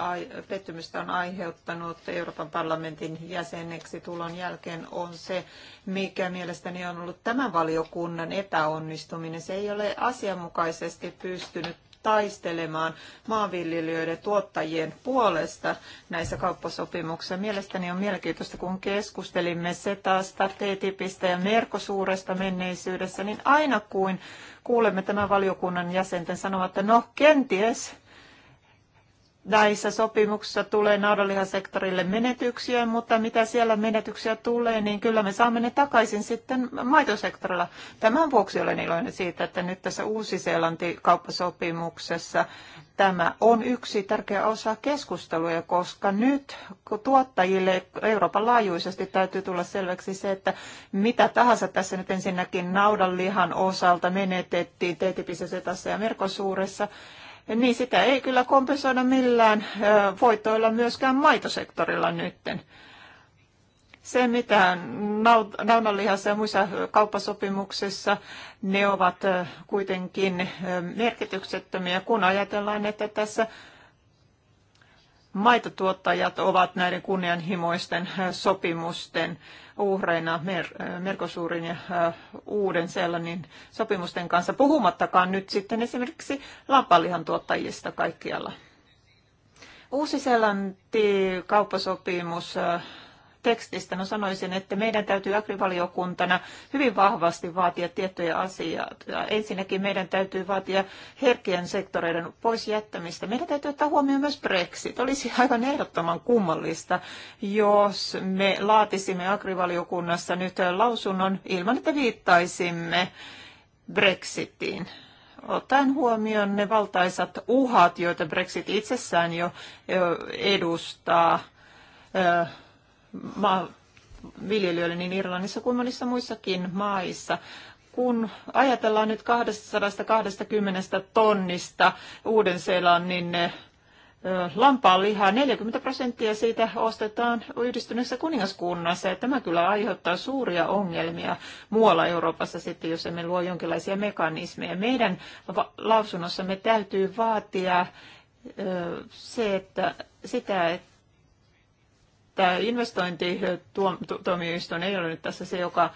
pettymystä on aiheuttanut Euroopan parlamentin jäseneksi tulon jälkeen, on se, mikä mielestäni on ollut tämän valiokunnan epäonnistuminen. Se ei ole asianmukaisesti pystynyt taistelemaan maanviljelijöiden tuottajien puolesta näissä kauppasopimuksissa. Mielestäni on mielenkiintoista, kun keskustelimme SETAsta, TTIPistä ja Merkosuuresta menneisyydessä, niin aina kuin kuulemme tämän valiokunnan jäsenten sanovat, että no kenties näissä sopimuksissa tulee naudanlihasektorille menetyksiä, mutta mitä siellä menetyksiä tulee, niin kyllä me saamme ne takaisin sitten maitosektorilla. Tämän vuoksi olen iloinen siitä, että nyt tässä Uusi-Seelanti kauppasopimuksessa tämä on yksi tärkeä osa keskusteluja, koska nyt tuottajille Euroopan laajuisesti täytyy tulla selväksi se, että mitä tahansa tässä nyt ensinnäkin naudanlihan osalta menetettiin TTIPissä, Setassa ja Merkosuuressa, niin sitä ei kyllä kompensoida millään voitoilla myöskään maitosektorilla nytten. Se, mitä naunanlihassa ja muissa kauppasopimuksissa, ne ovat kuitenkin merkityksettömiä, kun ajatellaan, että tässä maitotuottajat ovat näiden kunnianhimoisten äh, sopimusten uhreina Mer- äh, Merkosuurin ja äh, uuden sellainen sopimusten kanssa, puhumattakaan nyt sitten esimerkiksi lampalihan tuottajista kaikkialla. Uusi-Seelanti kauppasopimus tekstistä, no sanoisin, että meidän täytyy agrivaliokuntana hyvin vahvasti vaatia tiettyjä asioita. Ensinnäkin meidän täytyy vaatia herkien sektoreiden pois jättämistä. Meidän täytyy ottaa huomioon myös Brexit. Olisi aivan ehdottoman kummallista, jos me laatisimme agrivaliokunnassa nyt lausunnon ilman, että viittaisimme Brexitiin ottaen huomioon ne valtaisat uhat, joita Brexit itsessään jo edustaa maanviljelijöille niin Irlannissa kuin monissa muissakin maissa. Kun ajatellaan nyt 220 tonnista Uuden-Seelannin lampaan lihaa, 40 prosenttia siitä ostetaan yhdistyneessä kuningaskunnassa. Ja tämä kyllä aiheuttaa suuria ongelmia muualla Euroopassa sitten, jos emme luo jonkinlaisia mekanismeja. Meidän lausunnossamme täytyy vaatia se, että, sitä, että tämä investointituomioistuin ei ole nyt tässä se, joka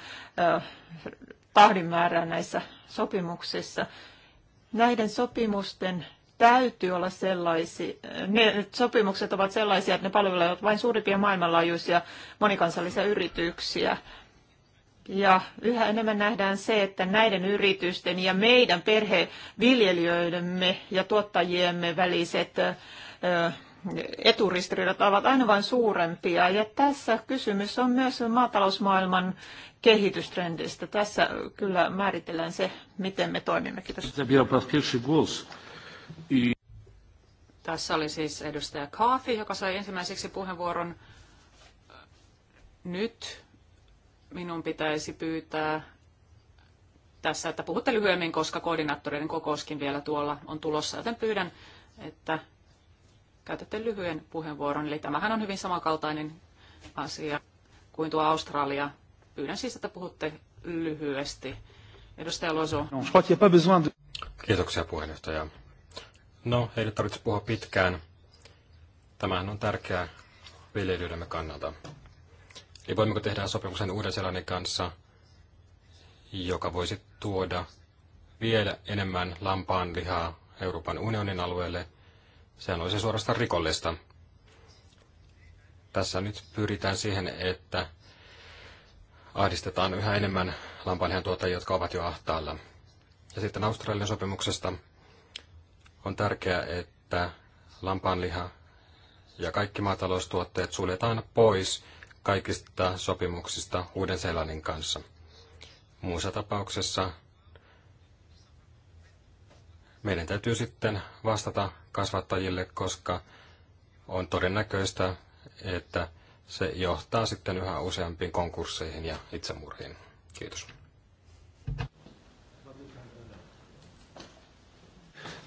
tahdin määrää näissä sopimuksissa. Näiden sopimusten täytyy olla sellaisia, ne sopimukset ovat sellaisia, että ne palvelevat vain suurimpia maailmanlaajuisia monikansallisia yrityksiä. Ja yhä enemmän nähdään se, että näiden yritysten ja meidän perheviljelijöidemme ja tuottajiemme väliset eturistiriidat ovat aina vain suurempia. Ja tässä kysymys on myös maatalousmaailman kehitystrendistä. Tässä kyllä määritellään se, miten me toimimme. Kiitos. Tässä oli siis edustaja Kaafi, joka sai ensimmäiseksi puheenvuoron. Nyt minun pitäisi pyytää tässä, että puhutte lyhyemmin, koska koordinaattoreiden kokouskin vielä tuolla on tulossa, joten pyydän, että käytätte lyhyen puheenvuoron. Eli tämähän on hyvin samankaltainen asia kuin tuo Australia. Pyydän siis, että puhutte lyhyesti. Edustaja Loso. Kiitoksia puheenjohtaja. No, ei nyt tarvitse puhua pitkään. Tämähän on tärkeää viljelijöidemme kannalta. Eli voimmeko tehdä sopimuksen Uuden-Seelannin kanssa, joka voisi tuoda vielä enemmän lampaan lihaa Euroopan unionin alueelle – Sehän olisi suorastaan rikollista. Tässä nyt pyritään siihen, että ahdistetaan yhä enemmän lampaanlihan tuottajia, jotka ovat jo ahtaalla. Ja sitten Australian sopimuksesta on tärkeää, että lampaanliha ja kaikki maataloustuotteet suljetaan pois kaikista sopimuksista Uuden-Seelannin kanssa. Muussa tapauksessa meidän täytyy sitten vastata kasvattajille, koska on todennäköistä, että se johtaa sitten yhä useampiin konkursseihin ja itsemurhiin. Kiitos.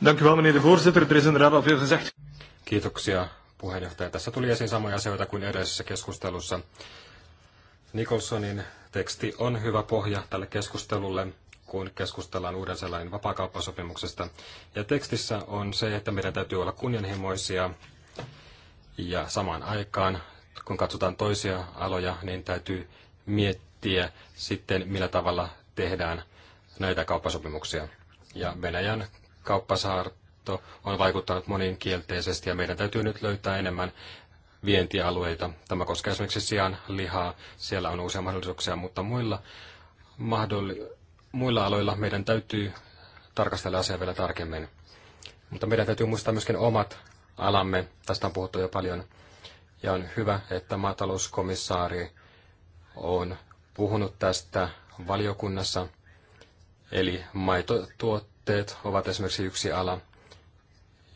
Er Kiitoksia, puheenjohtaja. Tässä tuli esiin samoja asioita kuin edellisessä keskustelussa. Nicholsonin teksti on hyvä pohja tälle keskustelulle kun keskustellaan uuden sellainen vapaakauppasopimuksesta. Ja tekstissä on se, että meidän täytyy olla kunnianhimoisia ja samaan aikaan, kun katsotaan toisia aloja, niin täytyy miettiä sitten, millä tavalla tehdään näitä kauppasopimuksia. Ja Venäjän kauppasaarto on vaikuttanut moniin kielteisesti ja meidän täytyy nyt löytää enemmän vientialueita. Tämä koskee esimerkiksi sian lihaa, siellä on uusia mahdollisuuksia, mutta muilla mahdollisuuksia muilla aloilla meidän täytyy tarkastella asiaa vielä tarkemmin. Mutta meidän täytyy muistaa myöskin omat alamme. Tästä on puhuttu jo paljon. Ja on hyvä, että maatalouskomissaari on puhunut tästä valiokunnassa. Eli maitotuotteet ovat esimerkiksi yksi ala,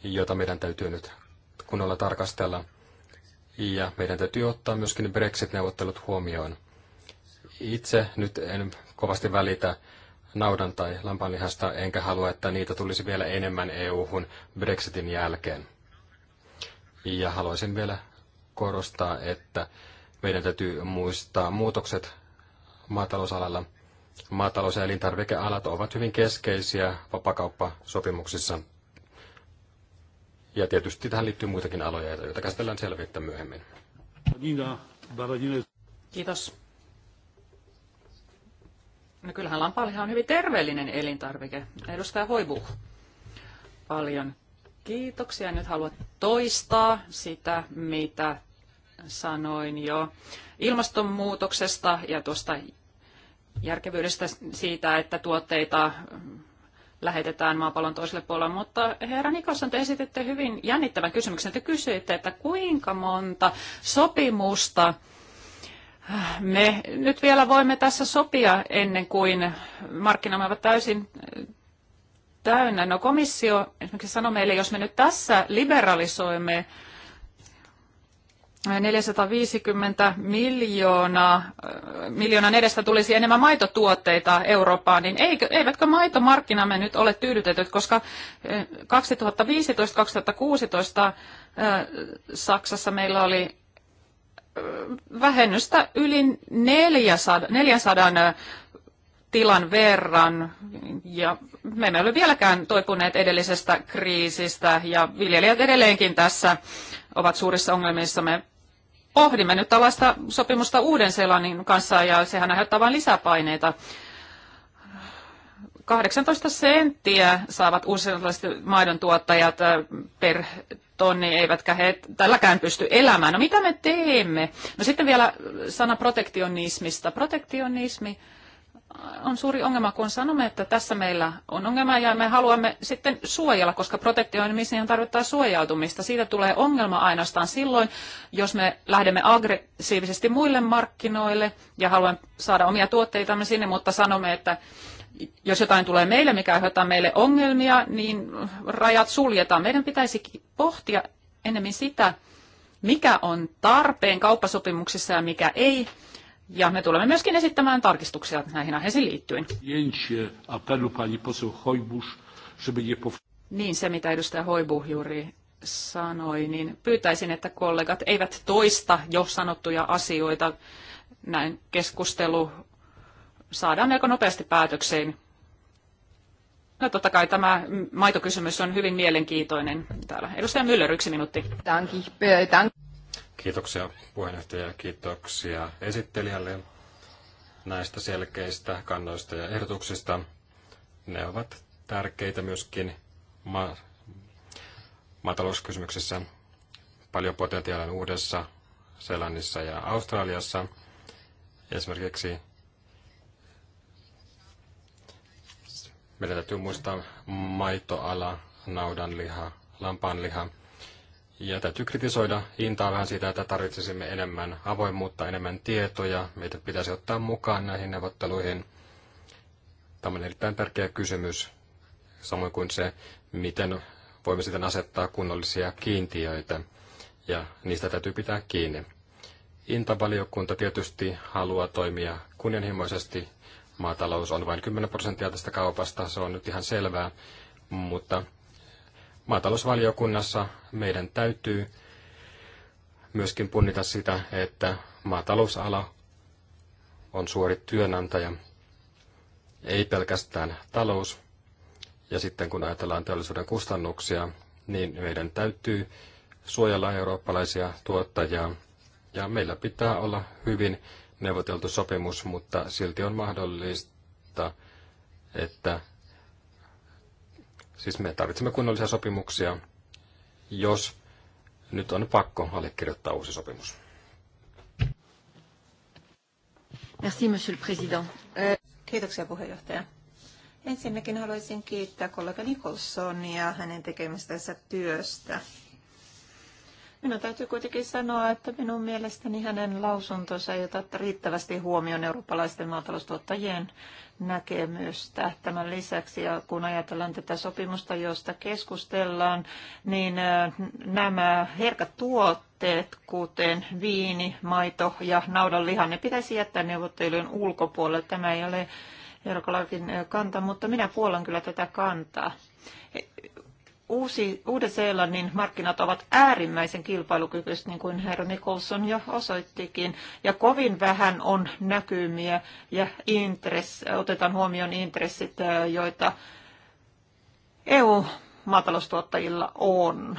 jota meidän täytyy nyt kunnolla tarkastella. Ja meidän täytyy ottaa myöskin Brexit-neuvottelut huomioon. Itse nyt en kovasti välitä naudan tai lampanlihasta, enkä halua, että niitä tulisi vielä enemmän EU-hun Brexitin jälkeen. Ja haluaisin vielä korostaa, että meidän täytyy muistaa muutokset maatalousalalla. Maatalous- ja elintarvikealat ovat hyvin keskeisiä vapakauppasopimuksissa. Ja tietysti tähän liittyy muitakin aloja, joita käsitellään selvittää myöhemmin. Kiitos. No kyllähän lampaliha on hyvin terveellinen elintarvike. Edustaja Hoibuh, paljon kiitoksia. Nyt haluan toistaa sitä, mitä sanoin jo ilmastonmuutoksesta ja tuosta järkevyydestä siitä, että tuotteita lähetetään maapallon toiselle puolelle, mutta herra Nikosson, te esititte hyvin jännittävän kysymyksen. Te kysyitte, että kuinka monta sopimusta me nyt vielä voimme tässä sopia ennen kuin markkinamme ovat täysin äh, täynnä. No komissio esimerkiksi sanoi meille, jos me nyt tässä liberalisoimme 450 miljoonaa, äh, miljoonan edestä tulisi enemmän maitotuotteita Eurooppaan, niin eikö, eivätkö maitomarkkinamme nyt ole tyydytetyt, koska 2015-2016 äh, Saksassa meillä oli vähennystä yli 400, 400 tilan verran ja me emme ole vieläkään toipuneet edellisestä kriisistä ja viljelijät edelleenkin tässä ovat suurissa ongelmissa. Me pohdimme nyt tällaista sopimusta Uuden-Seelannin kanssa ja sehän aiheuttaa vain lisäpaineita. 18 senttiä saavat uusilaiset maidon tuottajat äh, per tonni, eivätkä he tälläkään pysty elämään. No mitä me teemme? No sitten vielä sana protektionismista. Protektionismi on suuri ongelma, kun sanomme, että tässä meillä on ongelma ja me haluamme sitten suojella, koska protektionismiin tarvittaa suojautumista. Siitä tulee ongelma ainoastaan silloin, jos me lähdemme aggressiivisesti muille markkinoille ja haluamme saada omia tuotteitamme sinne, mutta sanomme, että jos jotain tulee meille, mikä aiheuttaa meille ongelmia, niin rajat suljetaan. Meidän pitäisi pohtia enemmän sitä, mikä on tarpeen kauppasopimuksissa ja mikä ei. Ja me tulemme myöskin esittämään tarkistuksia näihin aiheisiin liittyen. Niin se, mitä edustaja Hoibu juuri sanoi, niin pyytäisin, että kollegat eivät toista jo sanottuja asioita. Näin keskustelu saadaan melko nopeasti päätökseen. No totta kai tämä maitokysymys on hyvin mielenkiintoinen täällä. Edustaja Müller, yksi minuutti. Äh, kiitoksia puheenjohtaja ja kiitoksia esittelijälle näistä selkeistä kannoista ja ehdotuksista. Ne ovat tärkeitä myöskin ma- maatalouskysymyksissä. Paljon potentiaalia uudessa Seelannissa ja Australiassa. Esimerkiksi Meidän täytyy muistaa maitoala, naudanliha, lampaanliha. Ja täytyy kritisoida Intaa vähän siitä, että tarvitsisimme enemmän avoimuutta, enemmän tietoja. Meitä pitäisi ottaa mukaan näihin neuvotteluihin. Tämä on erittäin tärkeä kysymys, samoin kuin se, miten voimme sitten asettaa kunnollisia kiintiöitä, ja niistä täytyy pitää kiinni. Intavaliokunta tietysti haluaa toimia kunnianhimoisesti maatalous on vain 10 prosenttia tästä kaupasta, se on nyt ihan selvää, mutta maatalousvaliokunnassa meidän täytyy myöskin punnita sitä, että maatalousala on suori työnantaja, ei pelkästään talous. Ja sitten kun ajatellaan teollisuuden kustannuksia, niin meidän täytyy suojella eurooppalaisia tuottajia ja meillä pitää olla hyvin neuvoteltu sopimus, mutta silti on mahdollista, että siis me tarvitsemme kunnollisia sopimuksia, jos nyt on pakko allekirjoittaa uusi sopimus. Merci, monsieur le président. Kiitoksia puheenjohtaja. Ensinnäkin haluaisin kiittää kollega Nicholsonia hänen tekemästänsä työstä. Minun täytyy kuitenkin sanoa, että minun mielestäni hänen lausuntonsa ei ota riittävästi huomioon eurooppalaisten maataloustuottajien näkemystä tämän lisäksi. Ja kun ajatellaan tätä sopimusta, josta keskustellaan, niin nämä herkät tuotteet, kuten viini, maito ja naudanliha, ne pitäisi jättää neuvottelujen ulkopuolelle. Tämä ei ole Erkolakin kanta, mutta minä puolan kyllä tätä kantaa. Uusi, Uuden-Seelannin markkinat ovat äärimmäisen kilpailukykyiset, niin kuin herra Nicholson jo osoittikin, ja kovin vähän on näkymiä ja intress, otetaan huomioon intressit, joita EU-maataloustuottajilla on.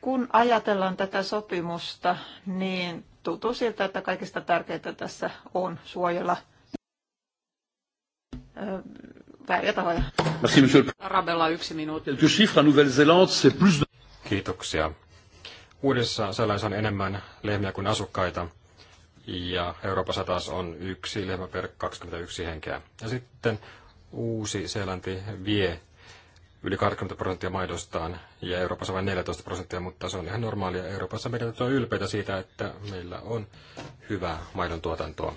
Kun ajatellaan tätä sopimusta, niin tuntuu siltä, että kaikista tärkeintä tässä on suojella Merci, monsieur. Arabella yksi minuutti. Kiitoksia. Uudessa sellaisessa on enemmän lehmiä kuin asukkaita. Ja Euroopassa taas on yksi lehmä per 21 henkeä. Ja sitten Uusi-Seelanti vie yli 20 prosenttia maidostaan ja Euroopassa vain 14 prosenttia, mutta se on ihan normaalia. Euroopassa meidän täytyy olla ylpeitä siitä, että meillä on hyvää maidon tuotantoa,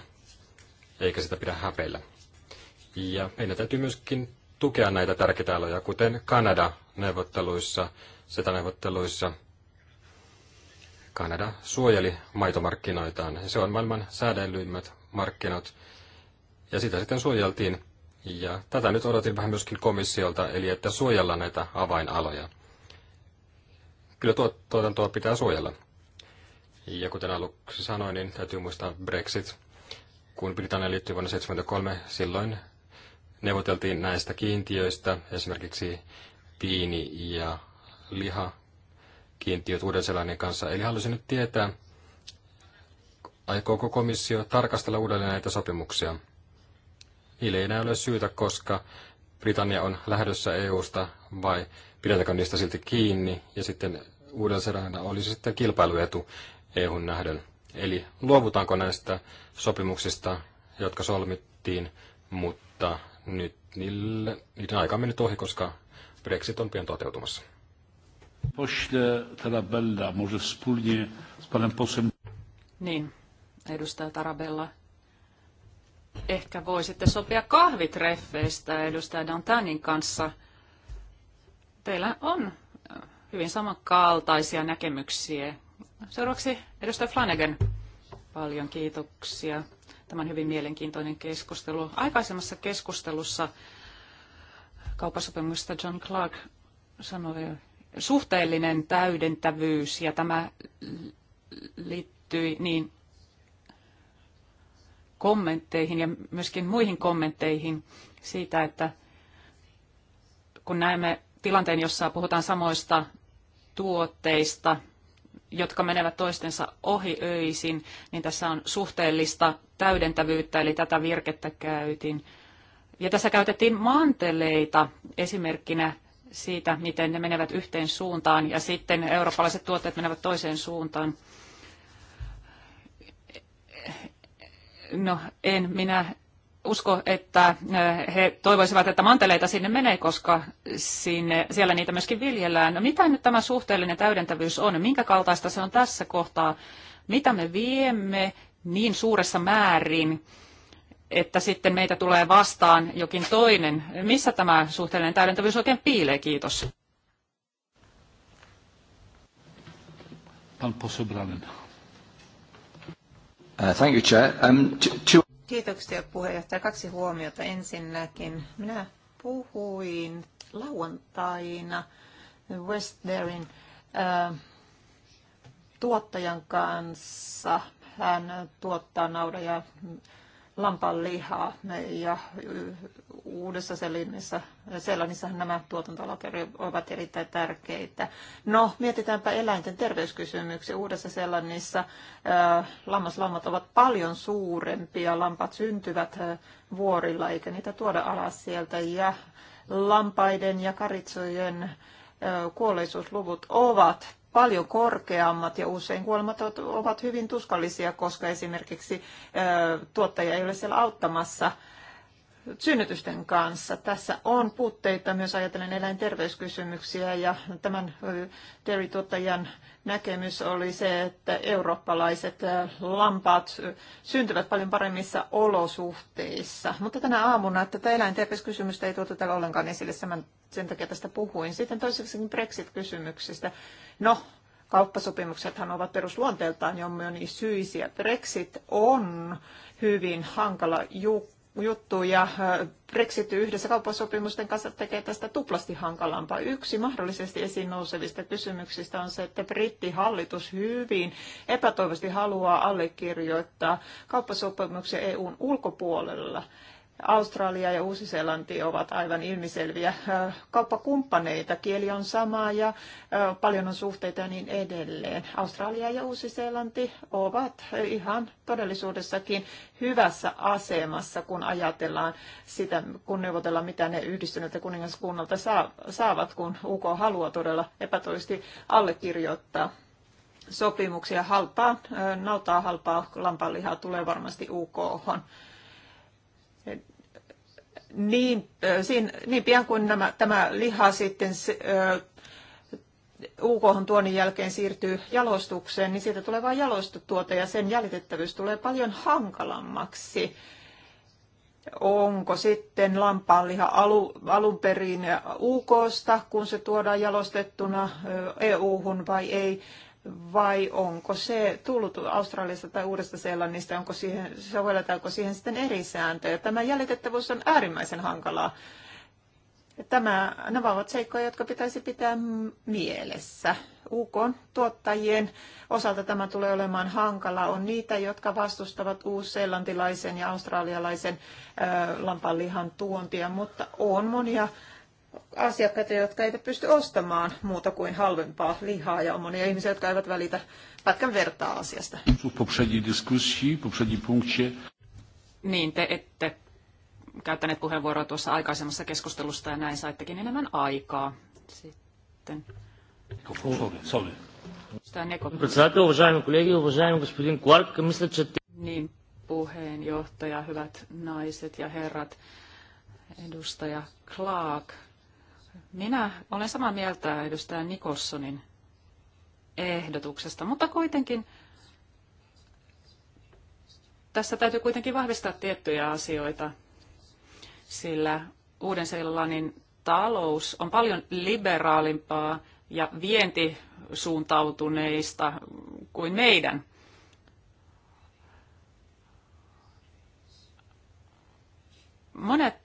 eikä sitä pidä häpeillä. Ja meidän täytyy myöskin tukea näitä tärkeitä aloja, kuten Kanada neuvotteluissa, sitä neuvotteluissa. Kanada suojeli maitomarkkinoitaan. Se on maailman säädellyimmät markkinat. Ja sitä sitten suojeltiin. Ja tätä nyt odotin vähän myöskin komissiolta, eli että suojellaan näitä avainaloja. Kyllä tuo, tuotantoa pitää suojella. Ja kuten aluksi sanoin, niin täytyy muistaa Brexit. Kun Britannia liittyi vuonna 1973, silloin neuvoteltiin näistä kiintiöistä, esimerkiksi viini- ja lihakiintiöt uuden kanssa. Eli haluaisin nyt tietää, aikooko komissio tarkastella uudelleen näitä sopimuksia. Niille ei enää ole syytä, koska Britannia on lähdössä EUsta vai pidetäänkö niistä silti kiinni ja sitten uuden olisi sitten kilpailuetu EUn nähden. Eli luovutaanko näistä sopimuksista, jotka solmittiin, mutta nyt niille, niiden aika on mennyt ohi, koska Brexit on pian toteutumassa. Tarabella, może wspólnie z panem posłem... Niin, edustaja Tarabella. Ehkä voisitte sopia kahvitreffeistä edustaja Dantanin kanssa. Teillä on äh, hyvin samankaltaisia näkemyksiä. Seuraavaksi edustaja Flanagan. Paljon kiitoksia tämän hyvin mielenkiintoinen keskustelu. Aikaisemmassa keskustelussa kauppasopimuksesta John Clark sanoi suhteellinen täydentävyys ja tämä liittyi niin kommentteihin ja myöskin muihin kommentteihin siitä, että kun näemme tilanteen, jossa puhutaan samoista tuotteista jotka menevät toistensa ohi öisin, niin tässä on suhteellista täydentävyyttä, eli tätä virkettä käytin. Ja tässä käytettiin manteleita esimerkkinä siitä, miten ne menevät yhteen suuntaan ja sitten eurooppalaiset tuotteet menevät toiseen suuntaan. No en minä usko, että eh, he toivoisivat, että manteleita sinne menee, koska sinne, siellä niitä myöskin viljellään. No, mitä nyt tämä suhteellinen täydentävyys on? Minkä kaltaista se on tässä kohtaa? Mitä me viemme niin suuressa määrin, että sitten meitä tulee vastaan jokin toinen? Missä tämä suhteellinen täydentävyys oikein piilee? Kiitos. Pan uh, thank you, Chair. Um, Kiitoksia puheenjohtaja. Kaksi huomiota ensinnäkin. Minä puhuin lauantaina Westderin äh, tuottajan kanssa. Hän tuottaa nauda ja lampan lihaa. Ja uudessa Selinissä, Seelannissahan nämä tuotantoalat ovat erittäin tärkeitä. No, mietitäänpä eläinten terveyskysymyksiä. Uudessa Seelannissa äh, lammaslammat ovat paljon suurempia. Lampat syntyvät äh, vuorilla, eikä niitä tuoda alas sieltä. Ja lampaiden ja karitsojen äh, kuolleisuusluvut ovat paljon korkeammat ja usein kuolemat ovat hyvin tuskallisia, koska esimerkiksi tuottaja ei ole siellä auttamassa – synnytysten kanssa. Tässä on puutteita myös ajatellen eläinterveyskysymyksiä ja tämän terituottajan näkemys oli se, että eurooppalaiset lampaat syntyvät paljon paremmissa olosuhteissa. Mutta tänä aamuna tätä eläinterveyskysymystä ei tuotu täällä ollenkaan esille, sen takia tästä puhuin. Sitten toiseksi Brexit-kysymyksistä. No, kauppasopimuksethan ovat perusluonteeltaan jo monisyisiä. Brexit on hyvin hankala juttu juttu ja äh, Brexit yhdessä kauppasopimusten kanssa tekee tästä tuplasti hankalampaa. Yksi mahdollisesti esiin nousevista kysymyksistä on se, että brittihallitus hyvin epätoivosti haluaa allekirjoittaa kauppasopimuksia EUn ulkopuolella. Australia ja Uusi-Seelanti ovat aivan ilmiselviä kauppakumppaneita. Kieli on sama ja paljon on suhteita ja niin edelleen. Australia ja Uusi-Seelanti ovat ihan todellisuudessakin hyvässä asemassa, kun ajatellaan sitä, kun neuvotellaan, mitä ne yhdistyneet kuningaskunnalta saavat, kun UK haluaa todella epätoisesti allekirjoittaa sopimuksia halpaa, nautaa halpaa lampaanlihaa tulee varmasti UKhon niin, siinä, niin pian kuin nämä, tämä liha sitten UK-tuonnin jälkeen siirtyy jalostukseen, niin siitä tulee vain jalostutuote ja sen jäljitettävyys tulee paljon hankalammaksi. Onko sitten lampaanliha alu, alun perin UKsta, kun se tuodaan jalostettuna EU-hun vai ei? vai onko se tullut Australiasta tai Uudesta Seelannista, onko siihen, sovelletaanko siihen sitten eri sääntöjä. Tämä jäljitettävyys on äärimmäisen hankalaa. Tämä, nämä ovat seikkoja, jotka pitäisi pitää mielessä. UK-tuottajien osalta tämä tulee olemaan hankala. On niitä, jotka vastustavat uusseelantilaisen ja australialaisen lampanlihan tuontia, mutta on monia asiakkaita, jotka eivät pysty ostamaan muuta kuin halvempaa lihaa ja on monia ihmisiä, jotka eivät välitä pätkän vertaa asiasta. Niin, te ette käyttäneet puheenvuoroa tuossa aikaisemmassa keskustelusta ja näin saittekin enemmän aikaa. Sitten. Niin, puheenjohtaja, hyvät naiset ja herrat, edustaja Clark minä olen samaa mieltä edustaja Nikolsonin ehdotuksesta, mutta kuitenkin tässä täytyy kuitenkin vahvistaa tiettyjä asioita, sillä uuden sellainen talous on paljon liberaalimpaa ja vientisuuntautuneista kuin meidän. Monet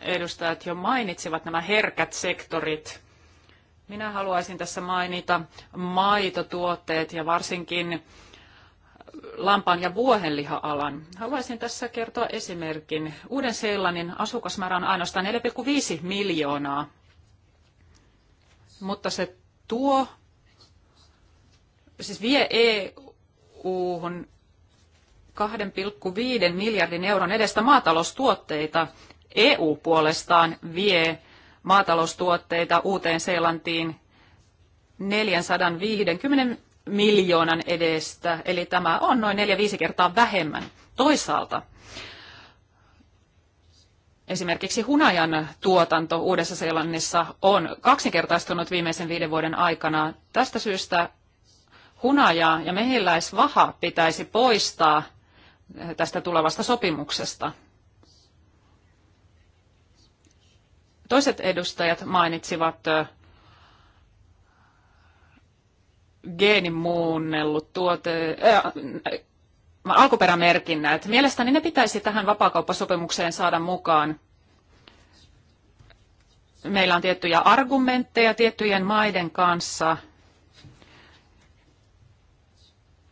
edustajat jo mainitsivat nämä herkät sektorit. Minä haluaisin tässä mainita maitotuotteet ja varsinkin lampaan ja vuohenliha-alan. Haluaisin tässä kertoa esimerkin. Uuden-Seelannin asukasmäärä on ainoastaan 4,5 miljoonaa, mutta se tuo, siis vie eu 2,5 miljardin euron edestä maataloustuotteita EU puolestaan vie maataloustuotteita uuteen Seelantiin 450 miljoonan edestä, eli tämä on noin 4-5 kertaa vähemmän. Toisaalta esimerkiksi hunajan tuotanto Uudessa Seelannissa on kaksinkertaistunut viimeisen viiden vuoden aikana. Tästä syystä hunaja ja mehiläisvaha pitäisi poistaa tästä tulevasta sopimuksesta. Toiset edustajat mainitsivat geenimuunnellut tuote, äh, alkuperämerkinnät. Mielestäni ne pitäisi tähän vapaakauppasopimukseen saada mukaan. Meillä on tiettyjä argumentteja tiettyjen maiden kanssa –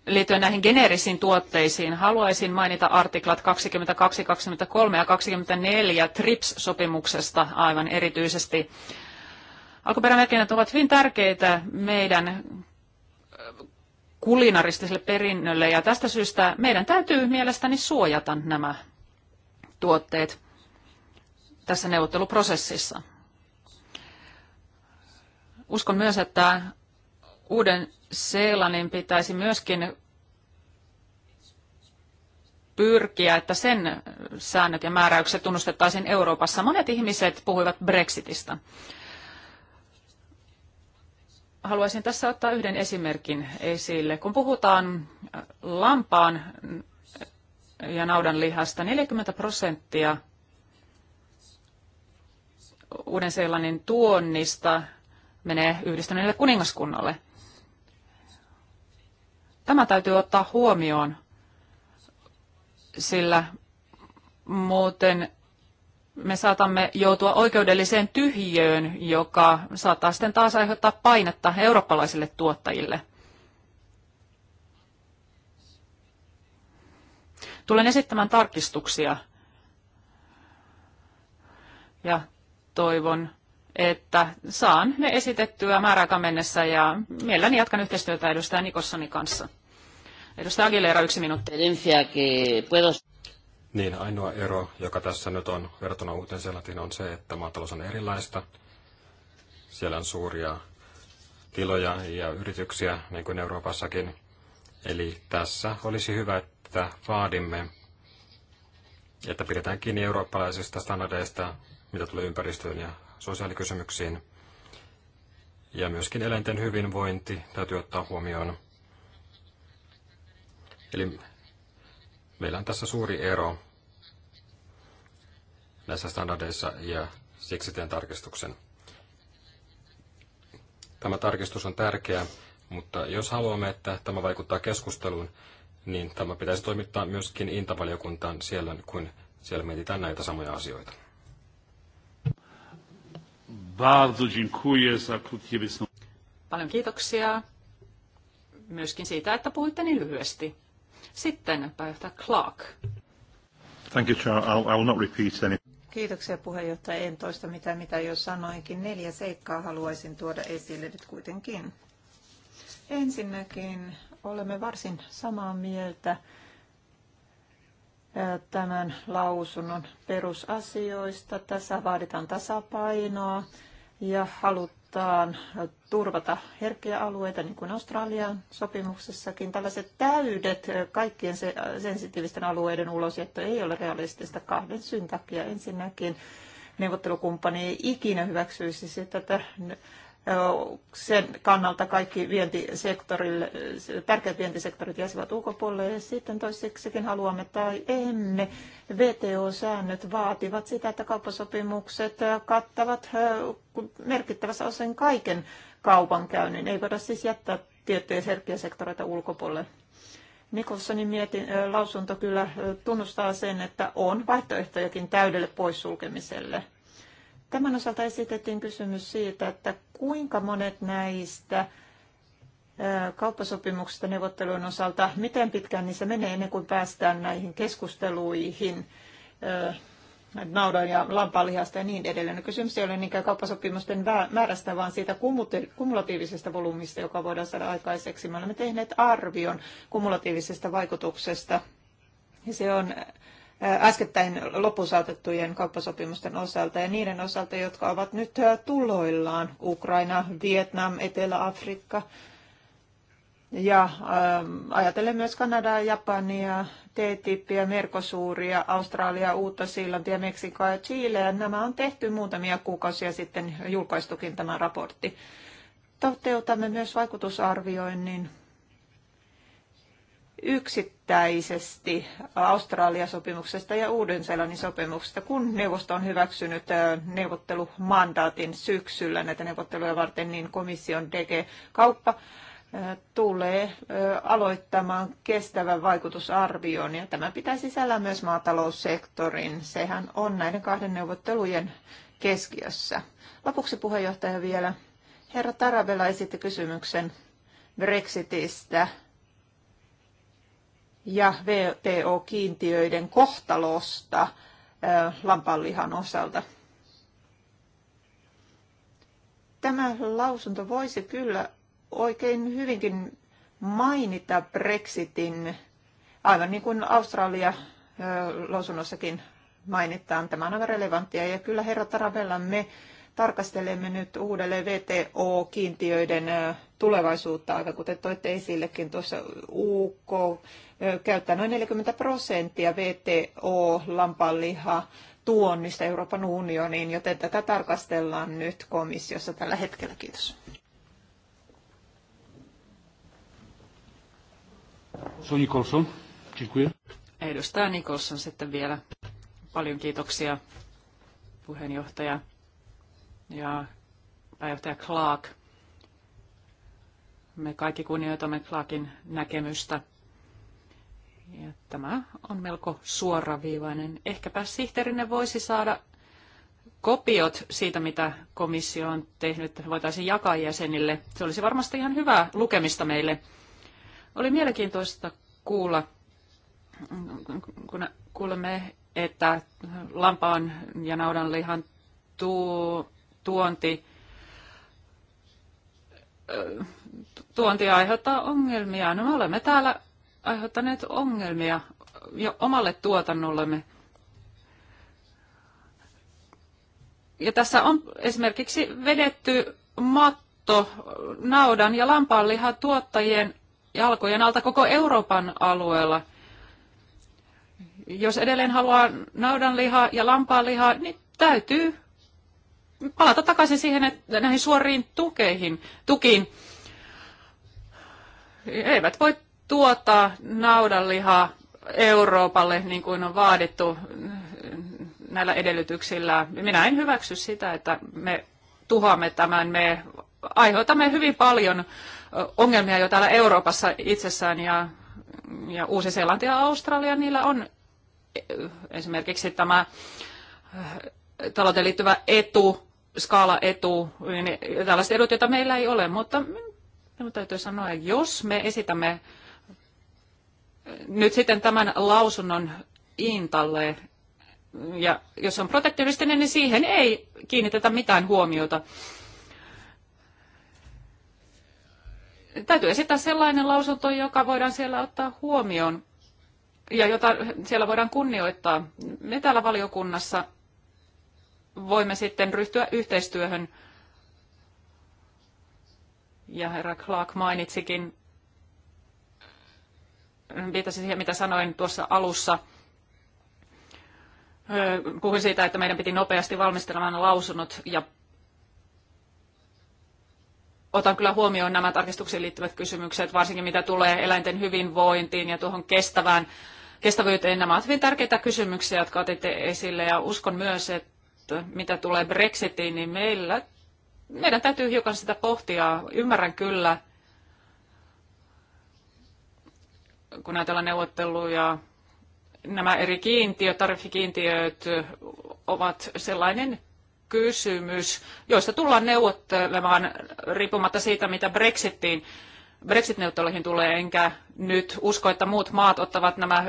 liittyen näihin geneerisiin tuotteisiin haluaisin mainita artiklat 22, 23 ja 24 TRIPS-sopimuksesta aivan erityisesti. Alkuperämerkinnät ovat hyvin tärkeitä meidän kulinaristiselle perinnölle ja tästä syystä meidän täytyy mielestäni suojata nämä tuotteet tässä neuvotteluprosessissa. Uskon myös, että Uuden Seelannin pitäisi myöskin pyrkiä, että sen säännöt ja määräykset tunnustettaisiin Euroopassa. Monet ihmiset puhuivat Brexitistä. Haluaisin tässä ottaa yhden esimerkin esille. Kun puhutaan lampaan ja naudan lihasta, 40 prosenttia Uuden-Seelannin tuonnista menee yhdistyneelle kuningaskunnalle. Tämä täytyy ottaa huomioon, sillä muuten me saatamme joutua oikeudelliseen tyhjiöön, joka saattaa sitten taas aiheuttaa painetta eurooppalaisille tuottajille. Tulen esittämään tarkistuksia ja toivon, että saan ne esitettyä määräaikaan mennessä ja mielelläni jatkan yhteistyötä edustaja Nikossani kanssa. Edustaja Aguilera, yksi minuutti. Niin, ainoa ero, joka tässä nyt on verrattuna uuteen selatiin, on se, että maatalous on erilaista. Siellä on suuria tiloja ja yrityksiä, niin kuin Euroopassakin. Eli tässä olisi hyvä, että vaadimme, että pidetään kiinni eurooppalaisista standardeista, mitä tulee ympäristöön ja sosiaalikysymyksiin. Ja myöskin eläinten hyvinvointi täytyy ottaa huomioon. Eli meillä on tässä suuri ero näissä standardeissa ja siksi teen tarkistuksen. Tämä tarkistus on tärkeä, mutta jos haluamme, että tämä vaikuttaa keskusteluun, niin tämä pitäisi toimittaa myöskin intavaliokuntaan siellä, kun siellä mietitään näitä samoja asioita. Paljon kiitoksia myöskin siitä, että puhuitte niin lyhyesti. Sitten pääjohtaja Clark. Thank you, Chair. I'll, I'll not repeat any. Kiitoksia puheenjohtaja. En toista mitä, mitä jo sanoinkin. Neljä seikkaa haluaisin tuoda esille nyt kuitenkin. Ensinnäkin olemme varsin samaa mieltä tämän lausunnon perusasioista. Tässä vaaditaan tasapainoa ja halut, halutaan turvata herkkiä alueita, niin kuin Australian sopimuksessakin. Tällaiset täydet eh, kaikkien eh, sensitiivisten alueiden ulosjätto ei ole realistista kahden syyn takia. Ensinnäkin neuvottelukumppani ei ikinä hyväksyisi sitä, että sen kannalta kaikki tärkeät vientisektorit jäisivät ulkopuolelle. Ja sitten toiseksikin haluamme tai emme, VTO-säännöt vaativat sitä, että kauppasopimukset kattavat merkittävässä osin kaiken kaupankäynnin. Ei voida siis jättää tiettyjä herkkiä sektoreita ulkopuolelle. Nikolsonin mietin, lausunto kyllä tunnustaa sen, että on vaihtoehtojakin täydelle poissulkemiselle – Tämän osalta esitettiin kysymys siitä, että kuinka monet näistä kauppasopimuksista neuvottelujen osalta, miten pitkään niissä menee ennen kuin päästään näihin keskusteluihin naudan ja lampaanlihasta ja niin edelleen. No, kysymys ei ole niinkään kauppasopimusten määrästä, vaan siitä kumulatiivisesta volyymista, joka voidaan saada aikaiseksi. Me olemme tehneet arvion kumulatiivisesta vaikutuksesta. Ja se on äskettäin lopusautettujen kauppasopimusten osalta ja niiden osalta, jotka ovat nyt tuloillaan. Ukraina, Vietnam, Etelä-Afrikka ja ajatellen myös Kanadaa, Japania, TTIPiä, Merkosuuria, Australia, Uutta-Sillantia, Meksikoa ja Chileä. Nämä on tehty muutamia kuukausia sitten, julkaistukin tämä raportti. Toteutamme myös vaikutusarvioinnin yksittäisesti Australian sopimuksesta ja Uuden-Seelannin sopimuksesta, kun neuvosto on hyväksynyt äh, neuvottelumandaatin syksyllä näitä neuvotteluja varten, niin komission DG-kauppa äh, tulee äh, aloittamaan kestävän vaikutusarvion ja tämä pitää sisällä myös maataloussektorin. Sehän on näiden kahden neuvottelujen keskiössä. Lopuksi puheenjohtaja vielä. Herra Tarabella esitti kysymyksen Brexitistä ja VTO-kiintiöiden kohtalosta lampanlihan osalta. Tämä lausunto voisi kyllä oikein hyvinkin mainita Brexitin, aivan niin kuin Australia lausunnossakin mainitaan. Tämä on aivan relevanttia ja kyllä herra Taravella me tarkastelemme nyt uudelleen VTO-kiintiöiden tulevaisuutta, aivan kuten toitte esillekin tuossa UK käyttää noin 40 prosenttia VTO-lampanliha tuonnista Euroopan unioniin, joten tätä tarkastellaan nyt komissiossa tällä hetkellä. Kiitos. Nicholson, dziękuję. Edustaja Nicholson sitten vielä. Paljon kiitoksia puheenjohtaja ja pääjohtaja Clark. Me kaikki kunnioitamme Clarkin näkemystä. Ja tämä on melko suoraviivainen. Ehkäpä sihteerinne voisi saada kopiot siitä, mitä komissio on tehnyt, voitaisiin jakaa jäsenille. Se olisi varmasti ihan hyvää lukemista meille. Oli mielenkiintoista kuulla, kun kuulemme, että lampaan ja naudanlihan tuu, tuonti, tuonti aiheuttaa ongelmia. No me olemme täällä aiheuttaneet ongelmia jo omalle tuotannollemme. Ja tässä on esimerkiksi vedetty matto naudan ja lampaanlihan tuottajien jalkojen alta koko Euroopan alueella. Jos edelleen haluaa naudanlihaa ja lampaanlihaa, niin täytyy palata takaisin siihen, että näihin suoriin tukeihin, tukiin. Eivät voi tuottaa naudanlihaa Euroopalle niin kuin on vaadittu näillä edellytyksillä. Minä en hyväksy sitä, että me tuhoamme tämän. Me aiheutamme hyvin paljon ongelmia jo täällä Euroopassa itsessään ja, ja Uusi-Seelanti ja Australia, niillä on esimerkiksi tämä talouteen liittyvä etu skaalaetu, niin tällaiset edut, joita meillä ei ole, mutta minun täytyy sanoa, että jos me esitämme eh, nyt sitten tämän lausunnon Intalle, ja jos on protektionistinen, niin siihen ei kiinnitetä mitään huomiota. Täytyy esittää sellainen lausunto, joka voidaan siellä ottaa huomioon ja jota siellä voidaan kunnioittaa. Me täällä valiokunnassa voimme sitten ryhtyä yhteistyöhön. Ja herra Clark mainitsikin, viitasi siihen, mitä sanoin tuossa alussa. Puhuin siitä, että meidän piti nopeasti valmistelemaan lausunnot ja otan kyllä huomioon nämä tarkistuksiin liittyvät kysymykset, varsinkin mitä tulee eläinten hyvinvointiin ja tuohon kestävään kestävyyteen. Nämä ovat hyvin tärkeitä kysymyksiä, jotka otitte esille ja uskon myös, että mitä tulee Brexitiin, niin meillä, meidän täytyy hiukan sitä pohtia. Ymmärrän kyllä, kun näitä neuvotteluja, nämä eri kiintiöt, tariffikiintiöt ovat sellainen kysymys, joista tullaan neuvottelemaan riippumatta siitä, mitä Brexitiin Brexit-neuvotteluihin tulee, enkä nyt usko, että muut maat ottavat nämä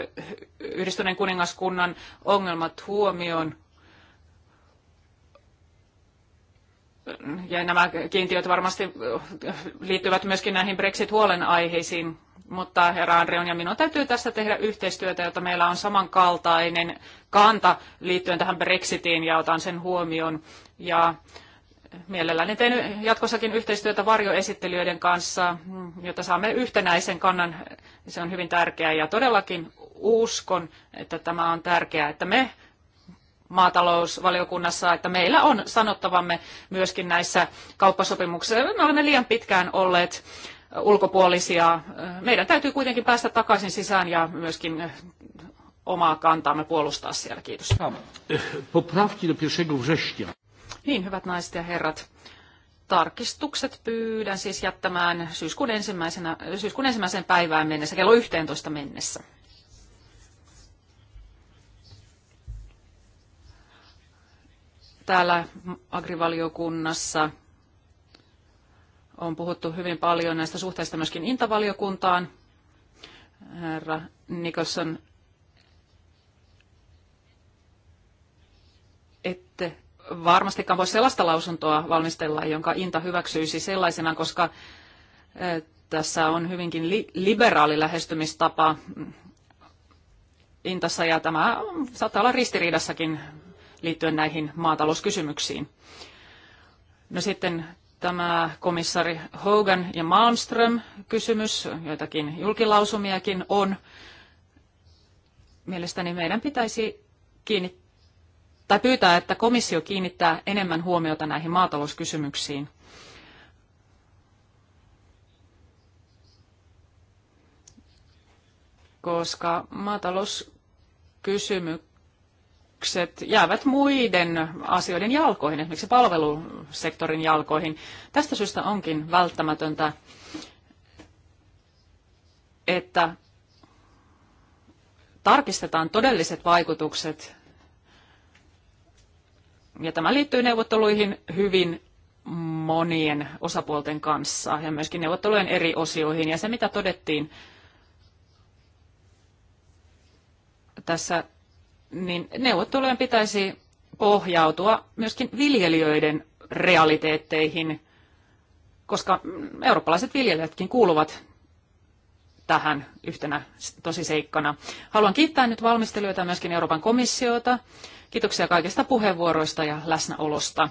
yhdistyneen kuningaskunnan ongelmat huomioon. ja nämä kiintiöt varmasti äh, liittyvät myöskin näihin Brexit-huolenaiheisiin, mutta herra Andreon ja minun täytyy tässä tehdä yhteistyötä, jotta meillä on samankaltainen kanta liittyen tähän Brexitiin ja otan sen huomioon. Ja mielelläni teen jatkossakin yhteistyötä varjoesittelijöiden kanssa, jotta saamme yhtenäisen kannan. Se on hyvin tärkeää ja todellakin uskon, että tämä on tärkeää, että me maatalousvaliokunnassa, että meillä on sanottavamme myöskin näissä kauppasopimuksissa. Me olemme liian pitkään olleet ulkopuolisia. Meidän täytyy kuitenkin päästä takaisin sisään ja myöskin omaa kantaamme puolustaa siellä. Kiitos. Niin, hyvät naiset ja herrat. Tarkistukset pyydän siis jättämään syyskuun, ensimmäisenä, syyskuun ensimmäiseen päivään mennessä, kello 11 mennessä. täällä agrivaliokunnassa on puhuttu hyvin paljon näistä suhteista myöskin intavaliokuntaan. Herra Nicholson, ette varmastikaan voi sellaista lausuntoa valmistella, jonka Inta hyväksyisi sellaisena, koska eh, tässä on hyvinkin li- liberaali lähestymistapa Intassa ja tämä saattaa olla ristiriidassakin liittyen näihin maatalouskysymyksiin. No sitten tämä komissari Hogan ja Malmström kysymys, joitakin julkilausumiakin on. Mielestäni meidän pitäisi kiinnittää tai pyytää, että komissio kiinnittää enemmän huomiota näihin maatalouskysymyksiin. Koska maatalouskysymyksiin yritykset jäävät muiden asioiden jalkoihin, esimerkiksi palvelusektorin jalkoihin. Tästä syystä onkin välttämätöntä, että tarkistetaan todelliset vaikutukset. Ja tämä liittyy neuvotteluihin hyvin monien osapuolten kanssa ja myöskin neuvottelujen eri osioihin. Ja se, mitä todettiin tässä niin neuvottelujen pitäisi pohjautua myöskin viljelijöiden realiteetteihin, koska eurooppalaiset viljelijätkin kuuluvat tähän yhtenä tosiseikkana. Haluan kiittää nyt valmistelijoita myöskin Euroopan komissiota. Kiitoksia kaikista puheenvuoroista ja läsnäolosta.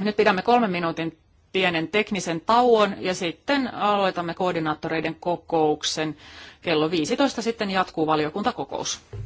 Nyt pidämme kolmen minuutin pienen teknisen tauon ja sitten aloitamme koordinaattoreiden kokouksen. Kello 15 sitten jatkuu valiokuntakokous.